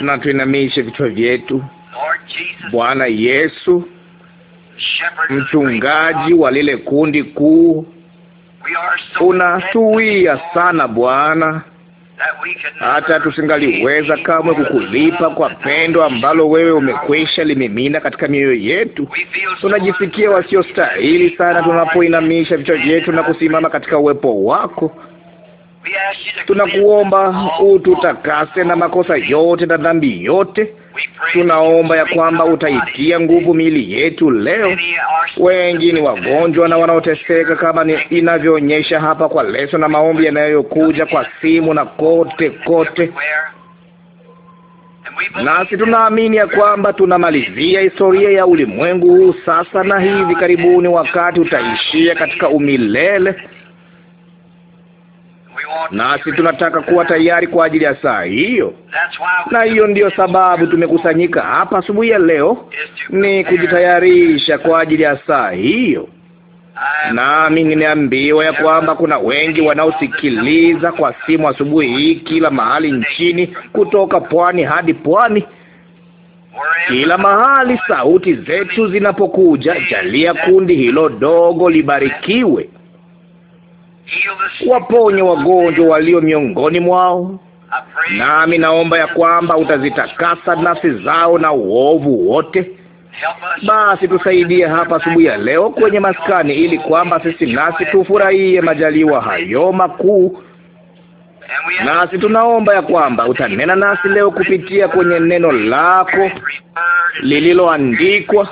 na tuinamishe vichwa vyetu. Bwana Yesu, mchungaji wa lile kundi kuu, unatuwia sana Bwana, hata tusingaliweza kamwe kukulipa kwa pendo ambalo wewe umekwisha limimina katika mioyo yetu. Tunajisikia wasiostahili sana tunapoinamisha vichwa vyetu na kusimama katika uwepo wako. Tunakuomba ututakase na makosa yote na dhambi yote. Tunaomba ya kwamba utaitia nguvu miili yetu leo. Wengi ni wagonjwa na wanaoteseka, kama inavyoonyesha hapa kwa leso na maombi yanayokuja kwa simu na kote kote nasi tunaamini ya kwamba tunamalizia historia ya ulimwengu huu sasa na hivi karibuni, wakati utaishia katika umilele nasi tunataka kuwa tayari kwa ajili ya saa hiyo, na hiyo ndiyo sababu tumekusanyika hapa asubuhi ya leo, ni kujitayarisha kwa ajili ya saa hiyo. Nami nimeambiwa ya kwamba kuna wengi wanaosikiliza kwa simu asubuhi hii kila mahali nchini, kutoka pwani hadi pwani, kila mahali sauti zetu zinapokuja. Jalia kundi hilo dogo libarikiwe waponye wagonjwa walio miongoni mwao, nami naomba ya kwamba utazitakasa nafsi zao na uovu wote. Basi tusaidie hapa asubuhi ya leo kwenye maskani, ili kwamba sisi nasi tufurahie majaliwa hayo makuu Nasi tunaomba ya kwamba utanena nasi leo kupitia kwenye neno lako lililoandikwa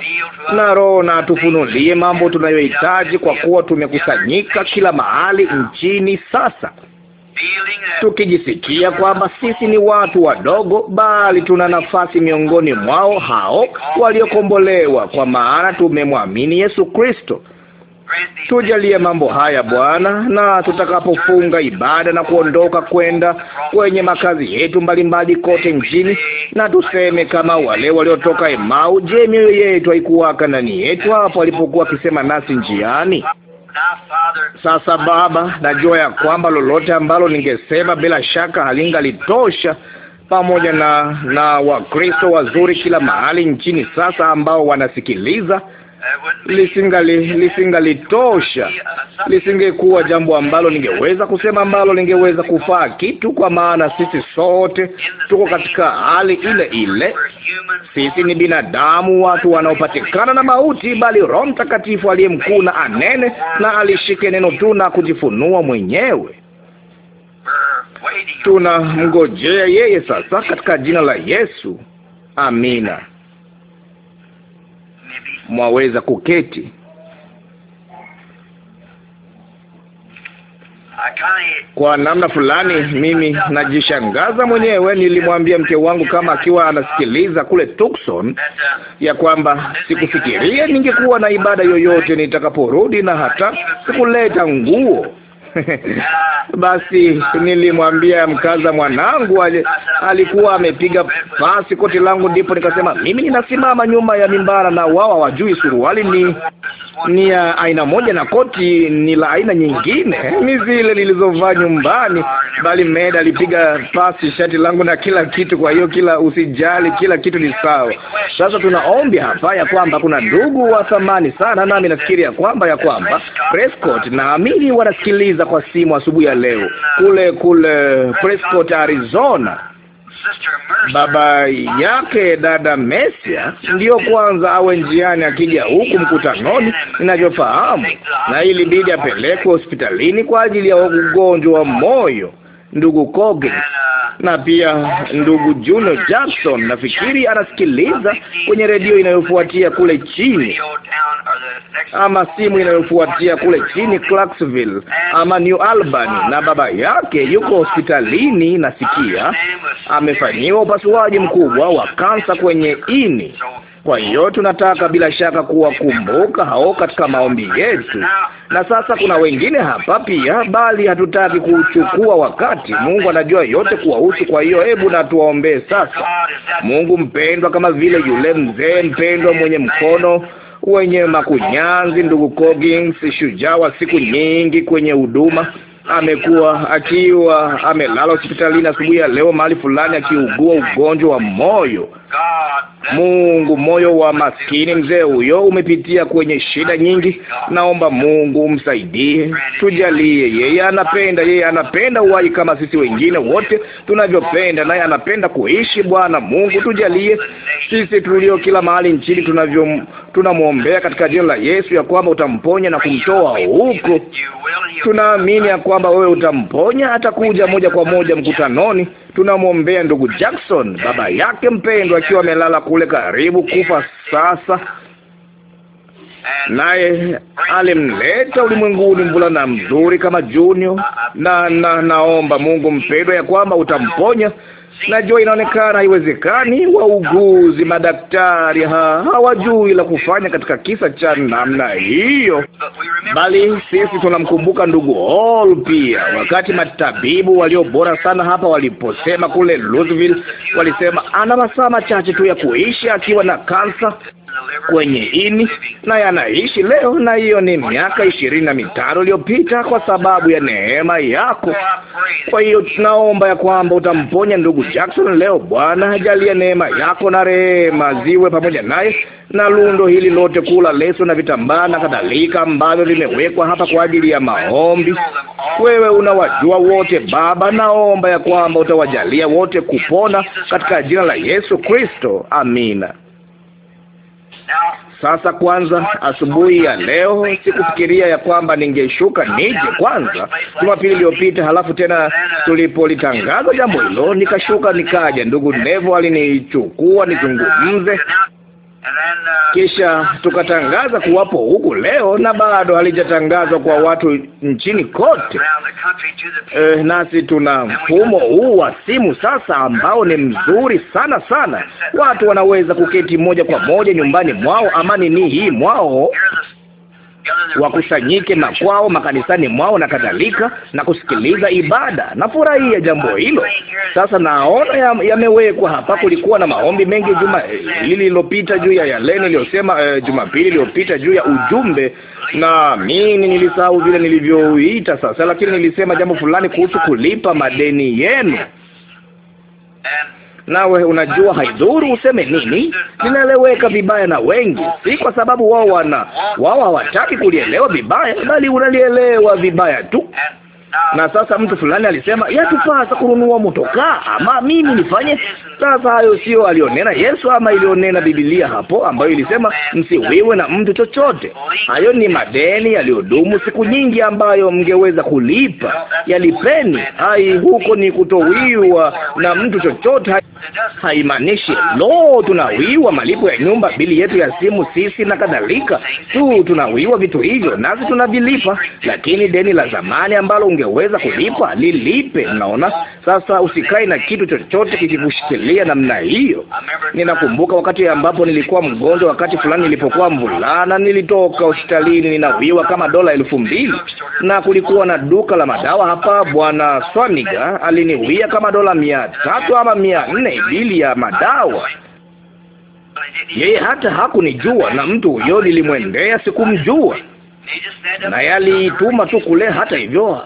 na Roho, na tufunulie mambo tunayohitaji, kwa kuwa tumekusanyika kila mahali nchini sasa tukijisikia kwamba sisi ni watu wadogo, bali tuna nafasi miongoni mwao hao waliokombolewa, kwa maana tumemwamini Yesu Kristo. Tujalie mambo haya Bwana, na tutakapofunga ibada na kuondoka kwenda kwenye makazi yetu mbalimbali kote nchini, na tuseme kama wale waliotoka Emau, je, mioyo yetu haikuwaka ndani yetu hapo alipokuwa akisema nasi njiani? Sasa Baba, najua ya kwamba lolote ambalo ningesema bila shaka halingalitosha pamoja na na Wakristo wazuri kila mahali nchini sasa ambao wanasikiliza lisingali lisingalitosha, lisingekuwa jambo ambalo ningeweza kusema ambalo lingeweza kufaa kitu, kwa maana sisi sote tuko katika hali ile ile. Sisi ni binadamu, watu wanaopatikana na mauti, bali Roho Mtakatifu aliye mkuu na anene na alishike neno tu na kujifunua mwenyewe. Tunamngojea yeye sasa, katika jina la Yesu, amina mwaweza kuketi. Kwa namna fulani mimi najishangaza mwenyewe. Nilimwambia mke wangu kama akiwa anasikiliza kule Tucson, ya kwamba sikufikiria ningekuwa na ibada yoyote nitakaporudi, na hata sikuleta nguo Basi nilimwambia mkaza, mwanangu ali, alikuwa amepiga pasi koti langu, ndipo nikasema mimi ninasimama nyuma ya mimbara na wao hawajui suruali ni ni ya aina moja na koti ni la aina nyingine, ni zile nilizovaa nyumbani. Bali meda alipiga pasi shati langu na kila kitu. Kwa hiyo kila, usijali, kila kitu ni sawa. Sasa tunaombi hapa ya kwamba kuna ndugu wa thamani sana, nami nafikiria kwamba ya kwamba Prescott na wanasikiliza nilimuuliza kwa simu asubuhi ya leo kule kule Prescott, Arizona. Baba yake dada Mesia ndiyo kwanza awe njiani akija huku mkutanoni, ninavyofahamu, na ili bidi apelekwe hospitalini kwa ajili ya ugonjwa wa moyo. Ndugu Coggins na pia ndugu Juno Jackson, nafikiri anasikiliza kwenye redio inayofuatia kule chini, ama simu inayofuatia kule chini Clarksville, ama New Albany, na baba yake yuko hospitalini, nasikia amefanyiwa upasuaji mkubwa wa kansa kwenye ini. Kwa hiyo tunataka bila shaka kuwakumbuka hao katika maombi yetu. Na sasa kuna wengine hapa pia, bali hatutaki kuchukua wakati. Mungu anajua yote kuwahusu. Kwa hiyo hebu na tuwaombee sasa. Mungu mpendwa, kama vile yule mzee mpendwa mwenye mkono wenye makunyanzi, ndugu Kogins, shujaa wa siku nyingi kwenye huduma amekuwa akiwa amelala hospitalini asubuhi ya leo mahali fulani akiugua ugonjwa wa moyo. Mungu, moyo wa maskini mzee huyo umepitia kwenye shida nyingi. Naomba Mungu msaidie, tujalie. Yeye anapenda, yeye anapenda uhai kama sisi wengine wote tunavyopenda, naye anapenda kuishi. Bwana Mungu, tujalie sisi tulio kila mahali nchini tunavyo tunamwombea katika jina la Yesu ya kwamba utamponya na kumtoa huko. Tunaamini ya kwamba wewe utamponya, atakuja moja kwa moja mkutanoni tunamwombea ndugu Jackson, baba yake mpendwa, akiwa amelala kule karibu kufa sasa naye alimleta ulimwenguni mvulana mzuri kama Junior, na, na naomba Mungu mpendwa ya kwamba utamponya Najua inaonekana haiwezekani. Wauguzi, madaktari hawajui la kufanya katika kisa cha namna hiyo, bali sisi tunamkumbuka ndugu Hall pia. Wakati matabibu walio bora sana hapa waliposema kule Louisville, walisema ana masaa machache tu ya kuishi akiwa na kansa kwenye ini na yanaishi leo, na hiyo ni miaka ishirini na mitano iliyopita kwa sababu ya neema yako. Kwa hiyo tunaomba ya kwamba utamponya ndugu Jackson leo. Bwana, jalia neema yako na rehema ziwe pamoja naye na lundo hili lote, kula leso na vitambaa na kadhalika, ambavyo vimewekwa hapa kwa ajili ya maombi. Wewe unawajua wote Baba, naomba ya kwamba utawajalia wote kupona katika jina la Yesu Kristo, amina. Sasa kwanza, asubuhi ya leo sikufikiria ya kwamba ningeshuka nije kwanza Jumapili iliyopita, halafu tena tulipolitangaza jambo hilo nikashuka nikaja. Ndugu Nevo alinichukua nizungumze kisha tukatangaza kuwapo huku leo, na bado halijatangazwa kwa watu nchini kote. E, nasi tuna mfumo huu wa simu sasa, ambao ni mzuri sana sana. Watu wanaweza kuketi moja kwa moja nyumbani mwao, ama nini hii mwao wakusanyike makwao makanisani mwao na kadhalika, na kusikiliza ibada. Nafurahia jambo hilo. Sasa naona yamewekwa ya hapa. Kulikuwa na maombi mengi juma eh, lililopita juu ya yale niliyosema, eh, Jumapili iliyopita juu ya ujumbe, na mimi nilisahau vile nilivyoita sasa, lakini nilisema jambo fulani kuhusu kulipa madeni yenu nawe unajua, haidhuru useme nini, ninaeleweka vibaya na wengi, si kwa sababu wao wana wao hawataki kulielewa vibaya, bali unalielewa vibaya tu na sasa mtu fulani alisema yatupasa kununua motokaa, ama mimi nifanye. Sasa hayo sio alionena Yesu ama ilionena Biblia hapo, ambayo ilisema msiwiwe na mtu chochote. Hayo ni madeni yaliyodumu siku nyingi, ambayo mngeweza kulipa, yalipeni. Hai, huko ni kutowiwa na mtu chochote, haimaanishi lo, tunawiwa malipo ya nyumba, bili yetu ya simu, sisi na kadhalika tu, tunawiwa vitu hivyo, nasi tunavilipa, lakini deni la zamani ambalo ungeweza kulipa lilipe. Mnaona sasa, usikae na kitu chochote kikikushikilia namna hiyo. Ninakumbuka wakati ambapo nilikuwa mgonjwa, wakati fulani nilipokuwa mvulana, nilitoka hospitalini ninawiwa kama dola elfu mbili na kulikuwa na duka la madawa hapa. Bwana swaniga aliniwia kama dola mia tatu ama mia nne bili ya madawa. Yeye hata hakunijua, na mtu huyo nilimwendea, sikumjua, naye aliituma tu kule. Hata hivyo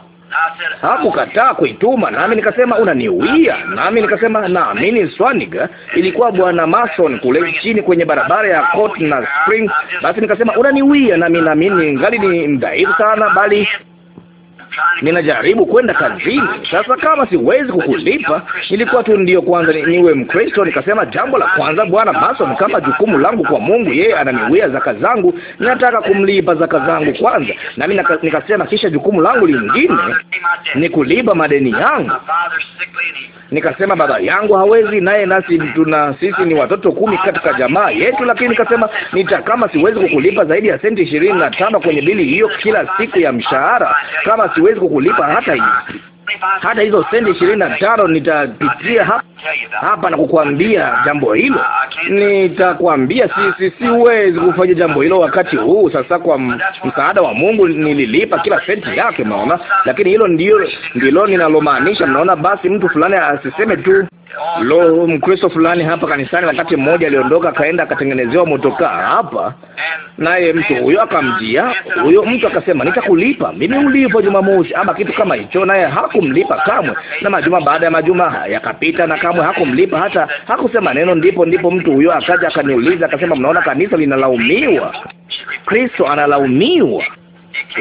hakukataa kuituma, nami nikasema unaniuia, nami nikasema naamini Swaniga. Ilikuwa bwana Mason kule chini kwenye barabara ya Court na Spring. Basi nikasema unaniuia, nami naamini ngali ni mdhaifu sana, bali ninajaribu kwenda kazini. Sasa kama siwezi kukulipa, nilikuwa tu ndiyo kwanza niwe Mkristo, nikasema jambo la kwanza, Bwana Mason, kama jukumu langu kwa Mungu, yeye ananiwia zaka zangu, nataka kumlipa zaka zangu kwanza. Nami nikasema kisha jukumu langu lingine ni kulipa madeni yangu. Nikasema baba yangu hawezi, naye nasi tuna sisi ni watoto kumi katika jamaa yetu, lakini nikasema nita kama siwezi kukulipa zaidi ya senti ishirini na tano kwenye bili hiyo kila siku ya mshahara, kama si hatuwezi kukulipa hata hata hizo senti ishirini na tano nitapitia hapa hapa na kukwambia jambo hilo. Nitakwambia si, si, siwezi kufanya jambo hilo wakati huu. Sasa kwa msaada wa Mungu nililipa kila senti yake, mnaona. Lakini hilo ndio ndilo ninalomaanisha, mnaona. Basi mtu fulani asiseme tu lo, Mkristo fulani hapa kanisani wakati mmoja aliondoka akaenda akatengenezewa motokaa hapa, naye mtu huyo akamjia huyo mtu akasema, nitakulipa mimi ulipo Jumamosi ama kitu kama hicho, naye hapa hakumlipa kamwe, na majuma baada ya majuma yakapita, na kamwe hakumlipa hata hakusema neno. Ndipo ndipo mtu huyo akaja akaniuliza akasema, mnaona kanisa linalaumiwa, Kristo analaumiwa.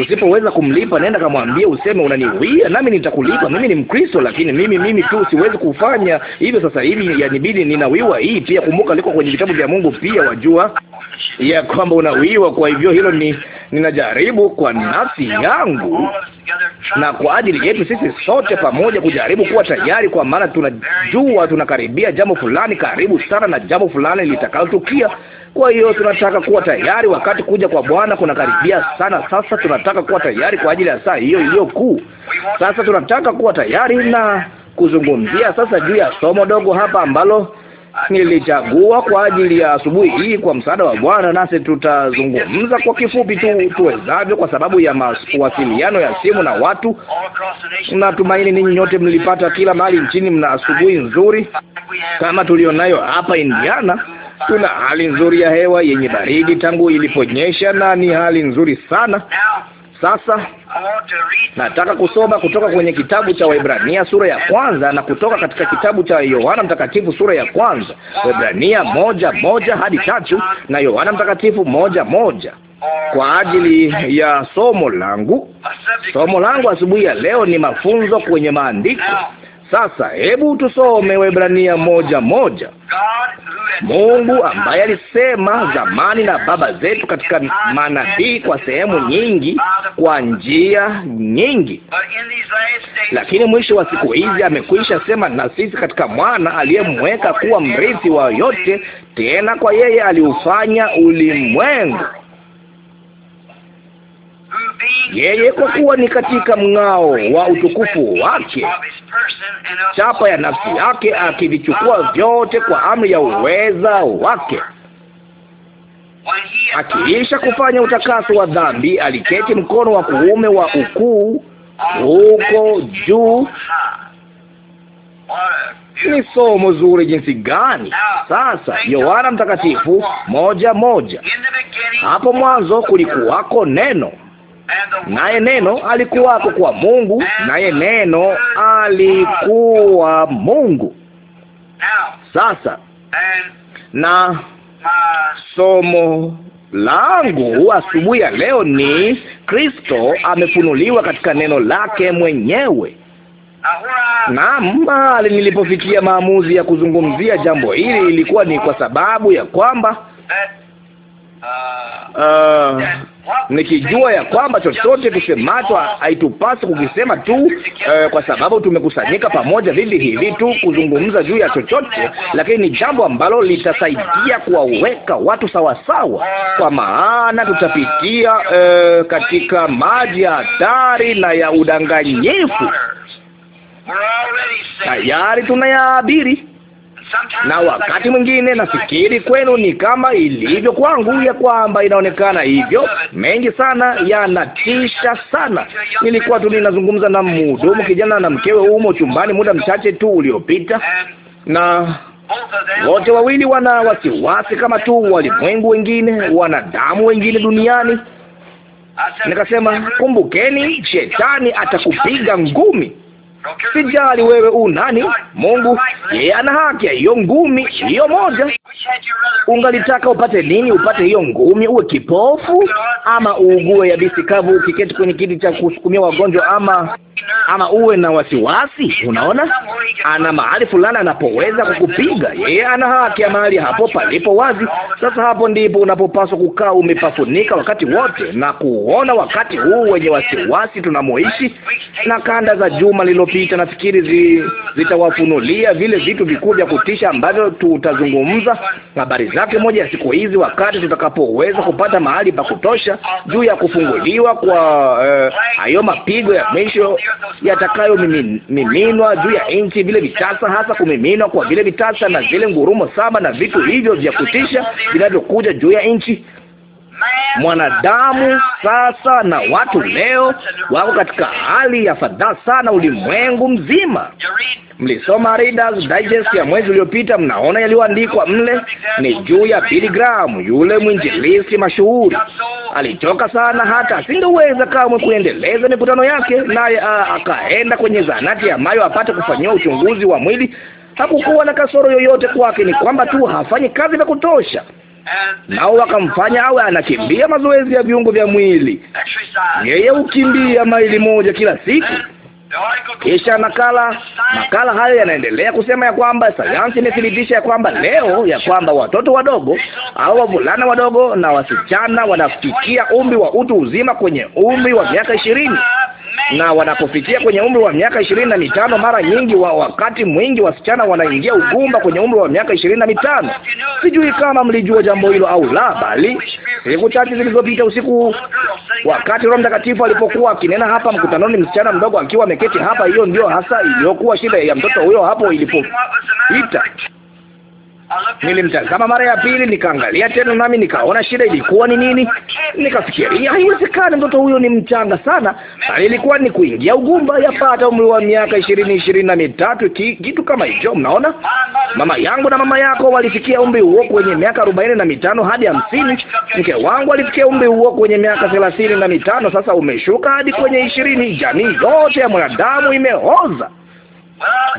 Usipoweza kumlipa nenda kamwambie, useme unaniwia, nami nitakulipa. Mimi ni Mkristo, lakini mimi mimi tu siwezi kufanya hivyo sasa hivi, yanibidi ninawiwa. Hii pia kumbuka, liko kwenye vitabu vya Mungu pia, wajua ya kwamba unawiwa. Kwa hivyo hilo ni ninajaribu kwa nafsi yangu na kwa ajili yetu sisi sote pamoja kujaribu kuwa tayari, kwa maana tunajua tunakaribia jambo fulani karibu sana na jambo fulani litakalotukia. Kwa hiyo tunataka kuwa tayari, wakati kuja kwa Bwana kunakaribia sana. Sasa tunataka kuwa tayari kwa ajili ya saa hiyo iliyo kuu. Sasa tunataka kuwa tayari na kuzungumzia sasa juu ya somo dogo hapa ambalo nilichagua kwa ajili ya asubuhi hii. Kwa msaada wa Bwana, nasi tutazungumza kwa kifupi tu tuwezavyo, kwa sababu ya mawasiliano ya simu na watu. Natumaini ninyi nyote mlipata kila mahali nchini, mna asubuhi nzuri kama tulionayo hapa Indiana. Tuna hali nzuri ya hewa yenye baridi tangu iliponyesha, na ni hali nzuri sana. Sasa nataka kusoma kutoka kwenye kitabu cha Waebrania sura ya kwanza na kutoka katika kitabu cha Yohana Mtakatifu sura ya kwanza, Waebrania moja moja hadi tatu na Yohana Mtakatifu moja moja kwa ajili ya somo langu. Somo langu asubuhi ya leo ni mafunzo kwenye maandiko. Sasa hebu tusome Waebrania moja moja. Mungu ambaye alisema zamani na baba zetu katika manabii kwa sehemu nyingi, kwa njia nyingi, lakini mwisho wa siku hizi amekwisha sema na sisi katika mwana aliyemweka kuwa mrithi wa yote, tena kwa yeye aliufanya ulimwengu yeye, kwa kuwa ni katika mng'ao wa utukufu wake, chapa ya nafsi yake, akivichukua vyote kwa amri ya uweza wake akiisha kufanya utakaso wa dhambi, aliketi mkono wa kuume wa ukuu huko juu. Ni somo zuri jinsi gani! Sasa Yohana Mtakatifu moja moja, hapo mwanzo kulikuwako neno naye neno alikuwako kwa Mungu, naye neno alikuwa Mungu. Sasa na somo langu asubuhi ya leo ni Kristo amefunuliwa katika neno lake mwenyewe. na mbali nilipofikia maamuzi ya kuzungumzia jambo hili ilikuwa ni kwa sababu ya kwamba Ah. nikijua ya kwamba chochote tusemacho haitupasi kukisema tu uh, kwa sababu tumekusanyika pamoja vivi hivi tu kuzungumza juu ya chochote, lakini ni jambo ambalo litasaidia kuwaweka watu sawasawa, kwa maana tutapitia uh, katika maji ya hatari na ya udanganyifu. Tayari tunayaabiri na wakati mwingine nafikiri kwenu ni kama ilivyo kwangu, ya kwamba inaonekana hivyo. Mengi sana yanatisha sana. Nilikuwa tu ninazungumza na mhudumu kijana na mkewe humo chumbani muda mchache tu uliopita, na wote wawili wana wasiwasi kama tu walimwengu wengine, wanadamu wengine duniani. Nikasema, kumbukeni, shetani atakupiga ngumi. Sijali wewe u nani. Mungu yeye ana haki ya hiyo ngumi hiyo moja. Ungalitaka upate nini? Upate hiyo ngumi, uwe kipofu ama uugue yabisi kavu, ukiketi kwenye kiti cha kusukumia wagonjwa, ama ama uwe na wasiwasi. Unaona, ana mahali fulani anapoweza kukupiga yeye, ana haki ya mahali hapo palipo wazi. Sasa hapo ndipo unapopaswa kukaa umepafunika wakati wote na kuona wakati huu wenye wasiwasi tunamoishi. Na kanda za juma lililopita, nafikiri zi, zitawafunulia vile vitu vikuu vya kutisha ambavyo tutazungumza habari zake moja ya siku hizi, wakati tutakapoweza kupata mahali pa kutosha juu ya kufunguliwa kwa eh, hayo eh, mapigo ya mwisho yatakayomiminwa juu ya nchi, vile vitasa, hasa kumiminwa kwa vile vitasa na zile ngurumo saba na vitu hivyo vya kutisha vinavyokuja juu ya nchi. Mwanadamu sasa na watu leo wako katika hali ya fadhaa sana ulimwengu mzima. Mlisoma Reader's Digest ya mwezi uliopita, mnaona yaliyoandikwa mle. Ni juu ya Billy Graham, yule mwinjilisti mashuhuri. Alichoka sana hata asingeweza kamwe kuendeleza mikutano yake, naye akaenda kwenye zahanati ambayo apate kufanyiwa uchunguzi wa mwili. Hakukuwa na kasoro yoyote kwake, ni kwamba tu hafanyi kazi vya kutosha nao wakamfanya awe anakimbia mazoezi ya viungo vya mwili. Yeye hukimbia maili moja kila siku. Kisha nakala makala hayo yanaendelea kusema ya kwamba sayansi imethibitisha ya kwamba leo, ya kwamba watoto wadogo au wavulana wadogo na wasichana wanafikia umri wa utu uzima kwenye umri wa miaka ishirini na wanapofikia kwenye umri wa miaka ishirini na mitano mara nyingi wa wakati mwingi wasichana wanaingia ugumba kwenye umri wa miaka ishirini na mitano. Sijui kama mlijua jambo hilo au la, bali siku chache zilizopita usiku, wakati Roho Mtakatifu alipokuwa akinena hapa mkutanoni, msichana mdogo akiwa ameketi hapa, hiyo ndio hasa iliyokuwa shida ya mtoto huyo hapo ilipopita Nilimtazama mara ya pili, nikaangalia tena, nami nikaona shida ilikuwa ni nini. Nikafikiria haiwezekani, mtoto huyo ni mchanga sana, bali ilikuwa ni kuingia ugumba, yapata umri wa miaka ishirini, ishirini na mitatu, kitu kama hicho. Mnaona, mama yangu na mama yako walifikia umri huo kwenye miaka arobaini na mitano hadi hamsini. Mke wangu alifikia umri huo kwenye miaka thelathini na mitano. Sasa umeshuka hadi kwenye ishirini. Jamii yote ya mwanadamu imeoza.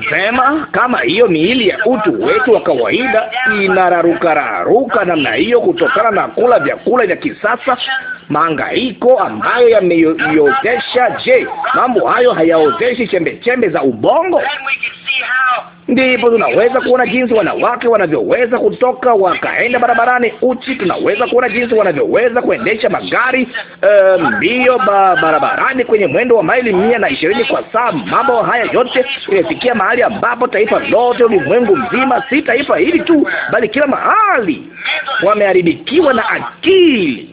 Sema kama hiyo miili ya utu wetu wa kawaida inararukararuka namna hiyo kutokana na kula vyakula vya kisasa maangaiko ambayo yameiozesha. Je, mambo hayo hayaozeshi chembe chembe za ubongo? Ndipo tunaweza kuona jinsi wanawake wanavyoweza kutoka wakaenda barabarani uchi. Tunaweza kuona jinsi wanavyoweza kuendesha magari eh, mbio, um, ba barabarani kwenye mwendo wa maili mia na ishirini kwa saa. Mambo haya yote imefikia mahali ambapo taifa lote, ulimwengu mzima, si taifa hili tu, bali kila mahali wameharibikiwa na akili.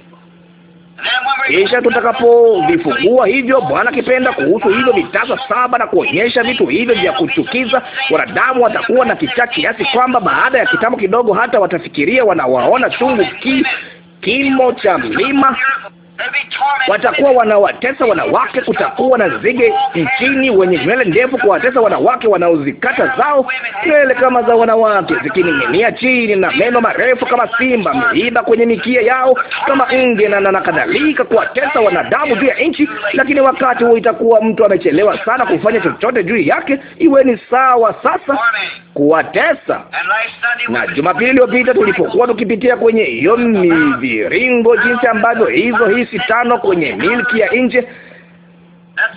Kisha tutakapovifungua hivyo, Bwana akipenda, kuhusu hivyo vitasa saba na kuonyesha vitu hivyo vya kuchukiza, wanadamu watakuwa na kichaa kiasi kwamba baada ya kitambo kidogo hata watafikiria wanawaona chungu ki kimo cha mlima watakuwa wanawatesa wanawake. Kutakuwa na nzige nchini wenye nywele ndefu kuwatesa wanawake wanaozikata zao nywele kama za wanawake zikining'inia chini, na meno marefu kama simba, miiba kwenye mikia yao kama nge na, na, na kadhalika, kuwatesa wanadamu juu ya nchi. Lakini wakati huo itakuwa mtu amechelewa sana kufanya chochote juu yake. Iweni sawa sasa kuwatesa. Na Jumapili iliyopita tulipokuwa tukipitia kwenye hiyo miviringo, jinsi ambavyo hizo hizo hizi tano kwenye milki ya nje.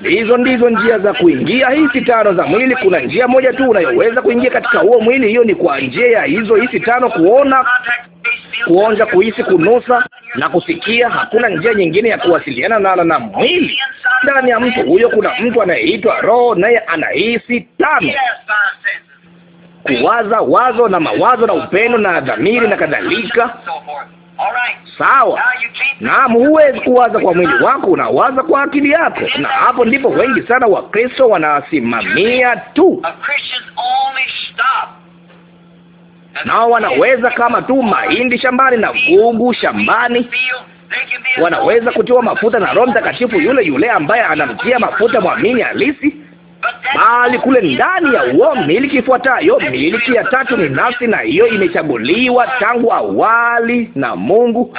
Hizo ndizo njia za kuingia hizi tano za mwili. Kuna njia moja tu unayoweza kuingia katika huo mwili, hiyo ni kwa njia ya hizo hizi tano: kuona, kuonja, kuhisi, kunusa na kusikia. Hakuna njia nyingine ya kuwasiliana na na mwili. Ndani ya mtu huyo kuna mtu anayeitwa roho, naye anahisi tano: kuwaza, wazo na mawazo na upendo na dhamiri na kadhalika Sawa. Naam, huwezi kuwaza kwa mwili wako, unawaza kwa akili yako, na hapo ndipo wengi sana Wakristo wanasimamia tu nao wanaweza kama tu mahindi shambani na gugu shambani, wanaweza kutiwa mafuta na Roho Mtakatifu yule yule ambaye anamtia mafuta mwamini halisi bali kule ndani ya uo miliki ifuatayo. Miliki ya tatu ni nafsi, na hiyo imechaguliwa tangu awali na Mungu.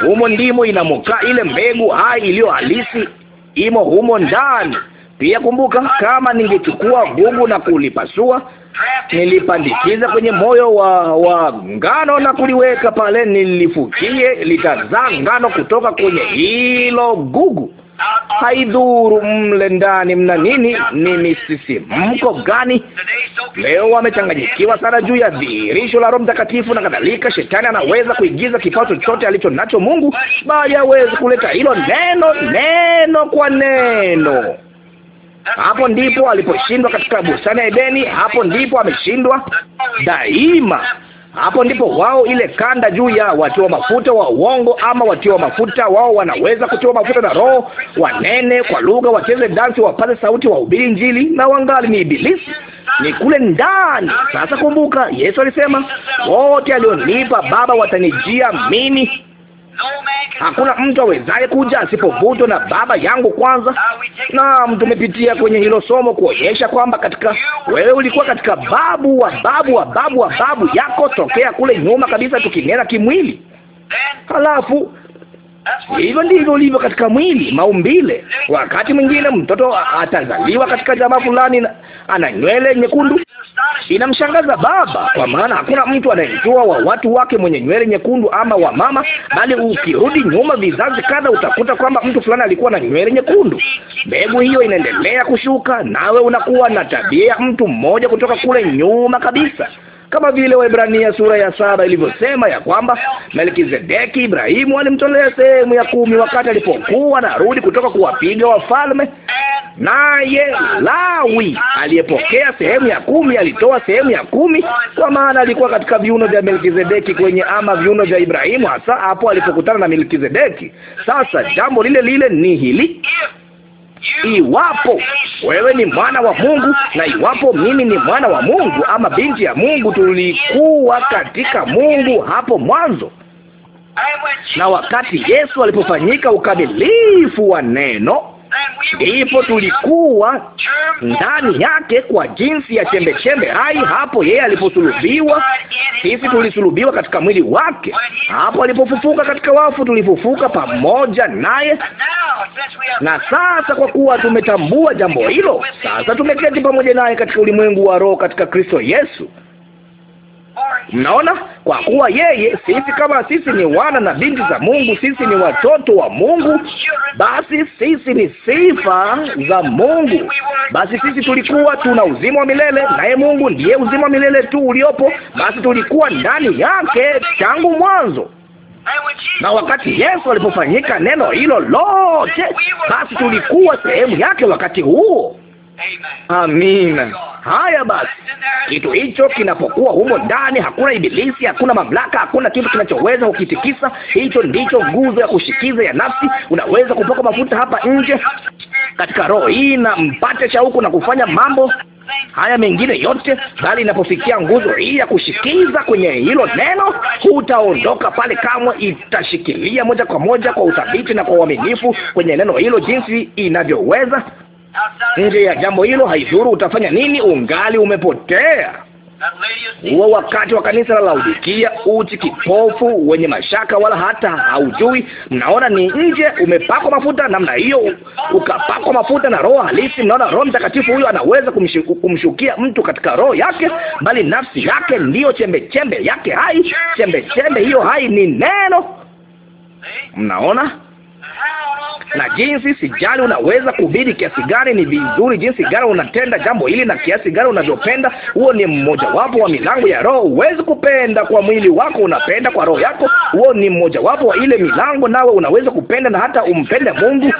Humo ndimo inamokaa ile mbegu hai iliyo halisi, imo humo ndani pia. Kumbuka, kama ningechukua gugu na kulipasua nilipandikiza kwenye moyo wa, wa ngano na kuliweka pale, nilifukie, litazaa ngano kutoka kwenye hilo gugu haidhuru mle ndani mna nini, ni misisimko gani. Leo wamechanganyikiwa sana juu ya dhihirisho la Roho Mtakatifu na kadhalika. Shetani anaweza kuigiza kipato chochote alicho nacho Mungu, bali hawezi kuleta hilo neno neno kwa neno. Hapo ndipo aliposhindwa katika bustani ya Edeni, hapo ndipo ameshindwa daima. Hapo ndipo wao, ile kanda juu ya watiwa mafuta wa uongo ama watiwa mafuta, wao wanaweza kutiwa mafuta na Roho, wanene kwa lugha, wacheze dansi, wapaze sauti, wahubiri Injili na wangali ni Ibilisi, ni kule ndani. Sasa kumbuka, Yesu alisema wote alionipa Baba watanijia mimi Hakuna mtu awezaye kuja asipovutwa na Baba yangu kwanza. Naam, tumepitia kwenye hilo somo kuonyesha kwamba katika wewe ulikuwa katika babu wa babu wa babu wa babu yako tokea kule nyuma kabisa, tukinena kimwili. Halafu hivyo ndivyo ulivyo katika mwili, maumbile. Wakati mwingine mtoto atazaliwa katika jamaa fulani, ana nywele nyekundu Inamshangaza Baba, kwa maana hakuna mtu anayejua wa watu wake mwenye nywele nyekundu ama wa mama, bali ukirudi nyuma vizazi kadha utakuta kwamba mtu fulani alikuwa na nywele nyekundu. Mbegu hiyo inaendelea kushuka, nawe unakuwa na tabia ya mtu mmoja kutoka kule nyuma kabisa kama vile Waebrania sura ya saba ilivyosema ya kwamba Melkizedeki Ibrahimu alimtolea sehemu ya kumi wakati alipokuwa anarudi kutoka kuwapiga wafalme, naye Lawi aliyepokea sehemu ya kumi alitoa sehemu ya kumi, kwa maana alikuwa katika viuno vya Melkizedeki kwenye ama viuno vya Ibrahimu, hasa hapo alipokutana na Melkizedeki. Sasa jambo lile lile ni hili iwapo wewe ni mwana wa Mungu na iwapo mimi ni mwana wa Mungu ama binti ya Mungu, tulikuwa katika Mungu hapo mwanzo. Na wakati Yesu alipofanyika ukamilifu wa neno ndipo tulikuwa ndani yake kwa jinsi ya chembe chembe hai. Hapo yeye aliposulubiwa, sisi tulisulubiwa katika mwili wake. Hapo alipofufuka katika wafu, tulifufuka pamoja naye. Na sasa kwa kuwa tumetambua jambo hilo, sasa tumeketi pamoja naye katika ulimwengu wa roho katika Kristo Yesu. Mnaona, kwa kuwa yeye, sisi kama sisi ni wana na binti za Mungu, sisi ni watoto wa Mungu, basi sisi ni sifa za Mungu. Basi sisi tulikuwa tuna uzima wa milele, naye Mungu ndiye uzima wa milele tu uliopo, basi tulikuwa ndani yake tangu mwanzo na wakati Yesu alipofanyika neno hilo lote, basi tulikuwa sehemu yake wakati huo. Amina. Haya basi, kitu hicho kinapokuwa humo ndani, hakuna ibilisi, hakuna mamlaka, hakuna kitu kinachoweza kukitikisa. Hicho ndicho nguzo ya kushikiza ya nafsi. Unaweza kupaka mafuta hapa nje katika roho hii na mpate shauku na kufanya mambo haya mengine yote, bali inapofikia nguzo hii ya kushikiza kwenye hilo neno, hutaondoka pale kamwe. Itashikilia moja kwa moja kwa uthabiti na kwa uaminifu kwenye neno hilo jinsi inavyoweza. Nje ya jambo hilo, haidhuru utafanya nini, ungali umepotea huo wakati wa kanisa la Laodikia, uchi kipofu, wenye mashaka, wala hata haujui. Mnaona ni nje umepakwa mafuta namna hiyo, ukapakwa mafuta na Roho halisi. Mnaona Roho Mtakatifu huyo anaweza kumshukia mtu katika roho yake, bali nafsi yake ndiyo chembechembe yake hai. Chembechembe hiyo hai ni neno. Mnaona na jinsi sijali unaweza kuhubiri kiasi gani, ni vizuri jinsi gani unatenda jambo hili na kiasi gani unavyopenda. Huo ni mmojawapo wa milango ya Roho. Huwezi kupenda kwa mwili wako, unapenda kwa roho yako. Huo ni mmojawapo wa ile milango, nawe unaweza kupenda na hata umpende Mungu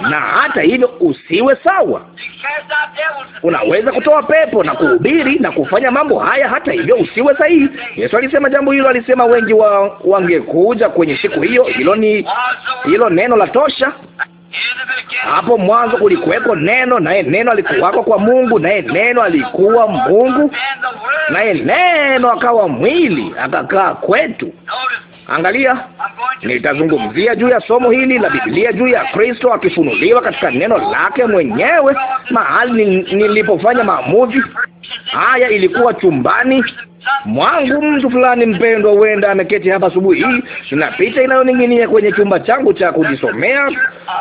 na hata hivyo usiwe sawa. Unaweza kutoa pepo na kuhubiri na kufanya mambo haya, hata hivyo usiwe sahihi. Yesu alisema jambo hilo, alisema wengi wa, wangekuja kwenye siku hiyo. Hilo ni hilo neno la tosha. Hapo mwanzo kulikuweko neno, naye neno alikuwako kwa Mungu, naye neno alikuwa Mungu, naye neno akawa mwili akakaa kwetu. Angalia, nitazungumzia juu ya somo hili la Biblia juu ya Kristo akifunuliwa katika neno lake mwenyewe. Mahali nilipofanya maamuzi haya ilikuwa chumbani mwangu. Mtu fulani mpendwa, huenda ameketi hapa asubuhi hii, na picha inayoning'inia kwenye chumba changu cha kujisomea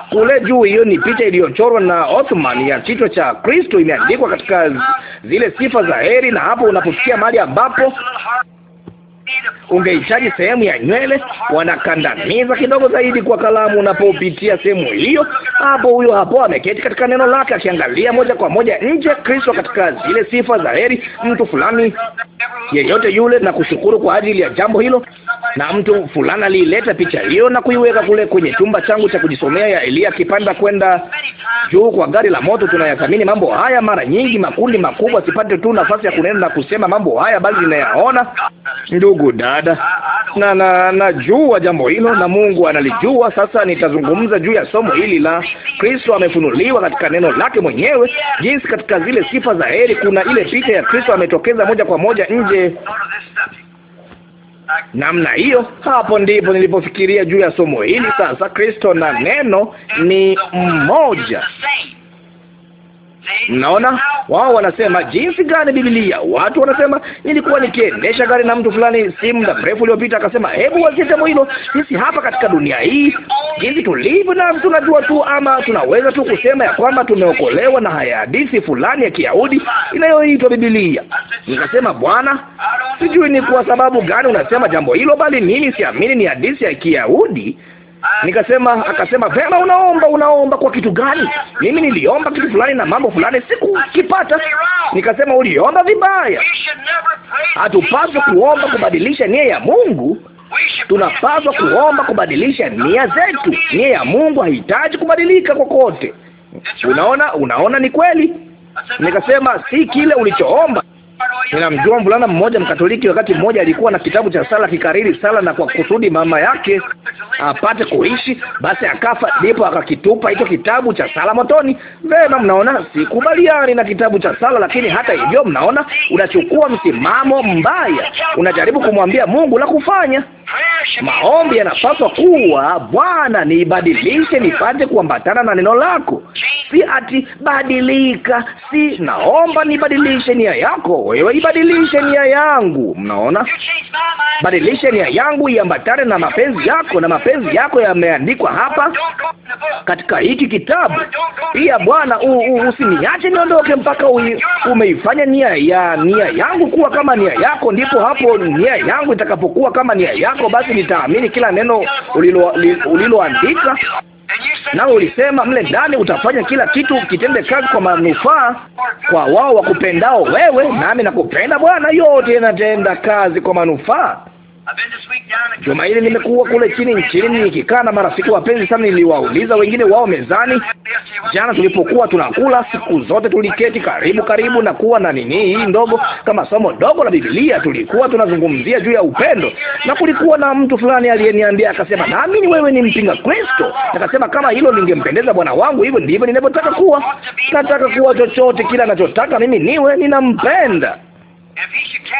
kule juu. Hiyo ni picha iliyochorwa na Othman ya kichwa cha Kristo, imeandikwa katika zile sifa za heri, na hapo unapofikia mahali ambapo ungehitaji sehemu ya nywele, wanakandamiza kidogo zaidi kwa kalamu. Unapopitia sehemu hiyo, hapo huyo hapo ameketi katika neno lake, akiangalia moja kwa moja nje. Kristo katika zile sifa za heri, mtu fulani yeyote yule, na kushukuru kwa ajili ya jambo hilo. Na mtu fulani aliileta picha hiyo na kuiweka kule kwenye chumba changu cha kujisomea, ya Elia akipanda kwenda juu kwa gari la moto. Tunayathamini mambo haya mara nyingi, makundi makubwa. Sipate tu nafasi ya kunena na kusema mambo haya, bali ninayaona ndugu ndugu dada, na na najua jambo hilo na Mungu analijua. Sasa nitazungumza juu ya somo hili la Kristo amefunuliwa katika neno lake mwenyewe, jinsi katika zile sifa za heri kuna ile picha ya Kristo ametokeza moja kwa moja nje namna hiyo. Hapo ndipo nilipofikiria juu ya somo hili. Sasa Kristo na neno ni mmoja Mnaona, wao wanasema jinsi gani Biblia. Watu wanasema nilikuwa nikiendesha gari na mtu fulani si muda mrefu uliopita, akasema hebu wazie jambo hilo. Sisi hapa katika dunia hii jinsi tulivyo, na tunajua tu ama tunaweza tu kusema ya kwamba tumeokolewa na haya hadithi fulani ya Kiyahudi inayoitwa Biblia. Nikasema, Bwana, sijui ni kwa sababu gani unasema jambo hilo, bali mimi siamini ni hadithi ya Kiyahudi. Nikasema, akasema vema, unaomba unaomba kwa kitu gani? Mimi niliomba kitu fulani na mambo fulani sikukipata. Nikasema, uliomba vibaya. Hatupaswi kuomba kubadilisha nia ya Mungu. Tunapaswa kuomba kubadilisha nia zetu. Nia ya Mungu haihitaji kubadilika kokote. Unaona, unaona, ni kweli. Nikasema si kile ulichoomba. Ninamjua mvulana mmoja Mkatoliki, wakati mmoja alikuwa na kitabu cha sala kikariri sala, na kwa kusudi mama yake apate kuishi. Basi akafa, ndipo akakitupa hicho kitabu cha sala motoni. Vema, mnaona, sikubaliani na kitabu cha sala, lakini hata hivyo, mnaona, unachukua msimamo mbaya, unajaribu kumwambia Mungu la kufanya. Maombi yanapaswa kuwa Bwana, niibadilishe nipate kuambatana na neno lako, si ati badilika, si naomba nibadilishe nia yako, wewe ibadilishe nia yangu. Mnaona, badilishe nia yangu iambatane na mapenzi yako na mapenzi mapenzi yako yameandikwa hapa katika hiki kitabu. Pia Bwana, usiniache niondoke mpaka umeifanya nia ya nia yangu kuwa kama nia yako. Ndipo hapo nia yangu itakapokuwa kama nia yako, basi nitaamini kila neno uliloandika na ulisema mle ndani, utafanya kila kitu kitende kazi kwa manufaa kwa wao wakupendao wewe, nami nakupenda Bwana, yote yanatenda kazi kwa manufaa Juma hili nimekuwa kule chini nchini nikikaa na marafiki wapenzi sana. Niliwauliza wengine wao mezani jana, tulipokuwa tunakula, siku zote tuliketi karibu karibu na kuwa na nini hii ndogo kama somo dogo la Biblia. Tulikuwa tunazungumzia juu ya upendo, na kulikuwa na mtu fulani aliyeniambia akasema, naamini wewe ni mpinga Kristo. Akasema kama hilo lingempendeza bwana wangu, hivyo ndivyo ninavyotaka kuwa. Nataka kuwa chochote kile anachotaka mimi niwe ninampenda,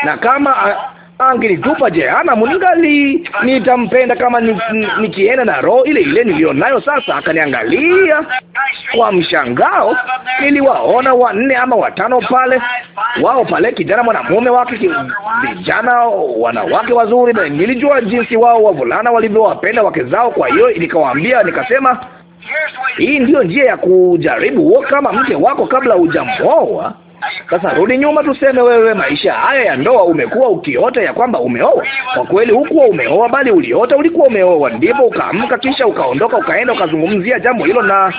na kama a angenitupa jehana, muningali nitampenda kama nikienda na roho ile ile nilionayo sasa. Akaniangalia kwa mshangao. Niliwaona wanne ama watano pale, wao pale, kijana mwanamume wake, vijana wanawake wazuri, na nilijua jinsi wao wavulana walivyowapenda wake zao. Kwa hiyo nikawaambia, nikasema hii ndiyo njia ya kujaribu kama mke wako kabla hujamwoa sasa rudi nyuma, tuseme wewe, maisha haya ya ndoa umekuwa ukiota ya kwamba umeoa. Kwa kweli hukuwa umeoa, bali uliota ulikuwa umeoa, ndipo ukaamka, kisha ukaondoka, ukaenda ukazungumzia jambo hilo na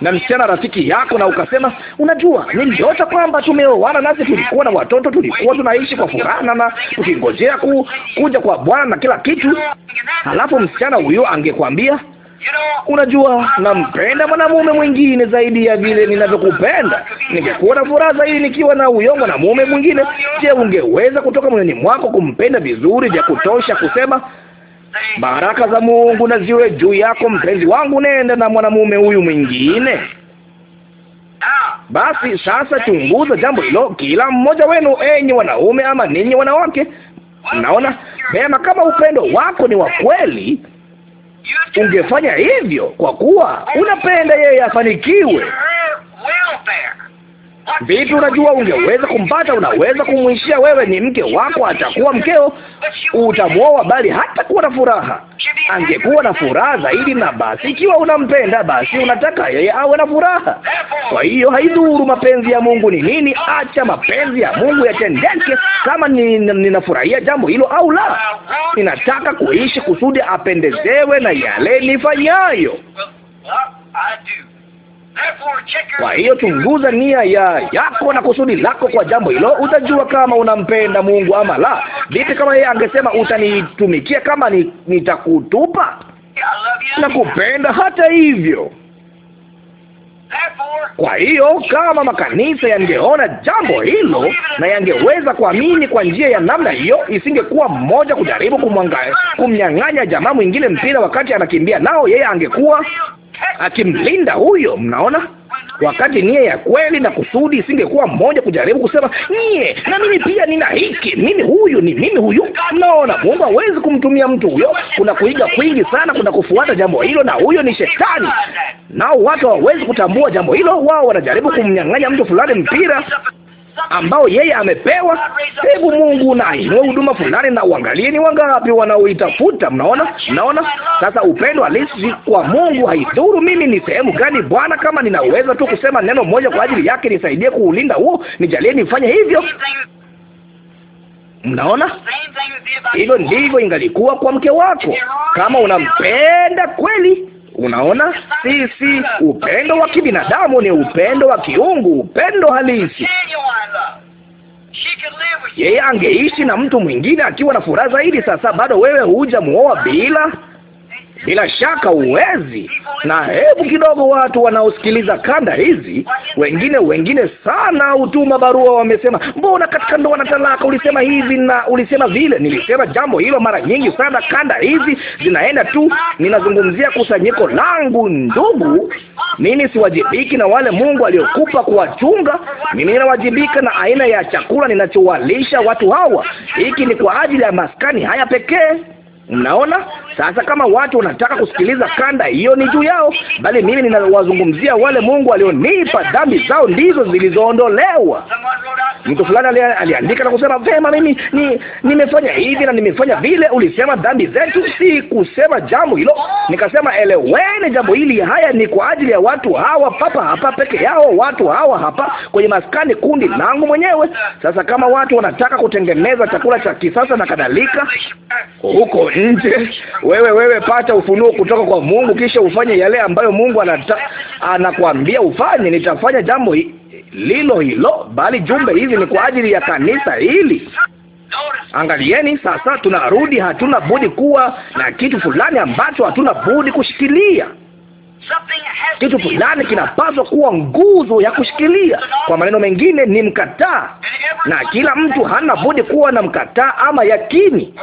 na msichana rafiki yako, na ukasema, unajua, niliota kwamba tumeoana, nasi tulikuwa na watoto, tulikuwa tunaishi kwa furaha na tukingojea ku, kuja kwa Bwana na kila kitu. Halafu msichana huyo angekwambia Unajua, nampenda mwanamume mwingine zaidi ya vile ninavyokupenda. Ningekuwa na furaha zaidi nikiwa na huyo mwanamume mwingine. Je, ungeweza kutoka moyoni mwako kumpenda vizuri vya kutosha kusema baraka za Mungu na ziwe juu yako mpenzi wangu, nenda na mwanamume huyu mwingine? Basi sasa chunguza jambo hilo, kila mmoja wenu, enyi wanaume ama ninyi wanawake. Naona mema, kama upendo wako ni wa kweli ungefanya hivyo kwa kuwa unapenda yeye afanikiwe. Vipi unajua ungeweza kumpata? Unaweza kumwishia wewe ni mke wako, atakuwa mkeo, utamwoa, bali hatakuwa na furaha. Angekuwa na furaha zaidi. Na basi ikiwa unampenda, basi unataka yeye awe na furaha. Kwa hiyo haidhuru mapenzi ya Mungu ni nini, acha mapenzi ya Mungu yatendeke. Kama ninafurahia jambo hilo au la, ninataka kuishi kusudi apendezewe na yale nifanyayo. Kwa hiyo chunguza nia ya yako na kusudi lako kwa jambo hilo, utajua kama unampenda Mungu ama la. Vipi kama yeye angesema utanitumikia kama nitakutupa? Nakupenda hata hivyo. Kwa hiyo kama makanisa yangeona jambo hilo na yangeweza kuamini kwa njia ya namna hiyo, isingekuwa mmoja kujaribu kumnyang'anya jamaa mwingine mpira wakati anakimbia nao, yeye angekuwa akimlinda huyo. Mnaona, wakati nia ya kweli na kusudi isingekuwa mmoja, kujaribu kusema nie na mimi pia nina hiki, mimi huyu ni mimi huyu. Mnaona, Mungu hawezi kumtumia mtu huyo. Kuna kuiga kwingi sana, kuna kufuata jambo hilo, na huyo ni shetani, nao watu hawawezi kutambua jambo hilo. Wao wanajaribu kumnyang'anya mtu fulani mpira ambao yeye amepewa. Hebu Mungu na ainue huduma fulani, na uangalie ni wangapi wanaoitafuta. Mnaona, mnaona sasa upendo halisi kwa Mungu. Haidhuru mimi ni sehemu gani, Bwana, kama ninaweza tu kusema neno moja kwa ajili yake, nisaidie kuulinda huo, nijalie nifanye hivyo. Mnaona, hilo ndivyo ingalikuwa kwa mke wako, kama unampenda kweli Unaona, si si upendo wa kibinadamu, ni upendo wa kiungu, upendo halisi. Yeye angeishi na mtu mwingine akiwa na furaha zaidi. Sasa bado wewe huja bila bila shaka huwezi. Na hebu kidogo, watu wanaosikiliza kanda hizi, wengine wengine sana hutuma barua, wamesema mbona katika ndoa na talaka ulisema hivi na ulisema vile. Nilisema jambo hilo mara nyingi sana. Kanda hizi zinaenda tu, ninazungumzia kusanyiko langu. Ndugu, mimi siwajibiki na wale Mungu aliokupa kuwachunga. Mimi ninawajibika na aina ya chakula ninachowalisha watu hawa. Hiki ni kwa ajili ya maskani haya pekee. Mnaona, sasa kama watu wanataka kusikiliza kanda hiyo, ni juu yao, bali mimi ninawazungumzia wale Mungu alionipa. Dhambi zao ndizo zilizoondolewa. Mtu fulani aliandika na kusema vema, mimi ni nimefanya hivi na nimefanya vile. Ulisema dhambi zetu, si kusema jambo hilo. Nikasema eleweni jambo hili, haya ni kwa ajili ya watu hawa papa hapa peke yao, watu hawa hapa kwenye maskani, kundi langu mwenyewe. Sasa kama watu wanataka kutengeneza chakula cha kisasa na kadhalika huko nje wewe wewe pata ufunuo kutoka kwa Mungu, kisha ufanye yale ambayo Mungu anata, anakuambia ufanye. Nitafanya jambo lilo hilo, bali jumbe hizi ni kwa ajili ya kanisa hili. Angalieni sasa, tunarudi. Hatuna budi kuwa na kitu fulani ambacho hatuna budi kushikilia. Kitu fulani kinapaswa kuwa nguzo ya kushikilia. Kwa maneno mengine, ni mkataa, na kila mtu hana budi kuwa na mkataa ama yakini.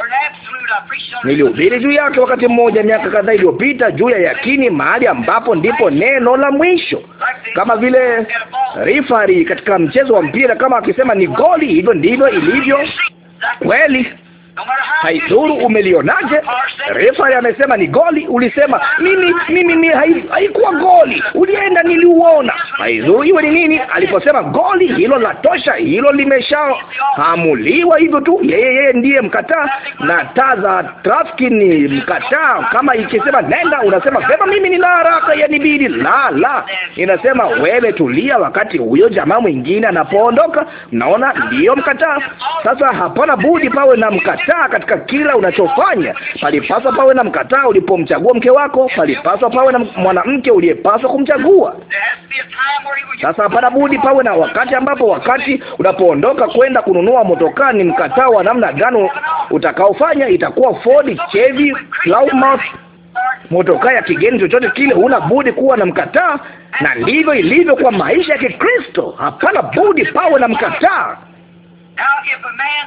Nilihubiri juu yake wakati mmoja miaka kadhaa iliyopita, juu ya yakini, mahali ambapo ndipo neno la mwisho, kama vile rifari katika mchezo wa mpira, kama akisema ni goli, hivyo ndivyo ilivyo kweli haidhuru umelionaje. Refari amesema ni goli, ulisema mimi mimi ni haikuwa goli, ulienda niliuona, haidhuru iwe ni nini. Aliposema goli, hilo la tosha, hilo limeshaamuliwa hivyo tu. Yeye yeye ndiye mkataa, na taa za trafiki ni mkataa. Kama ikisema nenda, unasema sema mimi nina haraka, nibidi. La, la, inasema wewe tulia, wakati huyo jamaa mwingine anapoondoka. Naona ndiyo mkataa. Sasa hapana budi pawe na mkataa mkataa katika kila unachofanya. Palipaswa pawe na mkataa ulipomchagua mke wako, palipaswa pawe na mwanamke uliyepaswa kumchagua. Sasa hapana budi pawe na wakati ambapo, wakati unapoondoka kwenda kununua motokaa, ni mkataa wa namna gani utakaofanya. Itakuwa Ford, Chevy, Plymouth, motokaa ya kigeni, chochote kile, huna budi kuwa na mkataa. Na ndivyo ilivyo kwa maisha ya Kikristo, hapana budi pawe na mkataa.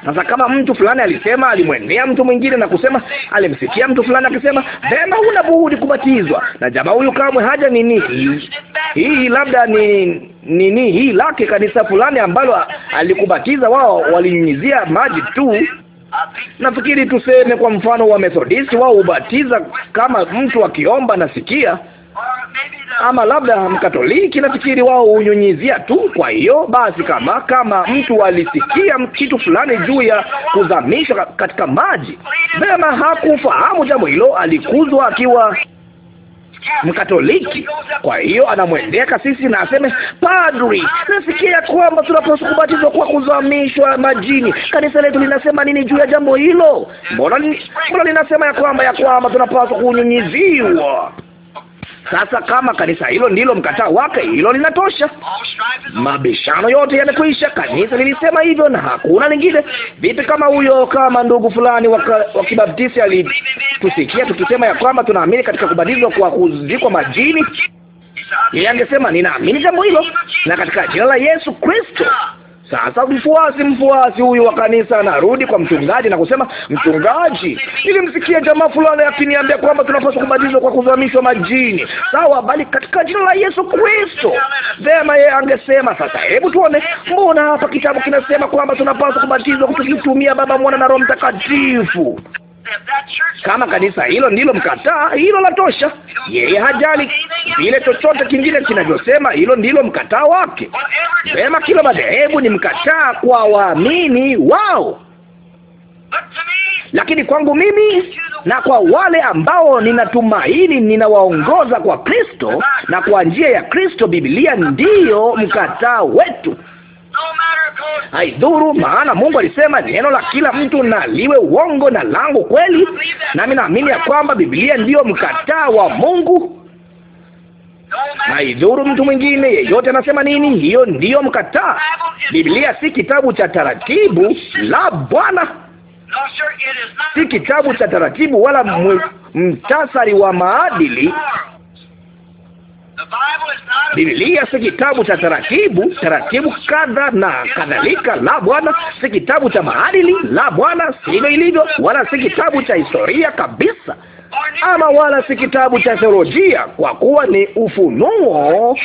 Sasa kama mtu fulani alisema alimwendea mtu mwingine na kusema, alimsikia mtu fulani akisema, vema, huna budi kubatizwa, na jamaa huyu kamwe haja nini hii, labda ni nini hii lake kanisa fulani ambalo alikubatiza, wao walinyunyizia maji tu. Nafikiri tuseme kwa mfano wa Methodisti, wao hubatiza kama mtu akiomba nasikia ama labda Mkatoliki nafikiri wao hunyunyizia tu. Kwa hiyo basi, kama kama mtu alisikia kitu fulani juu ya kuzamishwa katika maji, vema, hakufahamu jambo hilo. Alikuzwa akiwa Mkatoliki. Kwa hiyo anamwendea kasisi na aseme, padri, nasikia kwamba tunapaswa kubatizwa kwa kuzamishwa majini. Kanisa letu linasema nini juu ya jambo hilo? Mbona mbona linasema ya kwamba ya kwamba tunapaswa kunyunyiziwa sasa kama kanisa hilo ndilo mkataa wake, hilo linatosha. Mabishano yote yamekwisha. Kanisa lilisema hivyo na hakuna lingine. Vipi kama huyo, kama ndugu fulani wa Kibaptisti alitusikia tukisema ya kwamba tunaamini katika kubatizwa kwa kuzikwa majini, yeye angesema ninaamini jambo hilo, na katika jina la Yesu Kristo sasa mfuasi mfuasi huyu wa kanisa anarudi kwa mchungaji na kusema, mchungaji, nilimsikia jamaa fulani akiniambia kwamba tunapaswa kubatizwa kwa kuzamishwa majini. Sawa, bali katika jina la Yesu Kristo. Vema, yeye angesema sasa, hebu tuone, mbona hapa kitabu kinasema kwamba tunapaswa kubatizwa kukitumia Baba, Mwana na Roho Mtakatifu? Kama kanisa hilo ndilo mkataa, hilo la tosha. Yeye hajali vile chochote kingine kinavyosema, hilo ndilo mkataa wake. Sema kila madhehebu ni mkataa kwa waamini wao, lakini kwangu mimi na kwa wale ambao ninatumaini ninawaongoza kwa Kristo na kwa njia ya Kristo, Biblia ndiyo mkataa wetu haidhuru, maana Mungu alisema neno la kila mtu na liwe uongo na langu kweli. Nami naamini ya kwamba Biblia ndiyo mkataa wa Mungu. Haidhuru mtu mwingine yeyote anasema nini, hiyo ndiyo mkataa. Biblia si kitabu cha taratibu, la Bwana si kitabu cha taratibu wala mtasari wa maadili, Biblia si kitabu cha taratibu, taratibu kadha na kadhalika, la Bwana. Si kitabu cha maadili, la Bwana, sivyo ilivyo, wala si kitabu cha historia kabisa, ama wala si kitabu cha theolojia, kwa kuwa ni ufunuo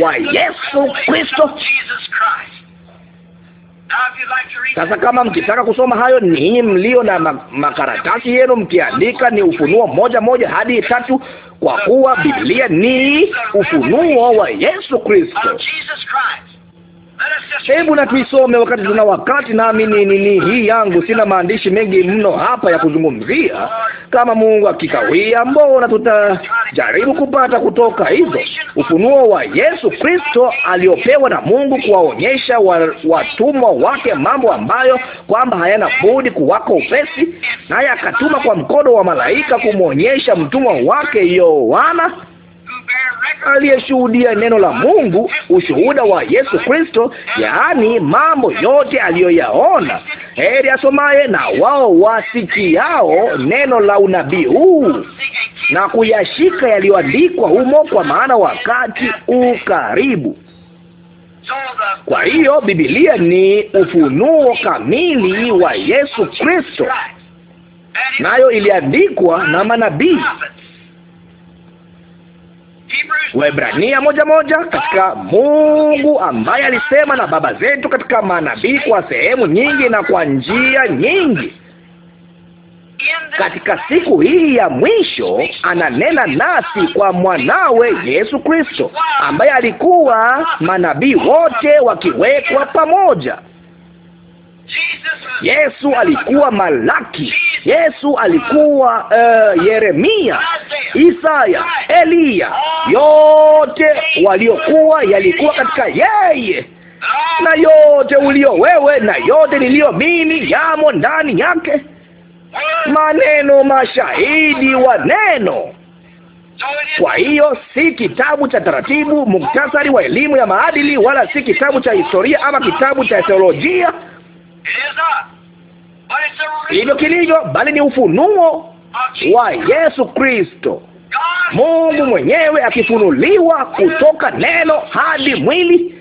wa Yesu Kristo. Sasa kama mkitaka kusoma hayo, ninyi mlio na makaratasi yenu, mkiandika ni Ufunuo moja moja hadi tatu, kwa kuwa Biblia ni ufunuo wa Yesu Kristo. Hebu na tuisome wakati tuna wakati, nami ni nini hii yangu, sina maandishi mengi mno hapa ya kuzungumzia. Kama Mungu akikawia, mbona tutajaribu kupata kutoka hizo ufunuo wa Yesu Kristo aliopewa na Mungu kuwaonyesha watumwa wake mambo ambayo kwamba hayana budi kuwako upesi, naye akatuma kwa mkono wa malaika kumwonyesha mtumwa wake Yohana aliyeshuhudia neno la Mungu, ushuhuda wa Yesu Kristo, yaani mambo yote aliyoyaona. Heri asomaye na wao wasikiao neno la unabii huu na kuyashika yaliyoandikwa humo, kwa maana wakati ukaribu. Kwa hiyo Biblia ni ufunuo kamili wa Yesu Kristo, nayo iliandikwa na manabii Waebrania moja moja katika Mungu ambaye alisema na baba zetu katika manabii kwa sehemu nyingi na kwa njia nyingi. Katika siku hii ya mwisho ananena nasi kwa mwanawe Yesu Kristo ambaye alikuwa manabii wote wakiwekwa pamoja. Yesu alikuwa Malaki, Yesu alikuwa uh, Yeremia, Isaya, Eliya, oh, yote waliokuwa yalikuwa katika yeye na yote ulio wewe na yote niliyo mimi yamo ndani yake. Maneno mashahidi wa neno. Kwa hiyo si kitabu cha taratibu, muktasari wa elimu ya maadili, wala si kitabu cha historia ama kitabu cha teolojia ndivyo kilivyo, bali ni ufunuo wa Yesu Kristo, Mungu mwenyewe akifunuliwa kutoka neno hadi mwili.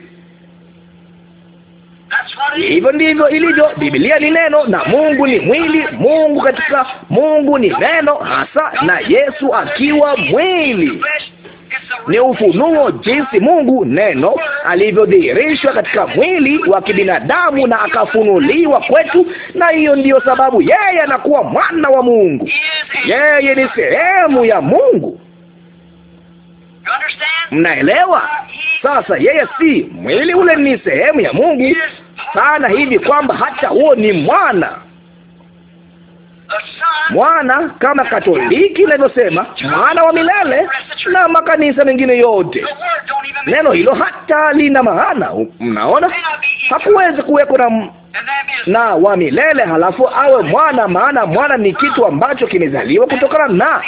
Hivyo ndivyo ilivyo. Biblia ni neno na Mungu ni mwili. Mungu katika Mungu ni neno hasa, na Yesu akiwa mwili ni ufunuo jinsi Mungu neno alivyodhihirishwa katika mwili wa kibinadamu na akafunuliwa kwetu, na hiyo ndiyo sababu yeye anakuwa mwana wa Mungu. Yeye ni sehemu ya Mungu. Mnaelewa? Sasa yeye si mwili, ule ni sehemu ya Mungu sana hivi kwamba hata huo ni mwana mwana kama Katoliki inavyosema mwana wa milele na makanisa mengine yote. Neno hilo hata lina maana, mnaona, hakuwezi kuweko na na wa milele halafu awe mwana, maana mwana ni kitu ambacho kimezaliwa kutokana na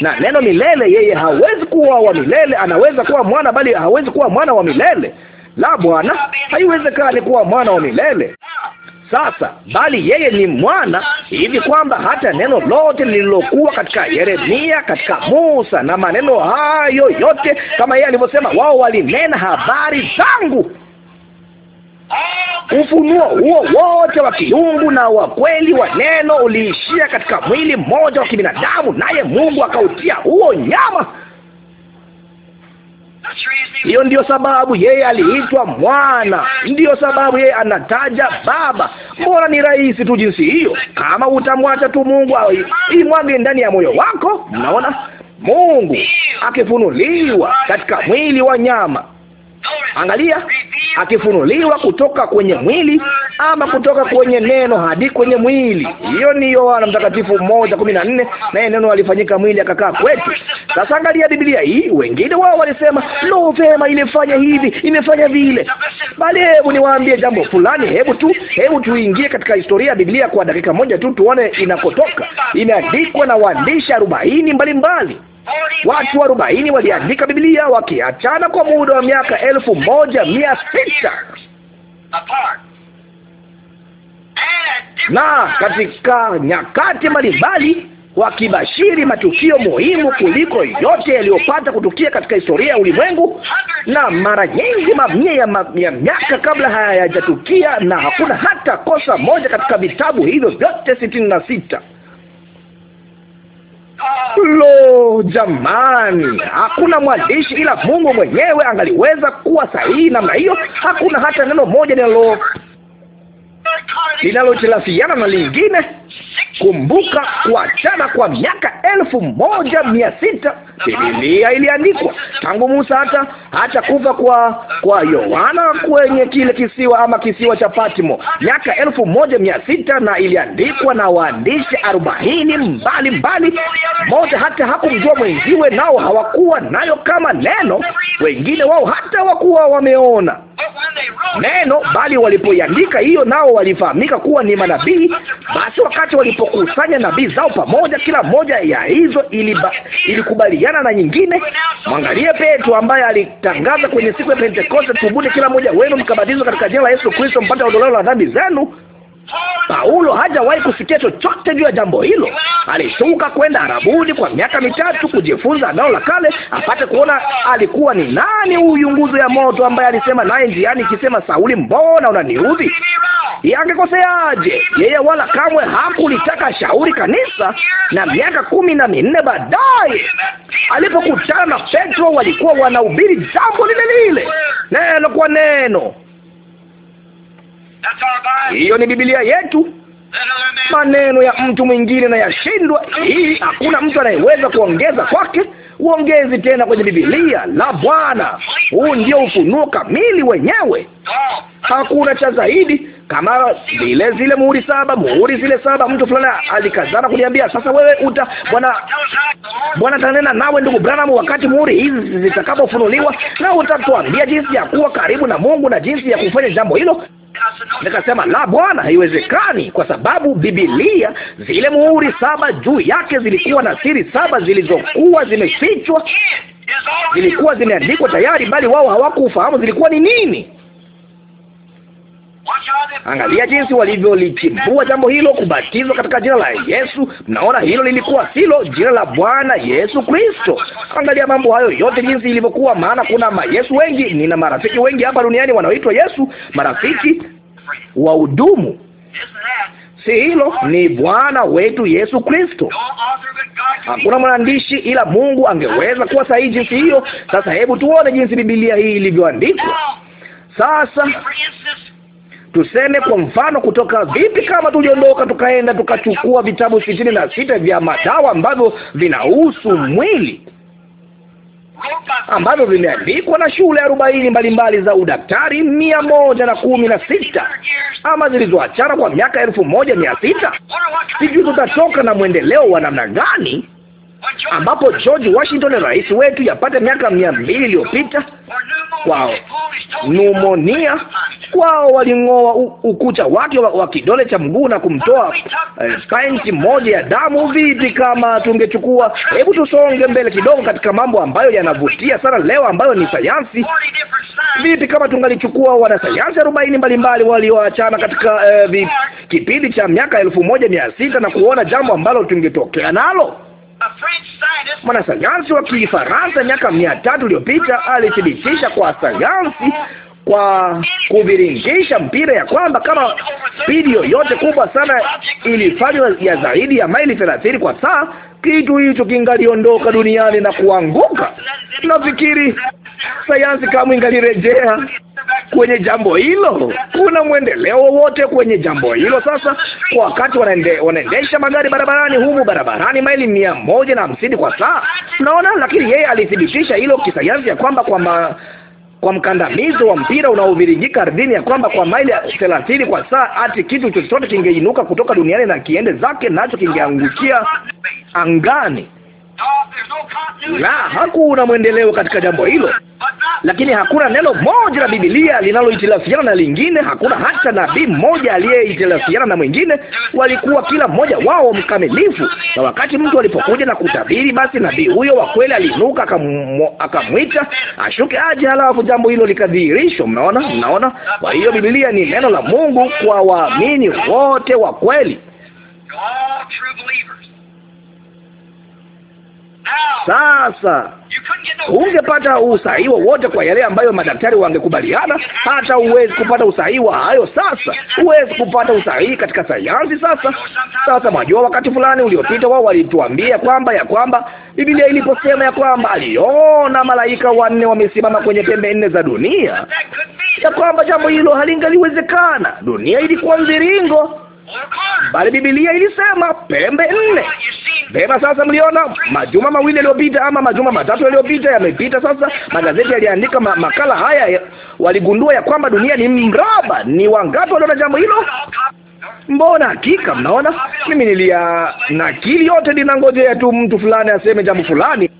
na neno milele. Yeye hawezi kuwa wa milele, anaweza kuwa mwana, bali hawezi kuwa mwana wa milele. La, Bwana, haiwezekani kuwa mwana wa milele sasa, bali yeye ni mwana, hivi kwamba hata neno lote lililokuwa katika Yeremia, katika Musa na maneno hayo yote, kama yeye alivyosema, wao walinena habari zangu ufunuo huo wote wa kiungu na wa kweli wa neno uliishia katika mwili mmoja wa kibinadamu, naye Mungu akautia huo nyama. Hiyo ndiyo sababu yeye aliitwa mwana, ndiyo sababu yeye anataja Baba. Mbona ni rahisi tu jinsi hiyo, kama utamwacha tu Mungu imwage ndani ya moyo wako. Mnaona Mungu akifunuliwa katika mwili wa nyama Angalia, akifunuliwa kutoka kwenye mwili ama kutoka kwenye neno hadi kwenye mwili. Hiyo ni Yohana Mtakatifu moja kumi na nne, naye neno alifanyika mwili akakaa kwetu. Sasa angalia Biblia hii. Wengine wao walisema lo, vema, ilifanya hivi, imefanya vile. Bali hebu niwaambie jambo fulani. Hebu tu, hebu tuingie katika historia ya Biblia kwa dakika moja tu, tuone inakotoka. Imeandikwa na waandishi arobaini mbalimbali watu arobaini waliandika Biblia wakiachana kwa muda wa miaka elfu moja mia sita na katika nyakati mbalimbali wakibashiri matukio muhimu kuliko yote yaliyopata kutukia katika historia ya ulimwengu, na mara nyingi mamia ya, ma ya miaka kabla hayajatukia, na hakuna hata kosa moja katika vitabu hivyo vyote sitini na sita. Lo, jamani, hakuna mwandishi ila Mungu mwenyewe angaliweza kuwa sahihi namna hiyo. Hakuna hata neno moja linalo linalotilafiana na lingine. Kumbuka kuachana kwa miaka elfu moja mia sita Biblia iliandikwa tangu Musa hata hata kufa kwa kwa Yohana kwenye kile kisiwa ama kisiwa cha Patmo miaka elfu moja mia sita na iliandikwa na waandishi arobaini mbali mbali, moja hata hakumjua mwenziwe, nao hawakuwa nayo kama neno, wengine wao hata hawakuwa wameona neno bali walipoiandika hiyo, nao walifahamika kuwa ni manabii. Basi wakati walipokusanya nabii zao pamoja, kila moja ya hizo ilikubali inaingiliana na nyingine. Mwangalie Petro ambaye alitangaza kwenye siku ya Pentekoste, tubuni kila mmoja wenu mkabatizwe katika jina la Yesu Kristo mpate ondoleo la dhambi zenu. Paulo hajawahi kusikia chochote juu ya jambo hilo. Alishuka kwenda Arabuni kwa miaka mitatu kujifunza Agano la Kale apate kuona alikuwa ni nani huyu nguzo ya moto ambaye alisema naye njiani ikisema, Sauli, mbona unaniudhi? Yangekoseaje Yeye wala kamwe hakulitaka shauri kanisa. Na miaka kumi na minne baadaye alipokutana na Petro, walikuwa wanahubiri jambo lile lile, neno kwa neno hiyo ni Biblia yetu. Maneno ya mtu mwingine na yashindwa. Hii hakuna mtu anayeweza kuongeza kwake. Uongezi tena kwenye Biblia la Bwana. Huu ndio ufunuo kamili wenyewe, hakuna cha zaidi. Kama vile zile muhuri saba, muhuri zile saba. Mtu fulani alikazana kuniambia, sasa wewe uta bwana bwana tanena nawe ndugu Branham, wakati muhuri hizi zitakapofunuliwa, na utatuambia jinsi ya kuwa karibu na Mungu na jinsi ya kufanya jambo hilo. Nikasema, la Bwana, haiwezekani, kwa sababu Biblia, zile muhuri saba juu yake zilikuwa na siri saba zilizokuwa zimefichwa, zilikuwa zimeandikwa tayari, bali wao hawakufahamu zilikuwa ni nini. Angalia jinsi walivyolichimbua jambo hilo, kubatizwa katika jina la Yesu. Mnaona, hilo lilikuwa silo jina la Bwana Yesu Kristo. Angalia mambo hayo yote jinsi ilivyokuwa, maana kuna mayesu wengi. Nina marafiki wengi hapa duniani wanaoitwa Yesu, marafiki wa udumu Si hilo ni Bwana wetu Yesu Kristo. Hakuna mwandishi ila Mungu angeweza kuwa sahihi jinsi hiyo. Sasa hebu tuone jinsi Biblia hii ilivyoandikwa. Sasa Tuseme kwa mfano, kutoka vipi kama tuliondoka tukaenda tukachukua vitabu sitini na sita vya madawa ambavyo vinahusu mwili ambavyo vimeandikwa na shule arobaini mbalimbali za udaktari mia moja na kumi na sita ama zilizoachana kwa miaka elfu moja mia sita Sijui tutatoka na mwendeleo wa namna gani ambapo George Washington, rais wetu, yapata miaka mia mbili iliyopita kwao numonia kwao waling'oa ukucha wake wa, wa kidole cha mguu na kumtoa eh, painti moja ya damu. Vipi kama tungechukua? Hebu tusonge mbele kidogo katika mambo ambayo yanavutia sana leo, ambayo ni sayansi. Vipi kama tungalichukua wanasayansi arobaini mbalimbali walioachana katika eh, kipindi cha miaka elfu moja mia sita na kuona jambo ambalo tungetokea nalo mwanasayansi wa Kifaransa miaka mia tatu iliyopita alithibitisha kwa sayansi kwa kuviringisha mpira ya kwamba kama spidi yoyote kubwa sana ilifanywa ya zaidi ya maili thelathini kwa saa, kitu hicho kingaliondoka duniani na kuanguka. Nafikiri sayansi kama ingalirejea kwenye jambo hilo. Kuna mwendeleo wowote kwenye jambo hilo? Sasa kwa wakati wanaende, wanaendesha magari barabarani humu barabarani maili mia moja na hamsini kwa saa, naona Lakini yeye alithibitisha hilo kisayansi ya kwamba kwamba kwa mkandamizo wa mpira unaoviringika ardhini, ya kwamba kwa maili thelathini kwa saa hati kitu chochote kingeinuka kutoka duniani na kiende zake, nacho kingeangukia angani la hakuna mwendeleo katika jambo hilo, lakini hakuna neno moja la Biblia linalohitilafiana na lingine. Hakuna hata nabii mmoja aliyehitilafiana na mwingine. Walikuwa kila mmoja wao mkamilifu, na wakati mtu alipokuja na kutabiri, basi nabii huyo wa kweli aliinuka akamwita ashuke aje, halafu jambo hilo likadhihirishwa. Mnaona, mnaona. Kwa hiyo Biblia ni neno la Mungu kwa waamini wote wa kweli. Sasa ungepata usahihi wowote kwa yale ambayo madaktari wangekubaliana, hata huwezi kupata usahihi wa hayo. Sasa huwezi kupata usahihi katika sayansi. Sasa sasa, mwajua, wakati fulani uliopita, wao walituambia kwamba ya kwamba Biblia iliposema ya kwamba aliona malaika wanne wamesimama kwenye pembe nne za dunia, ya kwamba jambo hilo halingaliwezekana. Dunia ilikuwa mviringo bali Biblia ilisema pembe nne. Vema, sasa mliona majuma mawili yaliyopita ama majuma matatu yaliyopita yamepita. Sasa magazeti yaliandika ma makala haya ya, waligundua ya kwamba dunia ni mraba. Ni wangapi waliona jambo hilo? Mbona hakika, mnaona, mimi nilia nakili yote, ninangojea tu mtu fulani aseme jambo fulani,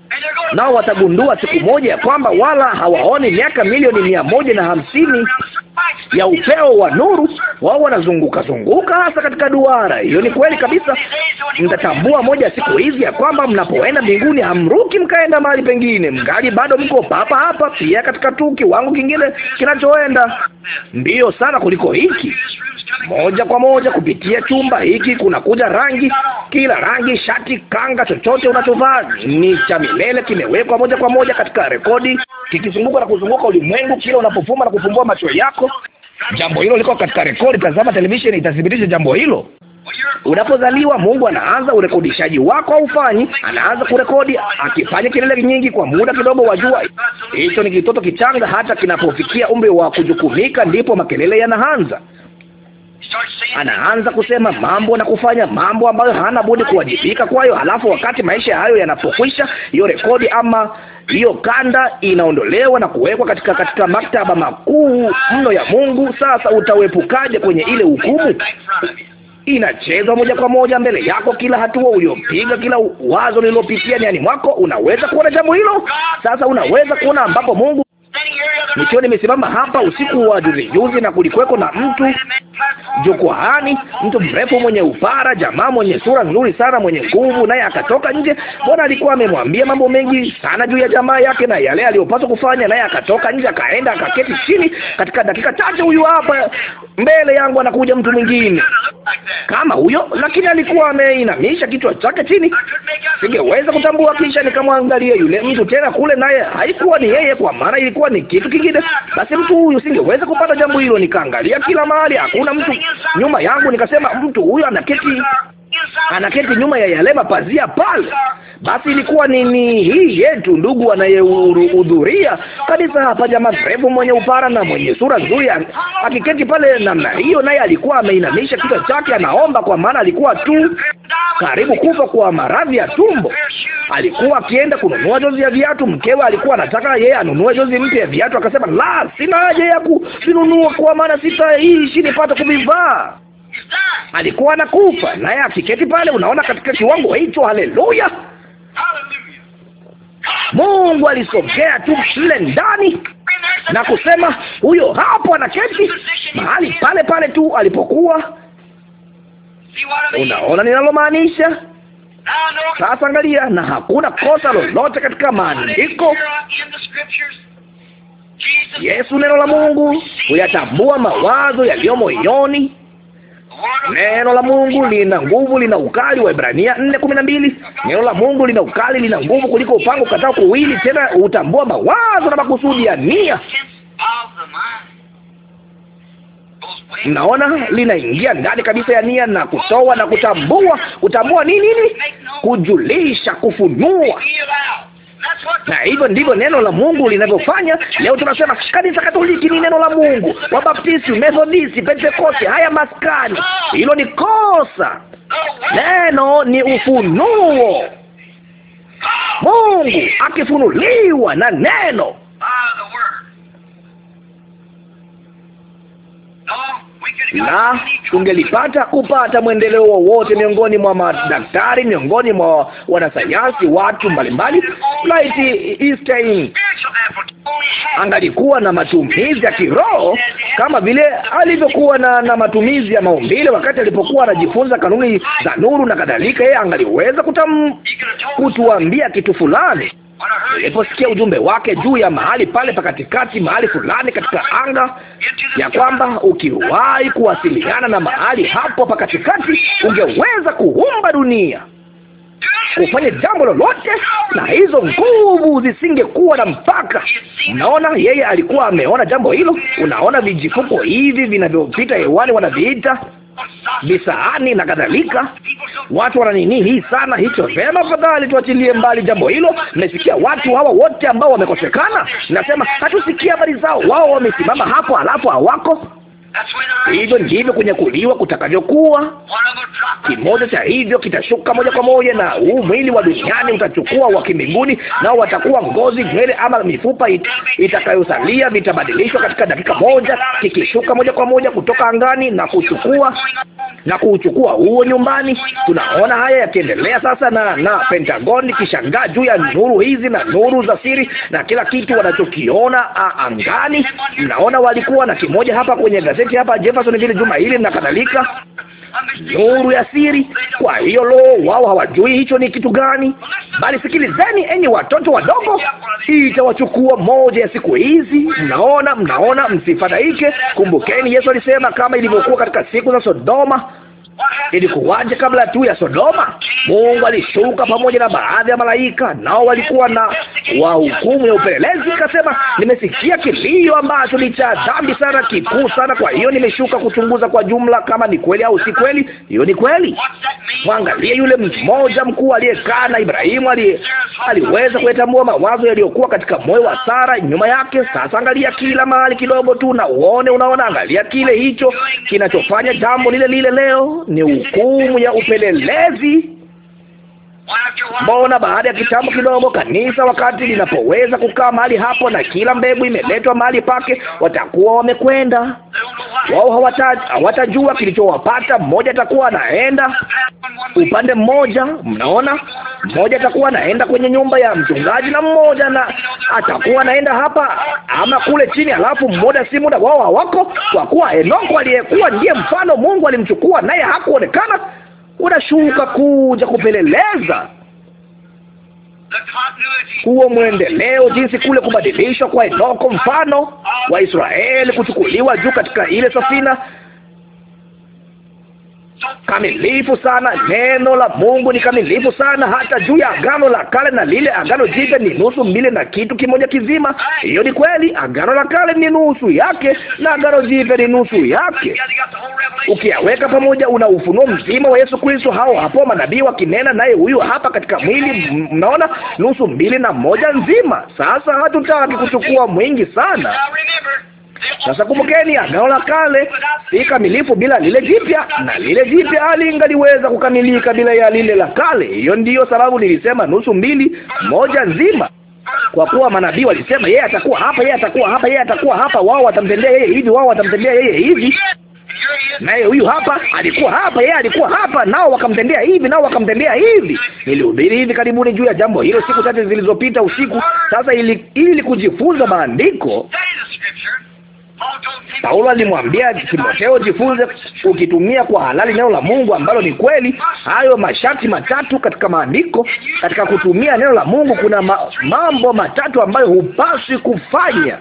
nao watagundua siku moja ya kwamba wala hawaoni miaka milioni mia moja na hamsini ya upeo wa nuru, wao wanazunguka zunguka hasa katika duara hiyo. Ni kweli kabisa, mtatambua moja siku hizi ya kwamba mnapoenda mbinguni hamruki mkaenda mahali pengine, mgali bado mko papa hapa, pia katika tu kiwango kingine kinachoenda mbio sana kuliko hiki moja kwa moja kupitia chumba hiki. kuna kuja rangi, kila rangi, shati, kanga, chochote unachovaa ni cha milele, kimewekwa moja kwa moja katika rekodi kikizunguka na kuzunguka ulimwengu kila unapofumba na kufumbua macho yako. Jambo hilo liko katika rekodi. Tazama televisheni itathibitisha jambo hilo. Unapozaliwa Mungu anaanza urekodishaji wako, aufanyi, anaanza kurekodi, akifanya kelele nyingi kwa muda kidogo. Wajua, hicho ni kitoto kichanga. Hata kinapofikia umri wa kujukumika, ndipo makelele yanaanza. Anaanza kusema mambo na kufanya mambo ambayo hana budi kuwajibika kwayo. Halafu wakati maisha hayo yanapokwisha, hiyo rekodi ama hiyo kanda inaondolewa na kuwekwa katika katika maktaba makuu mno ya Mungu. Sasa utawepukaje kwenye ile hukumu? Inachezwa moja kwa moja mbele yako, kila hatua uliyopiga, kila wazo lililopitia ndani mwako. Unaweza kuona jambo hilo sasa, unaweza kuona ambapo Mungu nikiwa nimesimama hapa usiku wa juzijuzi, na kulikuweko na mtu jukwaani, mtu mrefu mwenye upara, jamaa mwenye sura nzuri sana, mwenye nguvu, naye akatoka nje. Bwana alikuwa amemwambia mambo mengi sana juu ya jamaa yake na yale aliyopaswa kufanya, naye akatoka nje, akaenda akaketi chini. Katika dakika chache, huyu hapa mbele yangu anakuja mtu mwingine kama huyo, lakini alikuwa ameinamisha kichwa chake chini, singeweza kutambua. Kisha nikamwangalia yule mtu tena kule, naye haikuwa ni yeye, kwa maana ilikuwa ni kitu kingine. Basi mtu huyu, singeweza kupata jambo hilo. Nikaangalia kila mahali, hakuna mtu nyuma yangu. Nikasema mtu huyu anaketi anaketi nyuma ya yale mapazia pale. Basi ilikuwa nini hii yetu ndugu anayehudhuria kabisa hapa, jamaa mrefu mwenye upara na mwenye sura nzuri, akiketi pale namna hiyo, naye alikuwa ameinamisha kichwa chake, anaomba, kwa maana alikuwa tu karibu kufa kwa maradhi ya tumbo. Alikuwa akienda kununua jozi ya viatu, mkewe alikuwa anataka yeye anunue jozi mpya ya viatu, akasema la, sina haja ya kuvinunua, kwa maana sitaishi nipata kuvivaa alikuwa anakufa, naye akiketi pale, unaona katika kiwango hicho. Haleluya! Mungu alisogea tu mle ndani na kusema, huyo hapo anaketi mahali pale pale tu alipokuwa. Unaona ninalomaanisha? Sasa angalia, na hakuna kosa lolote katika maandiko. Yesu, neno la Mungu, huyatambua mawazo yaliyo moyoni Neno la Mungu lina nguvu, lina ukali wa Ibrania nne kumi na mbili. Neno la Mungu lina ukali, lina nguvu kuliko upango ukatao kuwili, tena utambua mawazo na makusudi ya nia. Naona linaingia ndani kabisa ya nia na kutoa na kutambua. Kutambua ni nini? Kujulisha, kufunua na hivyo ndivyo neno la Mungu linavyofanya leo. Tunasema kanisa Katoliki ni neno la Mungu, Wabaptisti, Methodisti, Pentekoste, haya maskani. Hilo ni kosa. Neno ni ufunuo. Mungu akifunuliwa na neno na tungelipata kupata mwendeleo wowote miongoni mwa madaktari, miongoni mwa wanasayansi, watu mbalimbali, laiti Einstein angalikuwa na matumizi ya kiroho kama vile alivyokuwa na, na matumizi ya maumbile wakati alipokuwa anajifunza kanuni za nuru na kadhalika, yeye angaliweza kutuambia kitu fulani niliposikia ujumbe wake juu ya mahali pale pakatikati, mahali fulani katika anga, ya kwamba ukiwahi kuwasiliana na mahali hapo pakatikati, ungeweza kuumba dunia, kufanya jambo lolote, na hizo nguvu zisingekuwa na mpaka. Unaona, yeye alikuwa ameona jambo hilo. Unaona, vijifuko hivi vinavyopita hewani wanaviita bisaani na kadhalika. Watu hii sana hicho. Vema, fadhali tuachilie mbali jambo hilo. Mmesikia watu hawa wote ambao wamekosekana, nasema hatusikia habari zao. Wao wamesimama hapo, halafu hawako Hivyo ndivyo kunyakuliwa kutakavyokuwa. Kimoja cha hivyo kitashuka moja kwa moja, na huu mwili wa duniani utachukua wa kimbinguni, nao watakuwa ngozi, nywele ama mifupa it, itakayosalia vitabadilishwa katika dakika moja, kikishuka moja kwa moja kutoka angani na kuchukua na kuuchukua huo nyumbani. Tunaona haya yakiendelea sasa, na na Pentagon kishangaa juu ya nuru hizi na nuru za siri na kila kitu wanachokiona angani. Mnaona walikuwa na kimoja hapa kwenye gazeti magazeti hapa vile juma hili na kadhalika, nuru ya siri. Kwa hiyo lo, wao hawajui hicho ni kitu gani, bali sikilizeni, enyi watoto wadogo, itawachukua moja ya siku hizi. Mnaona, mnaona, msifadhaike. Kumbukeni Yesu alisema, kama ilivyokuwa katika siku za Sodoma Ilikuwaje kabla tu ya Sodoma? Mungu alishuka pamoja na baadhi ya malaika, nao walikuwa na wahukumu ya upelelezi. Akasema, nimesikia kilio ambacho ni cha dhambi sana, kikuu sana, kwa hiyo nimeshuka kuchunguza kwa jumla kama ni kweli au si kweli. Hiyo ni kweli. Mwangalie yule mmoja mkuu aliyekaa na Ibrahimu, aliweza kuyatambua mawazo yaliyokuwa katika moyo wa Sara nyuma yake. Sasa angalia kila mahali kidogo tu na uone, unaona, angalia kile hicho kinachofanya jambo lile lile leo ni hukumu ya upelelezi Mbona baada ya kitambo kidogo, kanisa wakati linapoweza kukaa mahali hapo, na kila mbegu imeletwa mahali pake, watakuwa wamekwenda wao, hawatajua kilichowapata. Mmoja atakuwa anaenda upande mmoja, mnaona, mmoja atakuwa anaenda kwenye nyumba ya mchungaji, na mmoja na atakuwa anaenda hapa ama kule chini, alafu mmoja si muda wao hawako, kwa kuwa Enoko aliyekuwa ndiye mfano, Mungu alimchukua naye hakuonekana unashuka kuja kupeleleza huo mwendeleo, jinsi kule kubadilishwa kwa Enoko, mfano wa Israeli kuchukuliwa juu katika ile safina kamilifu sana. Neno la Mungu ni kamilifu sana, hata juu ya agano la kale na lile agano jipya ni nusu mbili na kitu kimoja kizima. Hiyo ni kweli. Agano la kale ni nusu yake na agano jipya ni nusu yake. Ukiyaweka pamoja, una ufunuo mzima wa Yesu Kristo. Hao hapo manabii wakinena naye, huyu hapa katika mwili. Mnaona nusu mbili na moja nzima. Sasa hatutaki kuchukua mwingi sana. Sasa kumbukeni, agano la kale si kamilifu bila lile jipya, na lile jipya alingaliweza kukamilika bila ya lile la kale. Hiyo ndiyo sababu nilisema nusu mbili moja nzima, kwa kuwa manabii walisema yeye atakuwa hapa, yeye atakuwa hapa, yeye atakuwa hapa, wao watamtendea yeye hivi, wao watamtendea yeye hivi naye huyu hapa alikuwa hapa, yeye alikuwa hapa, nao wakamtendea hivi, nao wakamtendea hivi. Nilihubiri hivi karibuni juu ya jambo hilo siku chache zilizopita usiku. Sasa ili, ili kujifunza maandiko Paulo alimwambia Timotheo, jifunze ukitumia kwa halali neno la Mungu ambalo ni kweli. Hayo masharti matatu katika maandiko, katika kutumia neno la Mungu kuna ma mambo matatu ambayo hupaswi kufanya.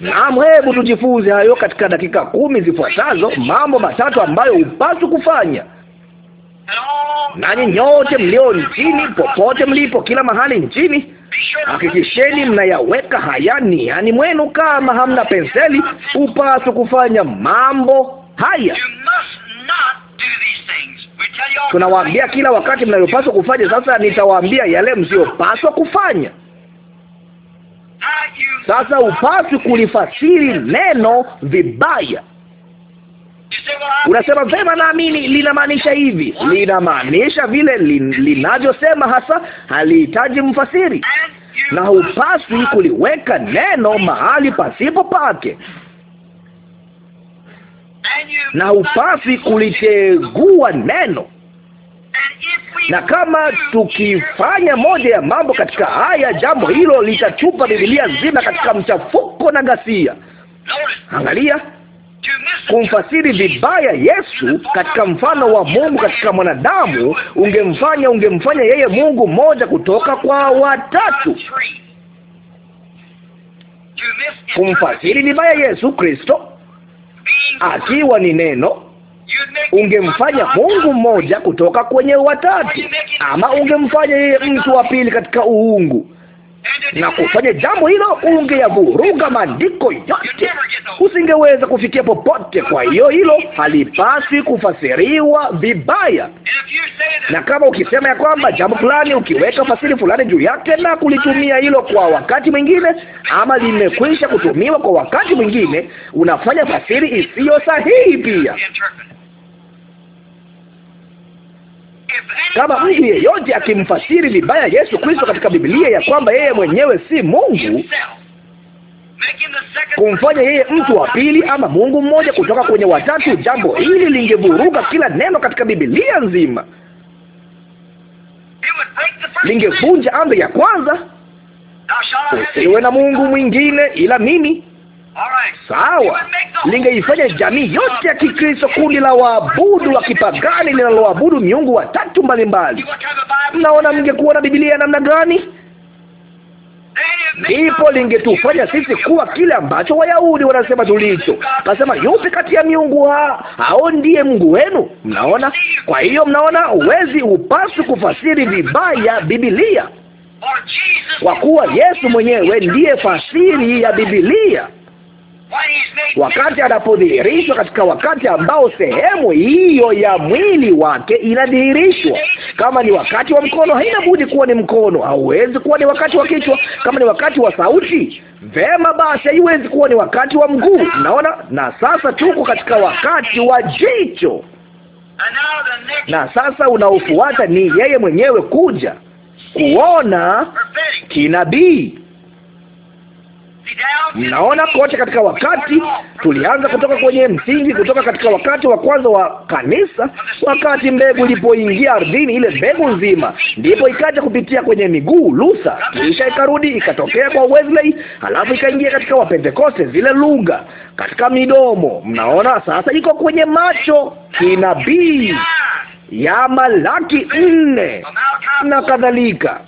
Naam, hebu tujifunze hayo katika dakika kumi zifuatazo, mambo matatu ambayo hupaswi kufanya. Nanyi nyote mlio nchini, popote mlipo, kila mahali nchini Hakikisheni mnayaweka haya ndani mwenu. Kama hamna penseli, upaswe kufanya mambo haya. Tunawaambia kila wakati mnayopaswa kufanya. Sasa nitawaambia yale msiyopaswa kufanya. Sasa upaswi kulifasiri neno vibaya. Unasema vema, naamini linamaanisha hivi, linamaanisha vile linavyosema hasa, halihitaji mfasiri na hupaswi kuliweka neno mahali pasipo pake na hupasi kulitegua neno. Na kama tukifanya moja ya mambo katika haya, jambo hilo litatupa Biblia nzima katika mchafuko na ghasia. Angalia, kumfasiri vibaya Yesu katika mfano wa Mungu katika mwanadamu, ungemfanya ungemfanya yeye Mungu mmoja kutoka kwa watatu. Kumfasiri vibaya Yesu Kristo akiwa ni neno ungemfanya Mungu mmoja kutoka kwenye watatu, ama ungemfanya yeye mtu wa pili katika uungu na kufanya jambo hilo, ungeyavuruga maandiko yote, usingeweza kufikia popote. Kwa hiyo hilo halipaswi kufasiriwa vibaya. Na kama ukisema ya kwamba jambo fulani, ukiweka fasiri fulani juu yake na kulitumia hilo kwa wakati mwingine, ama limekwisha kutumiwa kwa wakati mwingine, unafanya fasiri isiyo sahihi pia. Kama mtu yeyote akimfasiri vibaya Yesu Kristo katika Biblia ya kwamba yeye mwenyewe si Mungu, kumfanya yeye mtu wa pili ama Mungu mmoja kutoka kwenye watatu, jambo hili lingevuruga kila neno katika Biblia nzima, lingevunja amri ya kwanza, usiwe na Mungu mwingine ila mimi. Sawa, lingeifanya jamii yote ya Kikristo kundi la waabudu wa kipagani linaloabudu miungu watatu mbalimbali. Mnaona mngekuwa na Biblia ya namna gani? Ndipo lingetufanya sisi kuwa kile ambacho Wayahudi wanasema tulicho. Kasema, yupi kati ya miungu ha hao ndiye Mungu wenu? Mnaona? Kwa hiyo mnaona, huwezi upaswi kufasiri vibaya Biblia, kwa kuwa Yesu mwenyewe ndiye fasiri ya Biblia wakati anapodhihirishwa katika wakati ambao sehemu hiyo ya mwili wake inadhihirishwa. Kama ni wakati wa mkono, haina budi kuwa ni mkono, hauwezi kuwa ni wakati wa kichwa. Kama ni wakati wa sauti, vema basi, haiwezi kuwa ni wakati wa mguu. Naona, na sasa tuko katika wakati wa jicho, na sasa unaofuata ni yeye mwenyewe kuja kuona kinabii Mnaona kote katika wakati, tulianza kutoka kwenye msingi, kutoka katika wakati wa kwanza wa kanisa, wakati mbegu ilipoingia ardhini, ile mbegu nzima, ndipo ikaja kupitia kwenye miguu lusa kisha ikarudi ikatokea kwa Wesley, halafu ikaingia katika Wapentekoste, zile lugha katika midomo. Mnaona sasa iko kwenye macho kinabii ya Malaki nne na kadhalika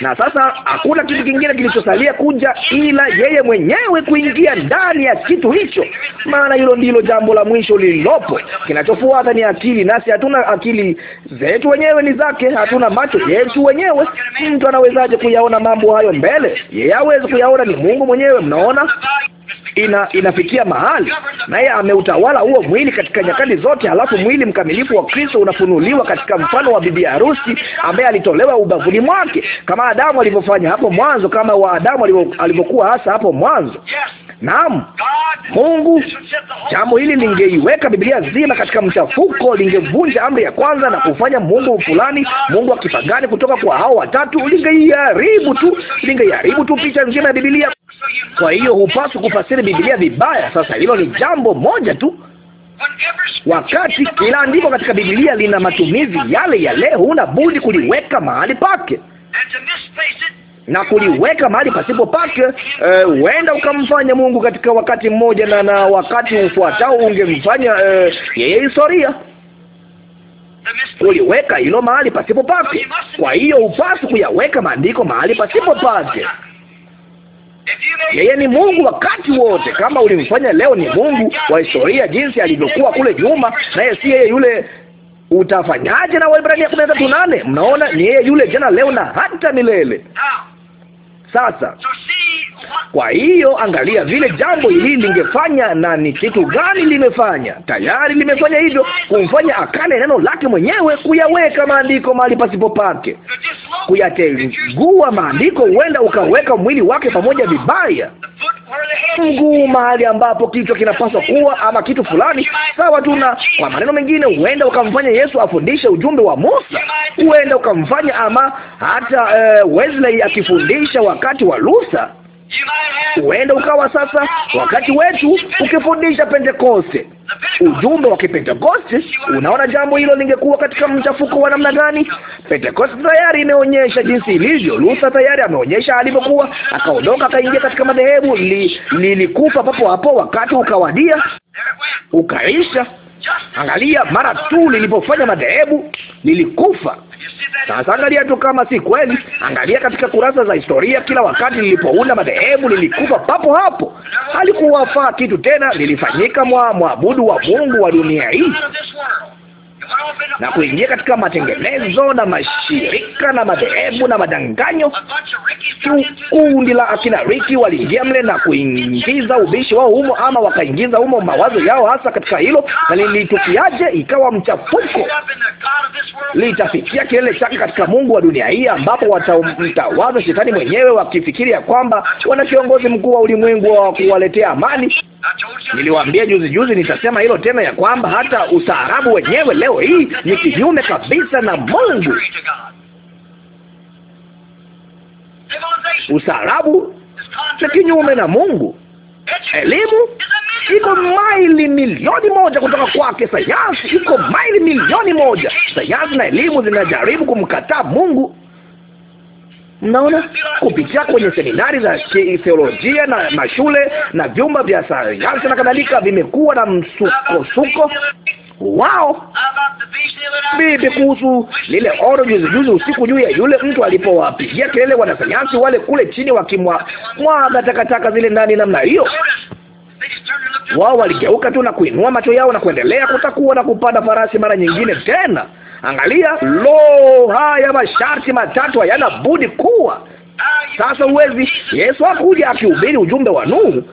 na sasa hakuna kitu kingine kilichosalia kuja ila yeye mwenyewe kuingia ndani ya kitu hicho, maana hilo ndilo jambo la mwisho lililopo. Kinachofuata ni akili, nasi hatuna akili zetu wenyewe, ni zake. Hatuna macho yetu wenyewe. Mtu anawezaje kuyaona mambo hayo mbele? Yeye aweze kuyaona, ni Mungu mwenyewe. Mnaona ina, inafikia mahali naye ameutawala huo mwili katika nyakati zote. Halafu mwili mkamilifu wa Kristo unafunuliwa katika mfano wa bibi harusi ambaye alitolewa ubavuni mwake, kama Adamu alivyofanya hapo mwanzo, kama wa Adamu alivyokuwa hasa hapo mwanzo. Naam, Mungu, jambo hili lingeiweka Biblia zima katika mchafuko, lingevunja amri ya kwanza na kufanya Mungu fulani, Mungu wa kipagani kutoka kwa hao watatu. Lingeiharibu tu, lingeiharibu tu picha nzima ya Biblia. Kwa hiyo hupaswi kufasiri Biblia vibaya. Sasa hilo ni jambo moja tu Wakati kila andiko katika Biblia lina matumizi yale yale, huna budi kuliweka mahali pake na kuliweka mahali pasipo pake, eh, huenda e, ukamfanya Mungu katika wakati mmoja na, na wakati ufuatao ungemfanya e, yeye historia uliweka hilo mahali pasipo pake. Kwa hiyo upasi kuyaweka maandiko mahali pasipo pake. Yeye ni Mungu wakati wote. Kama ulimfanya leo, ni Mungu wa historia jinsi alivyokuwa kule nyuma, naye si yeye yule. Utafanyaje na Waebrania kumi na tatu nane? Mnaona, ni yeye yule jana, leo na hata milele sasa. Kwa hiyo angalia vile jambo hili lingefanya na ni kitu gani limefanya. Tayari limefanya hivyo, kumfanya akane neno lake mwenyewe, kuyaweka maandiko mahali pasipo pake, kuyatengua maandiko, huenda ukaweka mwili wake pamoja vibaya mguu mahali ambapo kichwa kinapaswa kuwa, ama kitu fulani sawa tu. Na kwa maneno mengine, huenda ukamfanya Yesu afundishe ujumbe wa Musa, huenda ukamfanya ama hata uh, Wesley akifundisha wakati wa Luther Huenda ukawa sasa wakati wetu ukifundisha Pentekoste, ujumbe wa Kipentekoste. Unaona, jambo hilo lingekuwa katika mchafuko wa namna gani? Pentekoste tayari imeonyesha jinsi ilivyo. Luther tayari ameonyesha alivyokuwa, akaondoka akaingia katika madhehebu, lilikufa li papo hapo, wakati ukawadia ukaisha. Angalia, mara tu lilipofanya madhehebu lilikufa. Sasa angalia tu kama si kweli. Angalia katika kurasa za historia, kila wakati lilipounda madhehebu lilikufa papo hapo. Halikuwafaa kitu tena, lilifanyika mwa mwabudu wa Mungu wa dunia hii na kuingia katika matengenezo na mashirika na madhehebu na madanganyo. Kundi la akina Riki waliingia mle na kuingiza ubishi wao humo, ama wakaingiza humo mawazo yao hasa katika hilo, na lilitukiaje? Ikawa mchafuko, litafikia kilele chake katika Mungu wa dunia hii, ambapo watamtawaza shetani mwenyewe, wakifikiri kwamba wana kiongozi mkuu wa ulimwengu wa kuwaletea amani. Niliwaambia juzi juzi, nitasema hilo tena, ya kwamba hata ustaarabu wenyewe leo hii ni kinyume kabisa na Mungu. Ustaarabu ni kinyume na Mungu. Elimu iko maili milioni moja kutoka kwake. Sayansi iko maili milioni moja. Sayansi na elimu zinajaribu kumkataa Mungu. Mnaona, kupitia kwenye seminari za theolojia na mashule na vyumba vya sayansi na kadhalika, vimekuwa na msukosuko wao bibi kuhusu lile oro juzi juzi usiku juu ya yule mtu alipowapigia kelele wanasayansi wale kule chini, wakimwa mwaga takataka zile ndani namna hiyo. Wao waligeuka tu na kuinua macho yao na kuendelea kutakuwa na kupanda farasi mara nyingine tena. Angalia, lo, haya masharti matatu hayana budi kuwa sasa. Uwezi, Yesu hakuja akihubiri ujumbe wa Nuhu.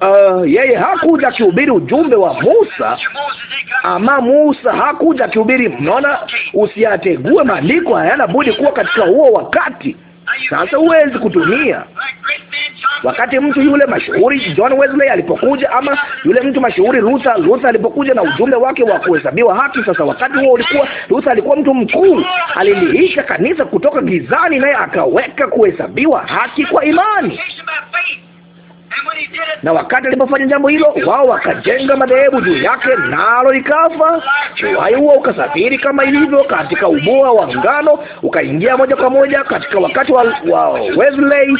Uh, yeye hakuja akihubiri ujumbe wa Musa, ama Musa hakuja akihubiri. Mnaona, usiategue maandiko, hayana budi kuwa katika huo wakati. Sasa huwezi kutumia. Wakati mtu yule mashuhuri John Wesley alipokuja, ama yule mtu mashuhuri Luther, Luther alipokuja na ujumbe wake wa kuhesabiwa haki. Sasa wakati huo ulikuwa, Luther alikuwa mtu mkuu, aliliisha kanisa kutoka gizani, naye akaweka kuhesabiwa haki kwa imani na wakati alipofanya jambo hilo, wao wakajenga madhehebu juu yake, nalo ikafa. Uhai huo ukasafiri kama ilivyo katika uboa wa ngano, ukaingia moja kwa moja katika wakati wa, wa Wesley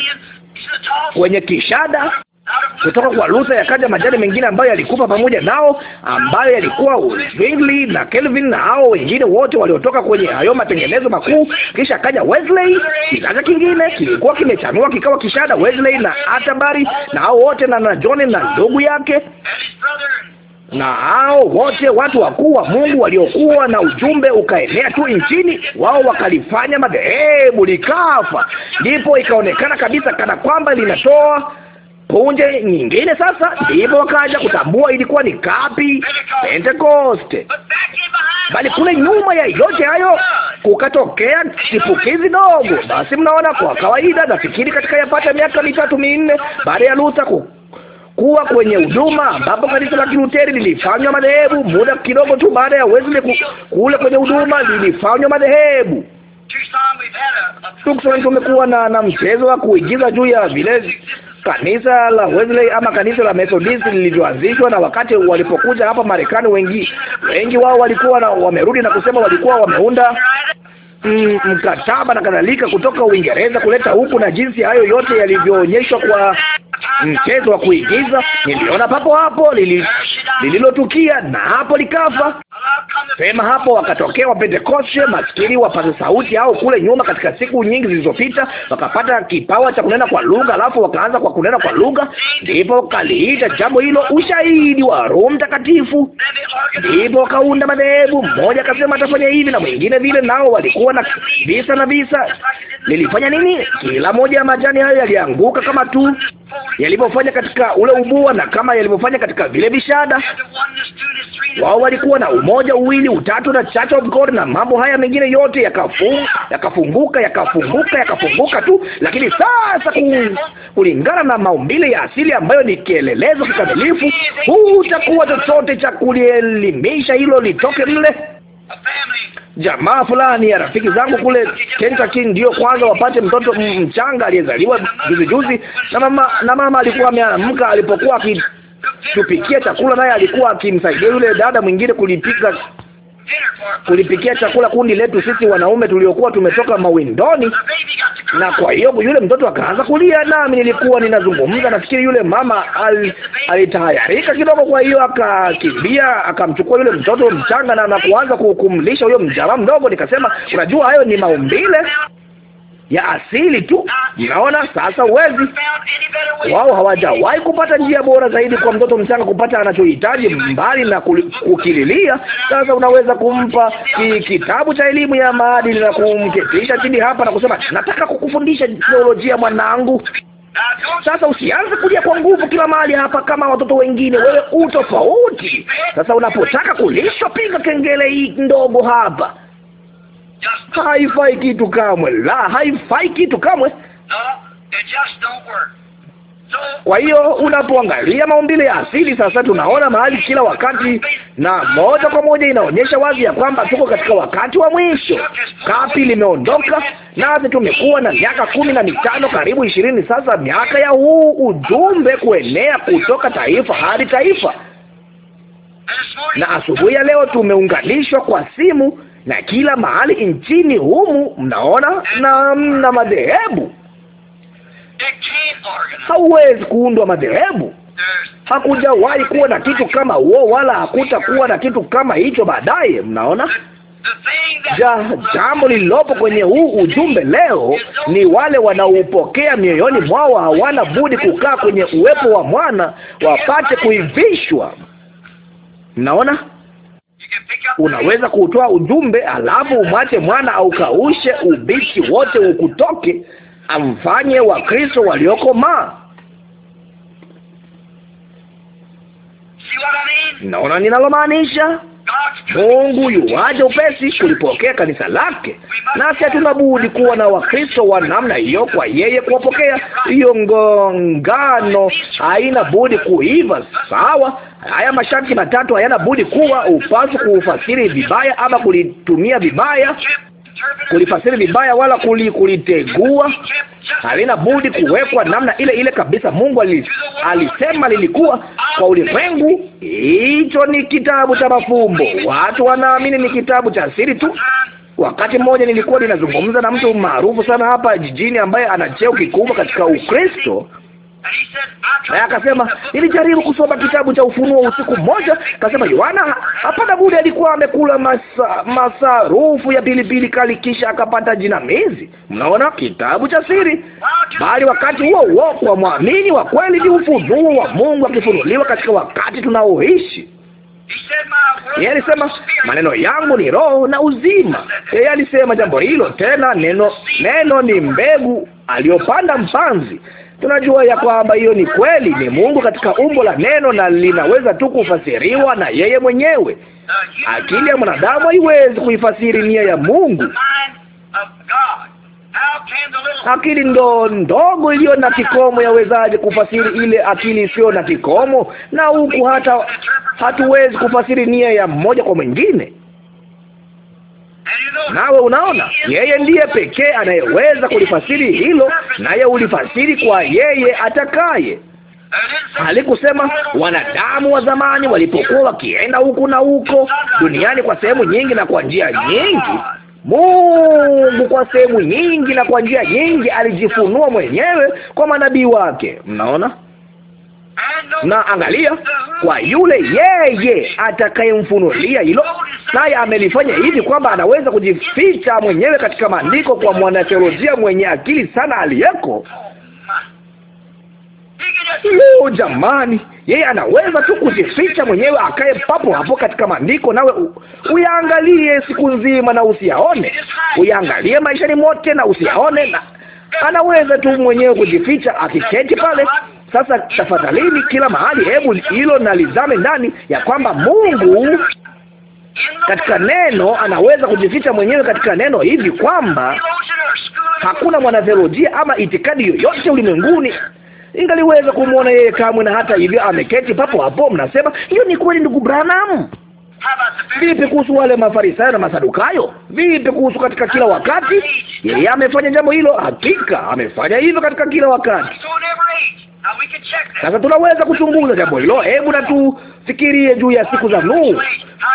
wenye kishada kutoka kwa Luther yakaja majani mengine ambayo yalikufa pamoja nao, ambayo yalikuwa Zwingli na Kelvin na hao wengine wote waliotoka kwenye hayo matengenezo makuu. Kisha akaja Wesley. Kizazi kingine kilikuwa kimechanua kikawa kishada, Wesley na Atabari na hao wote na na John na ndugu yake na hao wote watu wakuu wa Mungu waliokuwa na ujumbe ukaenea tu nchini, wao wakalifanya madhehebu likafa. Ndipo ikaonekana kabisa kana kwamba linatoa punje nyingine. Sasa ndipo wakaja kutambua ilikuwa ni kapi Pentekoste, bali kule nyuma ya yote hayo kukatokea chipukizi dogo. Basi mnaona, kwa kawaida nafikiri katika yapata miaka mitatu minne baada ya Luther kuwa kwenye huduma ambapo kanisa la Kiluteri lilifanywa madhehebu, muda kidogo tu baada ya Wesley kule kwenye huduma lilifanywa madhehebu. Tucson tumekuwa na na mchezo wa kuigiza juu ya vile kanisa la Wesley ama kanisa la Methodist lilivyoanzishwa, na wakati walipokuja hapa Marekani, wengi wengi wao walikuwa na, wamerudi na kusema walikuwa wameunda mm, mkataba na kadhalika kutoka Uingereza kuleta huku, na jinsi hayo yote yalivyoonyeshwa kwa mchezo wa kuigiza. Niliona papo hapo lililotukia, na hapo likafa. Sema hapo wakatokea Wapentekoste maskini wapaza sauti au kule nyuma, katika siku nyingi zilizopita, wakapata kipawa cha kunena kwa lugha, alafu wakaanza kwa kunena kwa lugha, ndipo kaliita jambo hilo ushahidi wa Roho Mtakatifu. Ndipo wakaunda madhehebu, mmoja akasema atafanya hivi na mwingine vile, nao walikuwa na visa na visa. Lilifanya nini? Kila moja ya majani hayo yalianguka kama tu yalivyofanya katika ule ubua na kama yalivyofanya katika vile vishada. Wao walikuwa na umo moja, uwili, utatu na Church of God na mambo haya mengine yote yakafunguka, yakafunguka, yakafunguka tu. Lakini sasa kulingana na maumbile ya asili ambayo ni kielelezo kikamilifu, huu utakuwa chochote cha kulielimisha hilo litoke mle jamaa fulani ya rafiki zangu kule Kentucky ndio kwanza wapate mtoto mchanga aliyezaliwa juzi juzi, na mama na mama alikuwa ameamka alipokuwa kupikia chakula, naye alikuwa akimsaidia yule dada mwingine kulipika kulipikia chakula kundi letu sisi wanaume tuliokuwa tumetoka mawindoni. Na kwa hiyo yule mtoto akaanza kulia, nami nilikuwa ninazungumza. Nafikiri yule mama al, alitayarika kidogo, kwa hiyo akakimbia akamchukua yule mtoto mchanga na, na kuanza kumlisha huyo mjamaa mdogo. Nikasema, unajua hayo ni maumbile ya asili tu. Mnaona sasa, uwezi wao hawajawahi kupata njia bora zaidi kwa mtoto mchanga kupata anachohitaji mbali na kukililia. Sasa unaweza kumpa ki, kitabu cha elimu ya maadili na kumketisha chini hapa na kusema, nataka kukufundisha teolojia mwanangu. Sasa usianze kulia kwa nguvu kila mahali hapa kama watoto wengine. Wewe utofauti. Sasa unapotaka kulishwa, piga kengele hii ndogo hapa haifai kitu kamwe, la, haifai kitu kamwe. Kwa hiyo unapoangalia maumbile ya asili sasa, tunaona mahali kila wakati, na moja kwa moja inaonyesha wazi ya kwamba tuko katika wakati wa mwisho. Kapi limeondoka, nasi tumekuwa na miaka kumi na mitano karibu ishirini sasa, miaka ya huu ujumbe kuenea kutoka taifa hadi taifa, na asubuhi ya leo tumeunganishwa kwa simu na kila mahali nchini humu, mnaona, na mna madhehebu. Hauwezi kuundwa madhehebu. Hakujawahi kuwa na kitu kama huo, wala hakutakuwa na kitu kama hicho baadaye. Mnaona, ja jambo lililopo kwenye huu ujumbe leo ni wale wanaoupokea mioyoni mwao hawana budi kukaa kwenye uwepo wa mwana wapate kuivishwa. Mnaona. Unaweza kutoa ujumbe, alafu umwache mwana aukaushe ubichi wote ukutoke, amfanye Wakristo ma Naona ninalomaanisha? Mungu yuwaja upesi kulipokea kanisa lake, nasi hatuna budi kuwa na Wakristo wa namna hiyo. Kwa yeye kuwapokea, hiyo ngongano haina budi kuiva. Sawa, haya masharti matatu hayana budi kuwa. Upaswi kuufasiri vibaya ama kulitumia vibaya kulifasiri vibaya wala kulitegua, halina budi kuwekwa namna ile ile kabisa. Mungu ali, alisema lilikuwa kwa ulimwengu. Hicho ni kitabu cha mafumbo, watu wanaamini ni kitabu cha siri tu. Wakati mmoja nilikuwa ninazungumza na mtu maarufu sana hapa jijini ambaye ana cheo kikubwa katika Ukristo naye akasema, nilijaribu kusoma kitabu cha Ufunuo usiku mmoja. Akasema Yohana hapana budi alikuwa amekula masa, masarufu ya pilipili kali, kisha akapata jinamizi. Mnaona kitabu cha siri, bali wakati huo huo kwa mwamini wa kweli ni ufunuo wa Mungu akifunuliwa katika wakati tunaoishi. Yeye alisema maneno yangu ni roho na uzima. Yeye alisema jambo hilo tena, neno neno ni mbegu aliyopanda mpanzi. Tunajua ya kwamba hiyo ni kweli, ni Mungu katika umbo la neno, na linaweza tu kufasiriwa na yeye mwenyewe. Akili ya mwanadamu haiwezi kuifasiri nia ya Mungu. Akili ndo ndogo iliyo na kikomo yawezaje kufasiri ile akili isiyo na kikomo? Na huku hata hatuwezi kufasiri nia ya mmoja kwa mwingine. Nawe unaona, yeye ndiye pekee anayeweza kulifasiri hilo, naye ulifasiri kwa yeye atakaye. Halikusema wanadamu wa zamani walipokuwa wakienda huku na huko duniani kwa sehemu nyingi na kwa njia nyingi. Mungu kwa sehemu nyingi na kwa njia nyingi alijifunua mwenyewe kwa manabii wake. Mnaona? na angalia, kwa yule yeye atakayemfunulia hilo, naye amelifanya hivi kwamba anaweza kujificha mwenyewe katika maandiko, kwa mwanatheolojia mwenye akili sana aliyeko. Leo jamani, yeye anaweza tu kujificha mwenyewe, akae papo hapo katika maandiko, nawe uyaangalie siku nzima na usiyaone, uyaangalie maishani mote na usiyaone, na anaweza tu mwenyewe kujificha akiketi pale sasa tafadhalini, kila mahali, hebu hilo nalizame ndani ya kwamba Mungu katika neno anaweza kujificha mwenyewe katika neno, hivi kwamba hakuna mwanatheolojia ama itikadi yoyote ulimwenguni ingaliweza kumwona yeye kamwe, na hata hivyo ameketi papo hapo. Mnasema hiyo ni kweli, ndugu Branham? Vipi kuhusu wale mafarisayo na Masadukayo? Vipi kuhusu katika kila wakati? Yeye amefanya jambo hilo, hakika amefanya hivyo katika kila wakati. Ah, Sasa tunaweza kuchunguza jambo hilo. Hebu na tufikirie juu ya siku za Nuhu,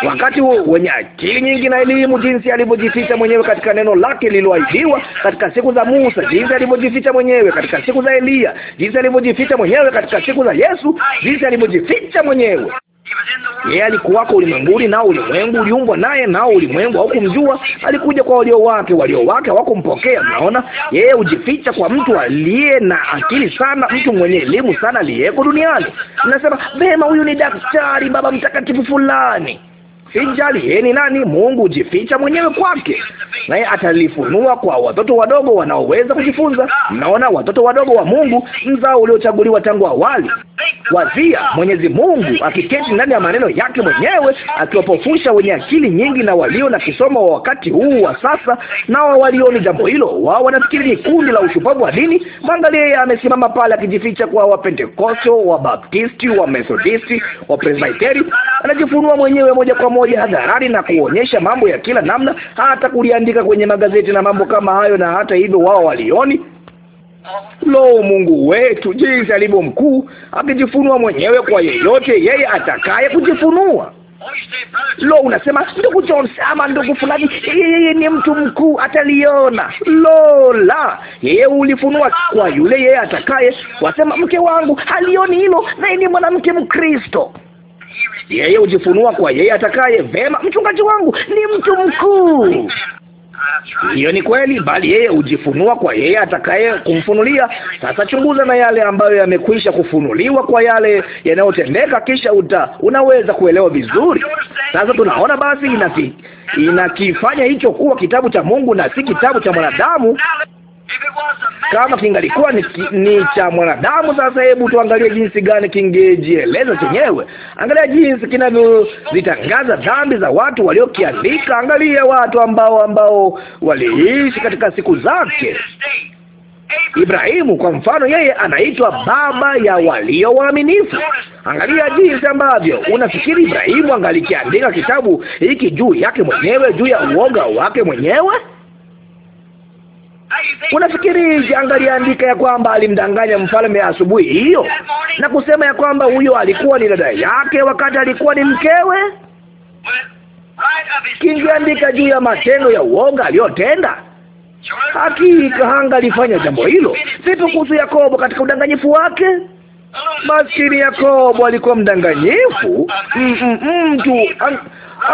wakati wenye akili nyingi na elimu, jinsi alivyojificha mwenyewe katika neno lake lililoahidiwa, katika siku za Musa, jinsi alivyojificha mwenyewe katika siku za Eliya, jinsi alivyojificha mwenyewe katika siku za Yesu, jinsi alivyojificha mwenyewe yeye alikuwako ulimwenguni, nao ulimwengu uliumbwa naye, nao ulimwengu haukumjua. Alikuja kwa walio wake, walio wake hawakumpokea. Mnaona, yeye hujificha kwa mtu aliye na akili sana, mtu mwenye elimu sana aliyeko duniani. Nasema vema, huyu ni daktari, baba mtakatifu fulani sijali yeni nani. Mungu hujificha mwenyewe kwake, naye atalifunua kwa watoto wadogo wanaoweza kujifunza. Mnaona, watoto wadogo wa Mungu, mzao uliochaguliwa tangu awali, wazia Mwenyezi Mungu akiketi ndani ya maneno yake mwenyewe, akiwapofusha wenye akili nyingi na walio na kisomo wa wakati huu wa sasa. Nao walioni jambo hilo, wao wanafikiri ni kundi la ushupavu wa dini. Mwangalie, amesimama pale akijificha kwa Wapentekosto, Wabaptisti, Wamethodisti, Wapresbiteri. Anajifunua mwenyewe moja kwa moja moja hadharani na kuonyesha mambo ya kila namna, hata kuliandika kwenye magazeti na mambo kama hayo, na hata hivyo wao walioni Lo, Mungu wetu jinsi alivyo mkuu, akijifunua mwenyewe kwa yeyote yeye atakaye kujifunua. Lo, unasema ndugu Jones ama ndugu fulani, yeye ni mtu mkuu, ataliona. Lo la, yeye ulifunua kwa yule yeye atakaye. Wasema mke wangu halioni hilo, naye ni mwanamke Mkristo. Yeye hujifunua kwa yeye atakaye. Vema, mchungaji wangu ni mtu mkuu. Hiyo ni kweli, bali yeye hujifunua kwa yeye atakaye kumfunulia. Sasa chunguza na yale ambayo yamekwisha kufunuliwa kwa yale yanayotendeka, kisha uta, unaweza kuelewa vizuri. Sasa tunaona basi inaki, inakifanya hicho kuwa kitabu cha Mungu na si kitabu cha mwanadamu. Kama kingalikuwa ni, ni cha mwanadamu, sasa hebu tuangalie jinsi gani kingejieleza chenyewe. Angalia jinsi kinavyozitangaza dhambi za watu waliokiandika. Angalia watu ambao ambao waliishi katika siku zake. Ibrahimu kwa mfano, yeye anaitwa baba ya walio waaminifu. Angalia jinsi ambavyo unafikiri Ibrahimu angalikiandika kitabu hiki juu yake mwenyewe, juu ya uoga wake mwenyewe? Unafikirije angaliandika ya kwamba alimdanganya mfalme asubuhi hiyo na kusema ya kwamba huyo alikuwa ni dada yake wakati alikuwa ni mkewe? Kingeandika juu ya matendo ya uonga aliyotenda. Hakika hangalifanya jambo hilo, sipo kuhusu Yakobo katika udanganyifu wake. Maskini Yakobo alikuwa mdanganyifu. Mtu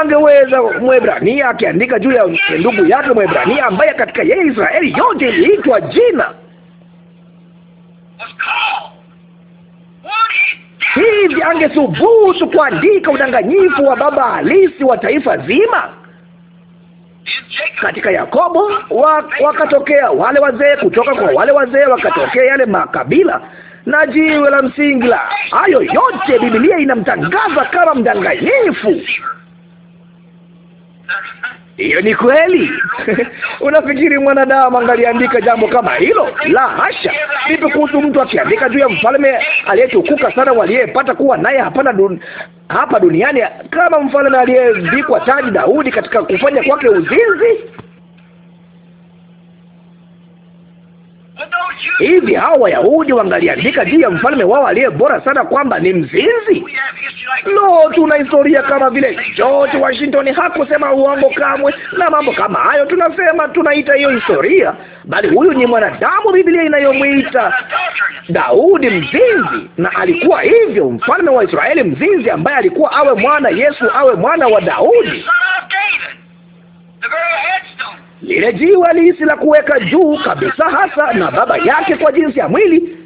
angeweza Mwebrania akiandika juu ya ndugu yake Mwebrania ambaye katika yeye Israeli yote iliitwa jina hivi, angethubutu kuandika udanganyifu wa baba halisi wa taifa zima? Katika Yakobo wakatokea wale wazee, kutoka kwa wale wazee wakatokea yale makabila na jiwe la msingi la hayo yote, Biblia inamtangaza kama mdanganyifu. Hiyo ni kweli. Unafikiri mwanadamu angaliandika jambo kama hilo? La hasha! Vipi kuhusu mtu akiandika juu ya mfalme aliyetukuka sana waliyepata kuwa naye hapana dun hapa duniani, kama mfalme aliyezikwa taji Daudi, katika kufanya kwake uzinzi Hivi hao Wayahudi wangaliandika juu ya mfalme wao aliye bora sana kwamba ni mzinzi? Lo, tuna historia kama vile George Washington hakusema uongo kamwe na mambo kama hayo. Tunasema tunaita hiyo historia, bali huyu ni mwanadamu, Biblia inayomwita Daudi mzinzi, na alikuwa hivyo, mfalme wa Israeli mzinzi, ambaye alikuwa awe mwana Yesu, awe mwana wa Daudi lile jiwe lisi la kuweka juu kabisa hasa na baba yake kwa jinsi ya mwili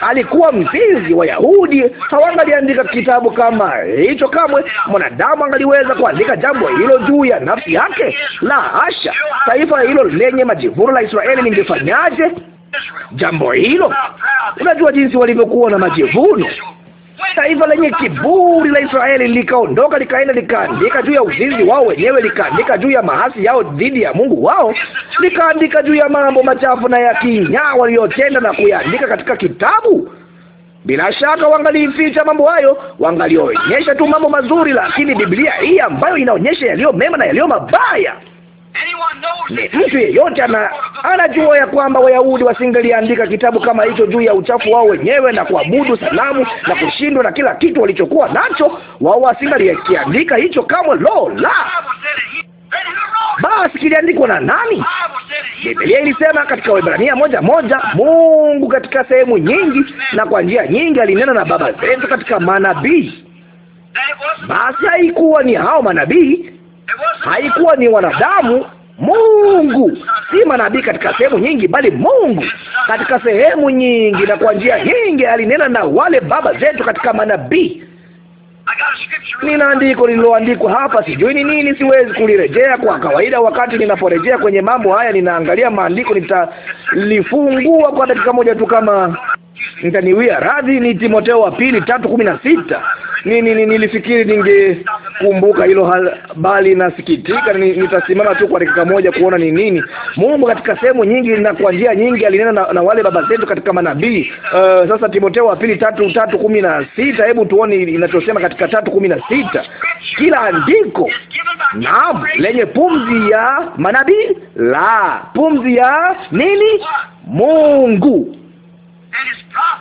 alikuwa mzinzi. Wayahudi hawangaliandika kitabu kama hicho kamwe. Mwanadamu angaliweza kuandika jambo hilo juu ya nafsi yake? La hasha! Taifa hilo lenye majivuno la Israeli lingefanyaje jambo hilo? Unajua jinsi walivyokuwa na majivuno. Taifa lenye kiburi la Israeli likaondoka likaenda likaandika juu ya uzinzi wao wenyewe, likaandika juu ya mahasi yao dhidi ya Mungu wao, likaandika juu ya mambo machafu na ya kinyaa waliyotenda na kuyaandika katika kitabu. Bila shaka wangalificha mambo hayo, wangalionyesha tu mambo mazuri, lakini Biblia hii ambayo inaonyesha yaliyo mema na yaliyo mabaya Mtu yeyote ana anajua ya kwamba Wayahudi wasingeliandika kitabu kama hicho juu ya uchafu wao wenyewe na kuabudu sanamu na kushindwa na kila kitu walichokuwa nacho, wao wasingalikiandika hicho kamwe. Lo la basi kiliandikwa na nani? Biblia ilisema katika Waebrania moja moja, Mungu katika sehemu nyingi na kwa njia nyingi alinena na baba zetu katika manabii. Basi haikuwa ni hao manabii, haikuwa ni wanadamu Mungu si manabii katika sehemu nyingi, bali Mungu katika sehemu nyingi na kwa njia nyingi alinena na wale baba zetu katika manabii. Nina andiko lililoandikwa hapa, sijui ni nini, siwezi kulirejea. Kwa kawaida, wakati ninaporejea kwenye mambo haya, ninaangalia maandiko, nitalifungua kwa dakika moja tu, kama nitaniwia radhi. Ni Timotheo wa pili tatu kumi na sita. Ni, ni, ni, nilifikiri ningekumbuka hilo bali nasikitika. nitasimama tu kwa dakika moja kuona ni nini. Mungu katika sehemu nyingi na kwa njia nyingi alinena na, na wale baba zetu katika manabii. Uh, sasa Timotheo wa pili tatu tatu kumi na sita, hebu tuone inachosema katika tatu kumi na sita. Kila andiko naam lenye pumzi ya manabii la pumzi ya nini Mungu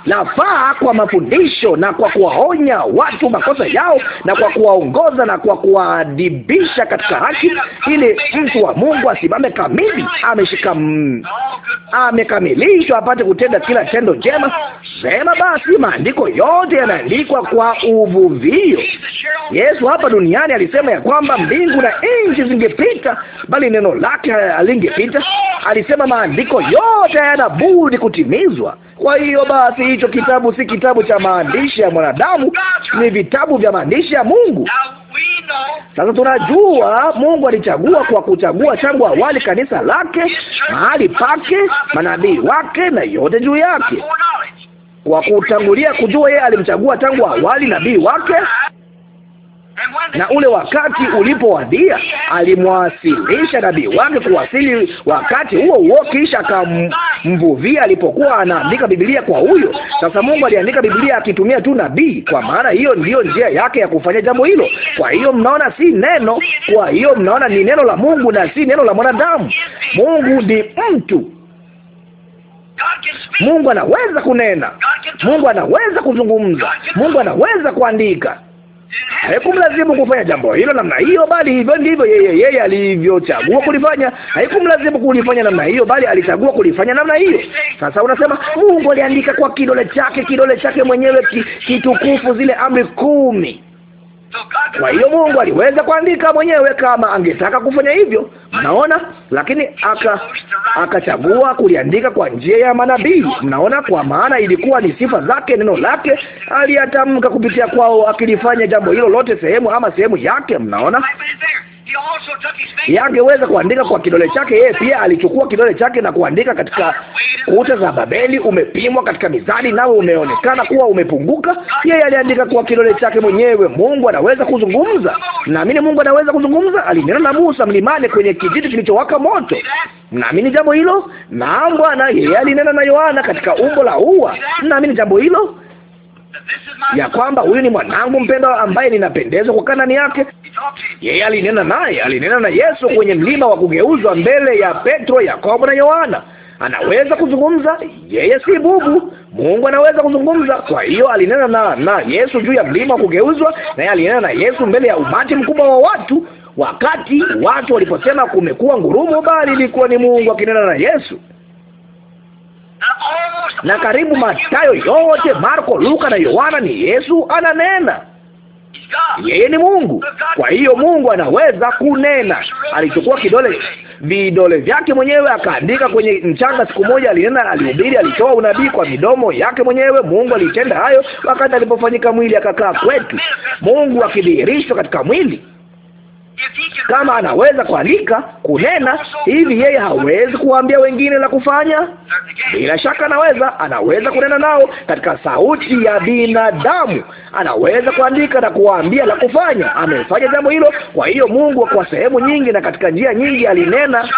nafaa kwa mafundisho na kwa kuwaonya watu makosa yao na kwa kuwaongoza na kwa kuwaadibisha katika haki, ili mtu wa Mungu asimame kamili, ameshika amekamilishwa, apate kutenda kila tendo jema. Sema basi, maandiko yote yanaandikwa kwa uvuvio. Yesu hapa duniani alisema ya kwamba mbingu na nchi zingepita, bali neno lake halingepita. Alisema maandiko yote hayana budi kutimizwa. Kwa hiyo basi, hicho kitabu si kitabu cha maandishi ya mwanadamu, ni vitabu vya maandishi ya Mungu. Sasa tunajua Mungu alichagua kwa kuchagua tangu awali kanisa lake, mahali pake, manabii wake na yote juu yake wa kutangulia kujua yeye alimchagua tangu awali nabii wake, na ule wakati ulipowadia alimwasilisha nabii wake kuwasili wakati huo huo, kisha akamvuvia alipokuwa anaandika Biblia kwa huyo. Sasa Mungu aliandika Biblia akitumia tu nabii, kwa maana hiyo ndiyo njia yake ya kufanya jambo hilo. Kwa hiyo mnaona, si neno. Kwa hiyo mnaona, ni neno la Mungu na si neno la mwanadamu. Mungu ni mtu Mungu anaweza kunena, Mungu anaweza kuzungumza, Mungu anaweza kuandika. Haikumlazimu kufanya jambo hilo namna hiyo, bali hivyo ndivyo yeye yeye alivyochagua kulifanya. Haikumlazimu kulifanya namna hiyo, bali alichagua kulifanya namna hiyo. Sasa unasema Mungu aliandika kwa kidole chake, kidole chake mwenyewe kitukufu, zile amri kumi. Kwa hiyo Mungu aliweza kuandika mwenyewe kama angetaka kufanya hivyo, mnaona. Lakini aka akachagua kuliandika kwa njia ya manabii, mnaona, kwa maana ilikuwa ni sifa zake, neno lake aliyatamka kupitia kwao, akilifanya jambo hilo lote sehemu ama sehemu yake, mnaona yangeweza kuandika kwa kidole chake. Yeye pia alichukua kidole chake na kuandika katika kuta za Babeli, umepimwa katika mizani, nawe umeonekana kuwa umepunguka. Yeye aliandika kwa kidole chake mwenyewe. Mungu anaweza kuzungumza, naamini Mungu anaweza kuzungumza. Alinena na Musa mlimani kwenye kijiti kilichowaka moto, naamini jambo hilo. Na Bwana yeye alinena na Yohana katika umbo la ua, naamini jambo hilo ya kwamba huyu ni mwanangu mpendwa ambaye ninapendezwa kwa kanani yake. Yeye alinena naye, alinena na Yesu kwenye mlima wa kugeuzwa mbele ya Petro, Yakobo na Yohana. Anaweza kuzungumza, yeye si bubu. Mungu anaweza kuzungumza. Kwa hiyo alinena na na Yesu juu ya mlima wa kugeuzwa, naye alinena na Yesu mbele ya umati mkubwa wa watu, wakati watu waliposema kumekuwa ngurumo, bali ilikuwa ni Mungu akinena na Yesu na karibu matayo yote, Marko, Luka na Yohana, ni Yesu ananena. Yeye ni Mungu, kwa hiyo Mungu anaweza kunena. Alichukua kidole vidole vyake mwenyewe akaandika kwenye mchanga. Siku moja alinena, alihubiri, alitoa unabii kwa midomo yake mwenyewe. Mungu alitenda hayo wakati alipofanyika mwili akakaa kwetu, Mungu akidhihirishwa katika mwili. Kama anaweza kuandika, kunena, hivi yeye hawezi kuwaambia wengine la kufanya? Bila shaka anaweza, anaweza kunena nao katika sauti ya binadamu, anaweza kuandika na kuwaambia la kufanya. Amefanya jambo hilo. Kwa hiyo Mungu kwa sehemu nyingi na katika njia nyingi alinena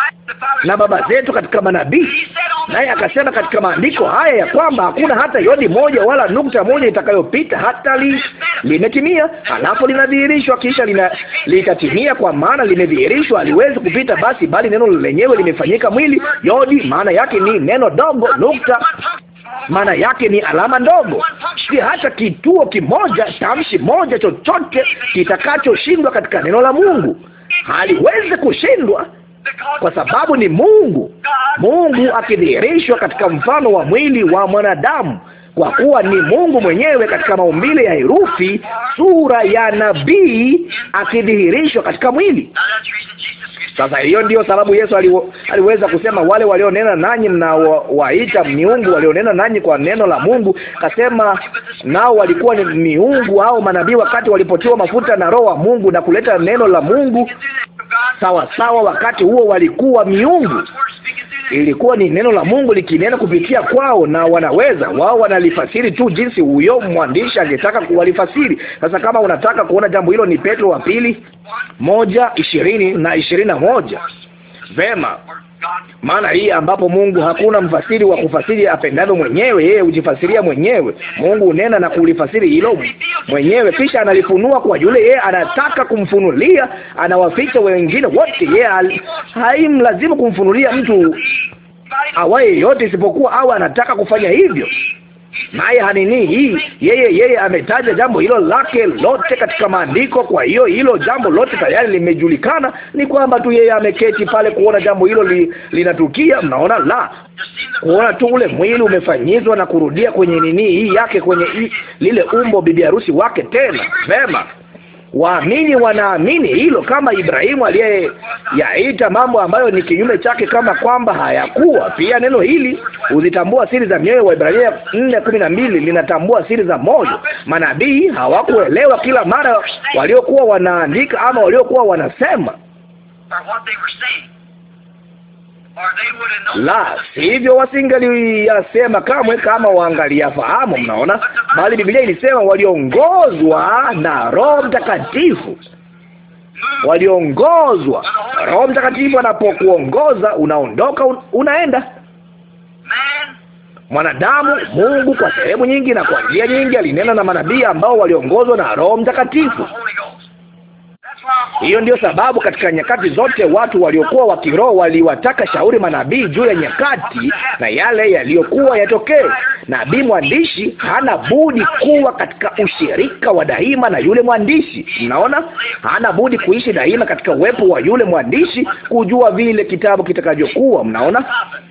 na baba zetu katika manabii, naye akasema katika maandiko haya ya kwamba hakuna hata yodi moja wala nukta moja itakayopita hata li, limetimia. Halafu linadhihirishwa kisha lina, litatimia, kwa maana limedhihirishwa, aliwezi kupita basi, bali neno lenyewe limefanyika mwili. Yodi maana yake ni neno dogo, nukta maana yake ni alama ndogo. Si hata kituo kimoja, tamshi moja chochote kitakachoshindwa katika neno la Mungu, haliwezi kushindwa kwa sababu ni Mungu. Mungu akidhihirishwa katika mfano wa mwili wa mwanadamu, kwa kuwa ni Mungu mwenyewe katika maumbile ya herufi, sura ya nabii akidhihirishwa katika mwili. Sasa hiyo ndiyo sababu Yesu aliwo, aliweza kusema wale walionena nanyi mnawaita wa, miungu walionena nanyi kwa neno la Mungu, kasema nao walikuwa ni miungu au manabii wakati walipotiwa mafuta na roho wa Mungu na kuleta neno la Mungu sawa sawa. Wakati huo walikuwa miungu, ilikuwa ni neno la Mungu likinena kupitia kwao, na wanaweza wao wanalifasiri tu jinsi huyo mwandishi angetaka kuwalifasiri. Sasa kama unataka kuona jambo hilo, ni Petro wa pili moja ishirini na ishirini na moja moja. Vema, maana hii ambapo Mungu hakuna mfasiri wa kufasiri apendavyo mwenyewe, yeye hujifasiria mwenyewe. Mungu unena na kulifasiri hilo mwenyewe, kisha analifunua kwa yule yeye anataka kumfunulia. Anawaficha wengine wote, yeye haimlazimu kumfunulia mtu awaye yote, isipokuwa awe anataka kufanya hivyo naye hanini hii, yeye yeye ametaja jambo hilo lake lote katika maandiko. Kwa hiyo hilo jambo lote tayari limejulikana, ni kwamba tu yeye ameketi pale kuona jambo hilo li, linatukia. Mnaona, la kuona tu ule mwili umefanyizwa na kurudia kwenye nini hii yake, kwenye i, lile umbo bibi harusi wake tena. Vema. Waamini wanaamini hilo, kama Ibrahimu aliyeyaita mambo ambayo ni kinyume chake kama kwamba hayakuwa. Pia neno hili huzitambua siri za mioyo, wa ibrahimu nne kumi na mbili linatambua siri za moyo. Manabii hawakuelewa kila mara waliokuwa wanaandika ama waliokuwa wanasema la sivyo wasingaliyasema kamwe kama wangaliyafahamu. Mnaona, bali Biblia ilisema waliongozwa na Roho Mtakatifu waliongozwa Roho Mtakatifu. Anapokuongoza unaondoka, unaenda. Mwanadamu, Mungu kwa sehemu nyingi na kwa njia nyingi alinena na manabii ambao waliongozwa na Roho Mtakatifu. Hiyo ndiyo sababu katika nyakati zote watu waliokuwa wa kiroho waliwataka shauri manabii juu ya nyakati na yale yaliyokuwa yatokee. Nabii mwandishi hana budi kuwa katika ushirika wa daima na yule mwandishi. Mnaona, hana budi kuishi daima katika uwepo wa yule mwandishi, kujua vile kitabu kitakavyokuwa. Mnaona,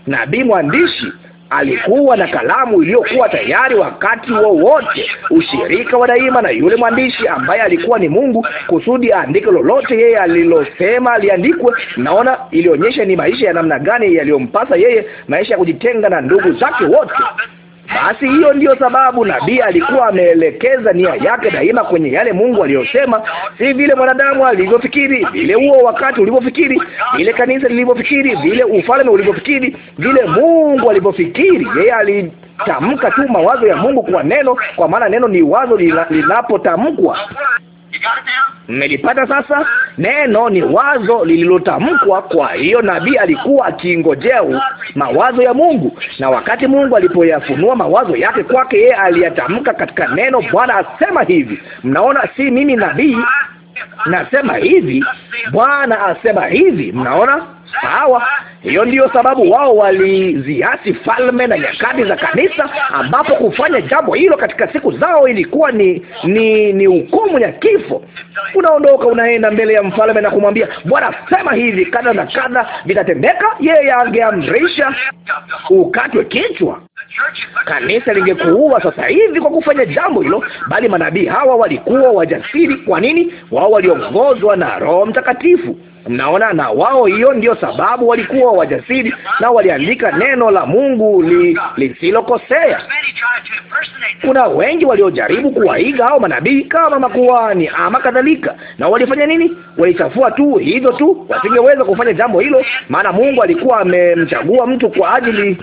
nabii mwandishi alikuwa na kalamu iliyokuwa tayari wakati wowote, wa ushirika wa daima na yule mwandishi ambaye alikuwa ni Mungu, kusudi aandike lolote yeye alilosema aliandikwe. Naona ilionyesha ni maisha ya namna gani yaliyompasa yeye, maisha ya kujitenga na ndugu zake wote. Basi hiyo ndiyo sababu nabii alikuwa ameelekeza nia yake daima kwenye yale Mungu aliyosema, si vile mwanadamu alivyofikiri, vile huo wakati ulivyofikiri, vile kanisa lilivyofikiri, vile ufalme ulivyofikiri, vile Mungu alivyofikiri. Yeye ali tamka tu mawazo ya Mungu kwa neno, kwa maana neno ni wazo linapotamkwa. Mmelipata sasa? Neno ni wazo lililotamkwa. Kwa hiyo nabii alikuwa akingojea mawazo ya Mungu, na wakati Mungu alipoyafunua mawazo yake kwake, yeye aliyatamka katika neno, Bwana asema hivi. Mnaona, si mimi nabii nasema hivi, Bwana asema hivi. Mnaona sawa. Hiyo ndiyo sababu wao waliziasi falme na nyakati za kanisa, ambapo kufanya jambo hilo katika siku zao ilikuwa ni ni ni hukumu ya kifo. Unaondoka unaenda mbele ya mfalme na kumwambia, Bwana sema hivi, kadha na kadha vitatendeka. Yeye angeamrisha ukatwe kichwa, kanisa lingekuua sasa hivi kwa kufanya jambo hilo, bali manabii hawa walikuwa wajasiri. Kwa nini? Wao waliongozwa na Roho Mtakatifu. Mnaona, na wao, hiyo ndio sababu walikuwa wajasiri na waliandika neno la Mungu li, lisilokosea. Kuna wengi waliojaribu kuwaiga hao manabii kama makuhani ama kadhalika, na walifanya nini? Walichafua tu hivyo tu, wasingeweza kufanya jambo hilo, maana Mungu alikuwa amemchagua mtu kwa ajili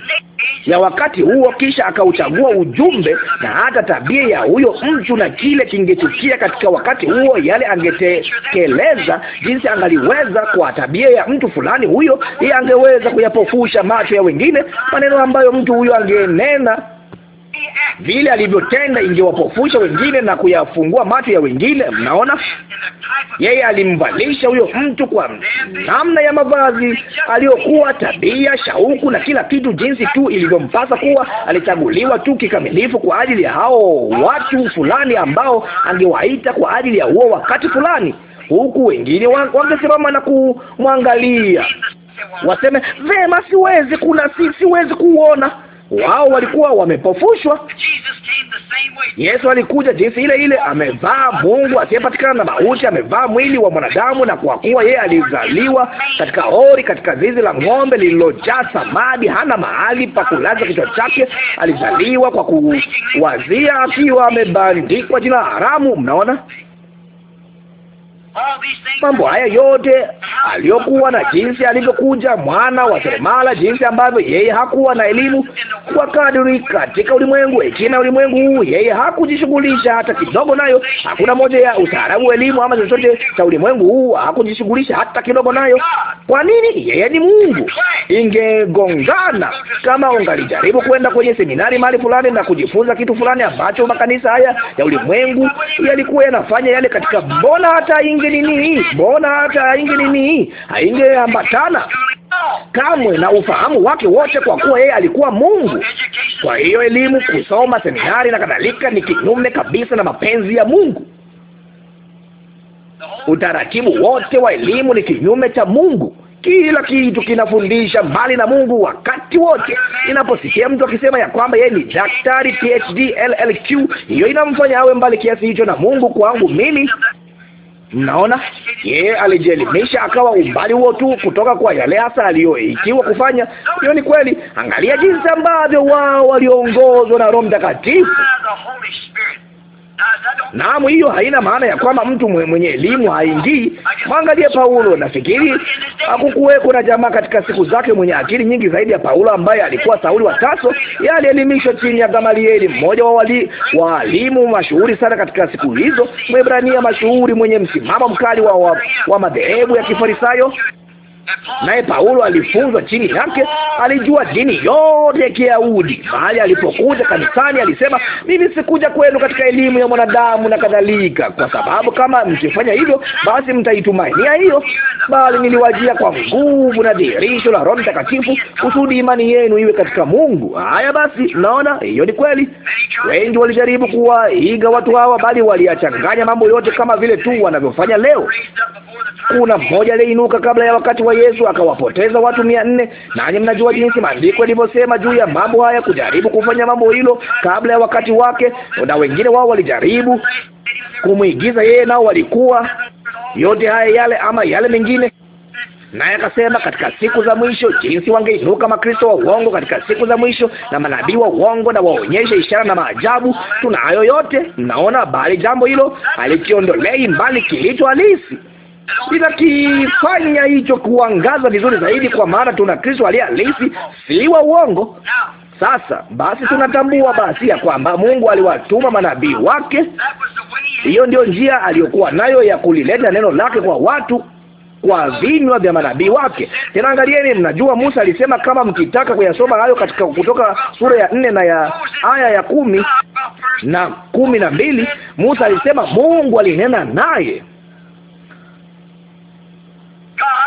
ya wakati huo, kisha akauchagua ujumbe na hata tabia ya huyo mtu na kile kingetukia katika wakati huo, yale angetekeleza, jinsi angaliweza angeweza kwa tabia ya mtu fulani huyo, yeye angeweza kuyapofusha macho ya wengine. Maneno ambayo mtu huyo angenena vile alivyotenda ingewapofusha wengine na kuyafungua macho ya wengine. Mnaona, yeye alimvalisha huyo mtu kwa namna ya mavazi aliyokuwa, tabia, shauku na kila kitu, jinsi tu ilivyompasa kuwa. Alichaguliwa tu kikamilifu kwa ajili ya hao watu fulani ambao angewaita kwa ajili ya huo wakati fulani huku wengine wangesimama na kumwangalia, waseme vema, siwezi kuna si, siwezi kuona. Wao walikuwa wamepofushwa. Yesu alikuja jinsi ile ile, amevaa Mungu asiyepatikana na mauti, amevaa mwili wa mwanadamu, na kwa kuwa yeye alizaliwa katika hori, katika zizi la ng'ombe lililojaa samadi, hana mahali pa kulaza kichwa chake, alizaliwa kwa kuwazia, akiwa amebandikwa jina haramu. Mnaona mambo haya yote aliyokuwa na jinsi alivyokuja mwana wa seremala, jinsi ambavyo yeye hakuwa na elimu kwa kadri katika ulimwengu, hekima ya ulimwengu huu, yeye hakujishughulisha hata kidogo nayo. Hakuna moja ya ustaarabu, elimu ama chochote cha ulimwengu huu hakujishughulisha hata kidogo nayo. Kwa nini? Yeye ni Mungu. Ingegongana kama ungalijaribu kwenda kwenye seminari mahali fulani na kujifunza kitu fulani ambacho makanisa haya ya ulimwengu yalikuwa yanafanya yale katika, mbona hata ingi inge nini, mbona hata inge nini, haingeambatana kamwe na ufahamu wake wote, kwa kuwa yeye alikuwa Mungu. Kwa hiyo elimu, kusoma, seminari na kadhalika ni kinyume kabisa na mapenzi ya Mungu. Utaratibu wote wa elimu ni kinyume cha Mungu. Kila kitu kinafundisha mbali na Mungu wakati wote. Inaposikia mtu akisema ya kwamba yeye ni daktari PhD LLQ, hiyo inamfanya awe mbali kiasi hicho na Mungu. Kwangu mimi Mnaona, yeye alijielimisha akawa umbali huo tu kutoka kwa yale hasa aliyoikiwa kufanya. Hiyo ni kweli. Angalia jinsi ambavyo wao waliongozwa na Roho Mtakatifu. Naam, hiyo haina maana ya kwamba mtu mwenye elimu haingii. Mwangalie Paulo. Nafikiri hakukuweko na jamaa katika siku zake mwenye akili nyingi zaidi ya Paulo, ambaye alikuwa Sauli wa Tarso. Yeye alielimishwa chini ya Gamalieli, mmoja wa wali, walimu mashuhuri sana katika siku hizo, Mwebrania mashuhuri mwenye msimamo mkali wa, wa, wa madhehebu ya Kifarisayo. Naye Paulo alifunzwa chini yake, alijua dini yote ya Kiyahudi. Mahali alipokuja kanisani, alisema mimi sikuja kwenu katika elimu ya mwanadamu na kadhalika, kwa sababu kama mkifanya hivyo, basi mtaitumainia hiyo, bali niliwajia kwa nguvu na dhihirisho la Roho Mtakatifu, kusudi imani yenu iwe katika Mungu. Haya basi, naona hiyo ni kweli. Wengi walijaribu kuwaiga watu hawa, bali waliachanganya mambo yote, kama vile tu wanavyofanya leo. Kuna mmoja aliyeinuka kabla ya wakati wa kwa Yesu akawapoteza watu mia nne. Nanyi mnajua jinsi maandiko yalivyosema juu ya mambo haya, kujaribu kufanya mambo hilo kabla ya wakati wake, na wengine wao walijaribu kumwigiza yeye, nao walikuwa yote haya yale ama yale mengine naye akasema katika siku za mwisho, jinsi wangeinuka makristo wa uongo katika siku za mwisho na manabii wa uongo, na waonyeshe ishara na maajabu. Tunayo yote, mnaona, bali jambo hilo halikiondolei mbali kilicho halisi kifanya hicho kuangaza vizuri zaidi, kwa maana tuna Kristo aliye halisi, si wa uongo. Sasa basi, tunatambua basi ya kwamba Mungu aliwatuma manabii wake. Hiyo ndio njia aliyokuwa nayo ya kulileta neno lake kwa watu kwa vinywa vya manabii wake. Tena angalieni, mnajua Musa alisema, kama mkitaka kuyasoma hayo katika Kutoka sura ya nne na ya aya ya kumi na kumi na mbili Musa alisema Mungu alinena naye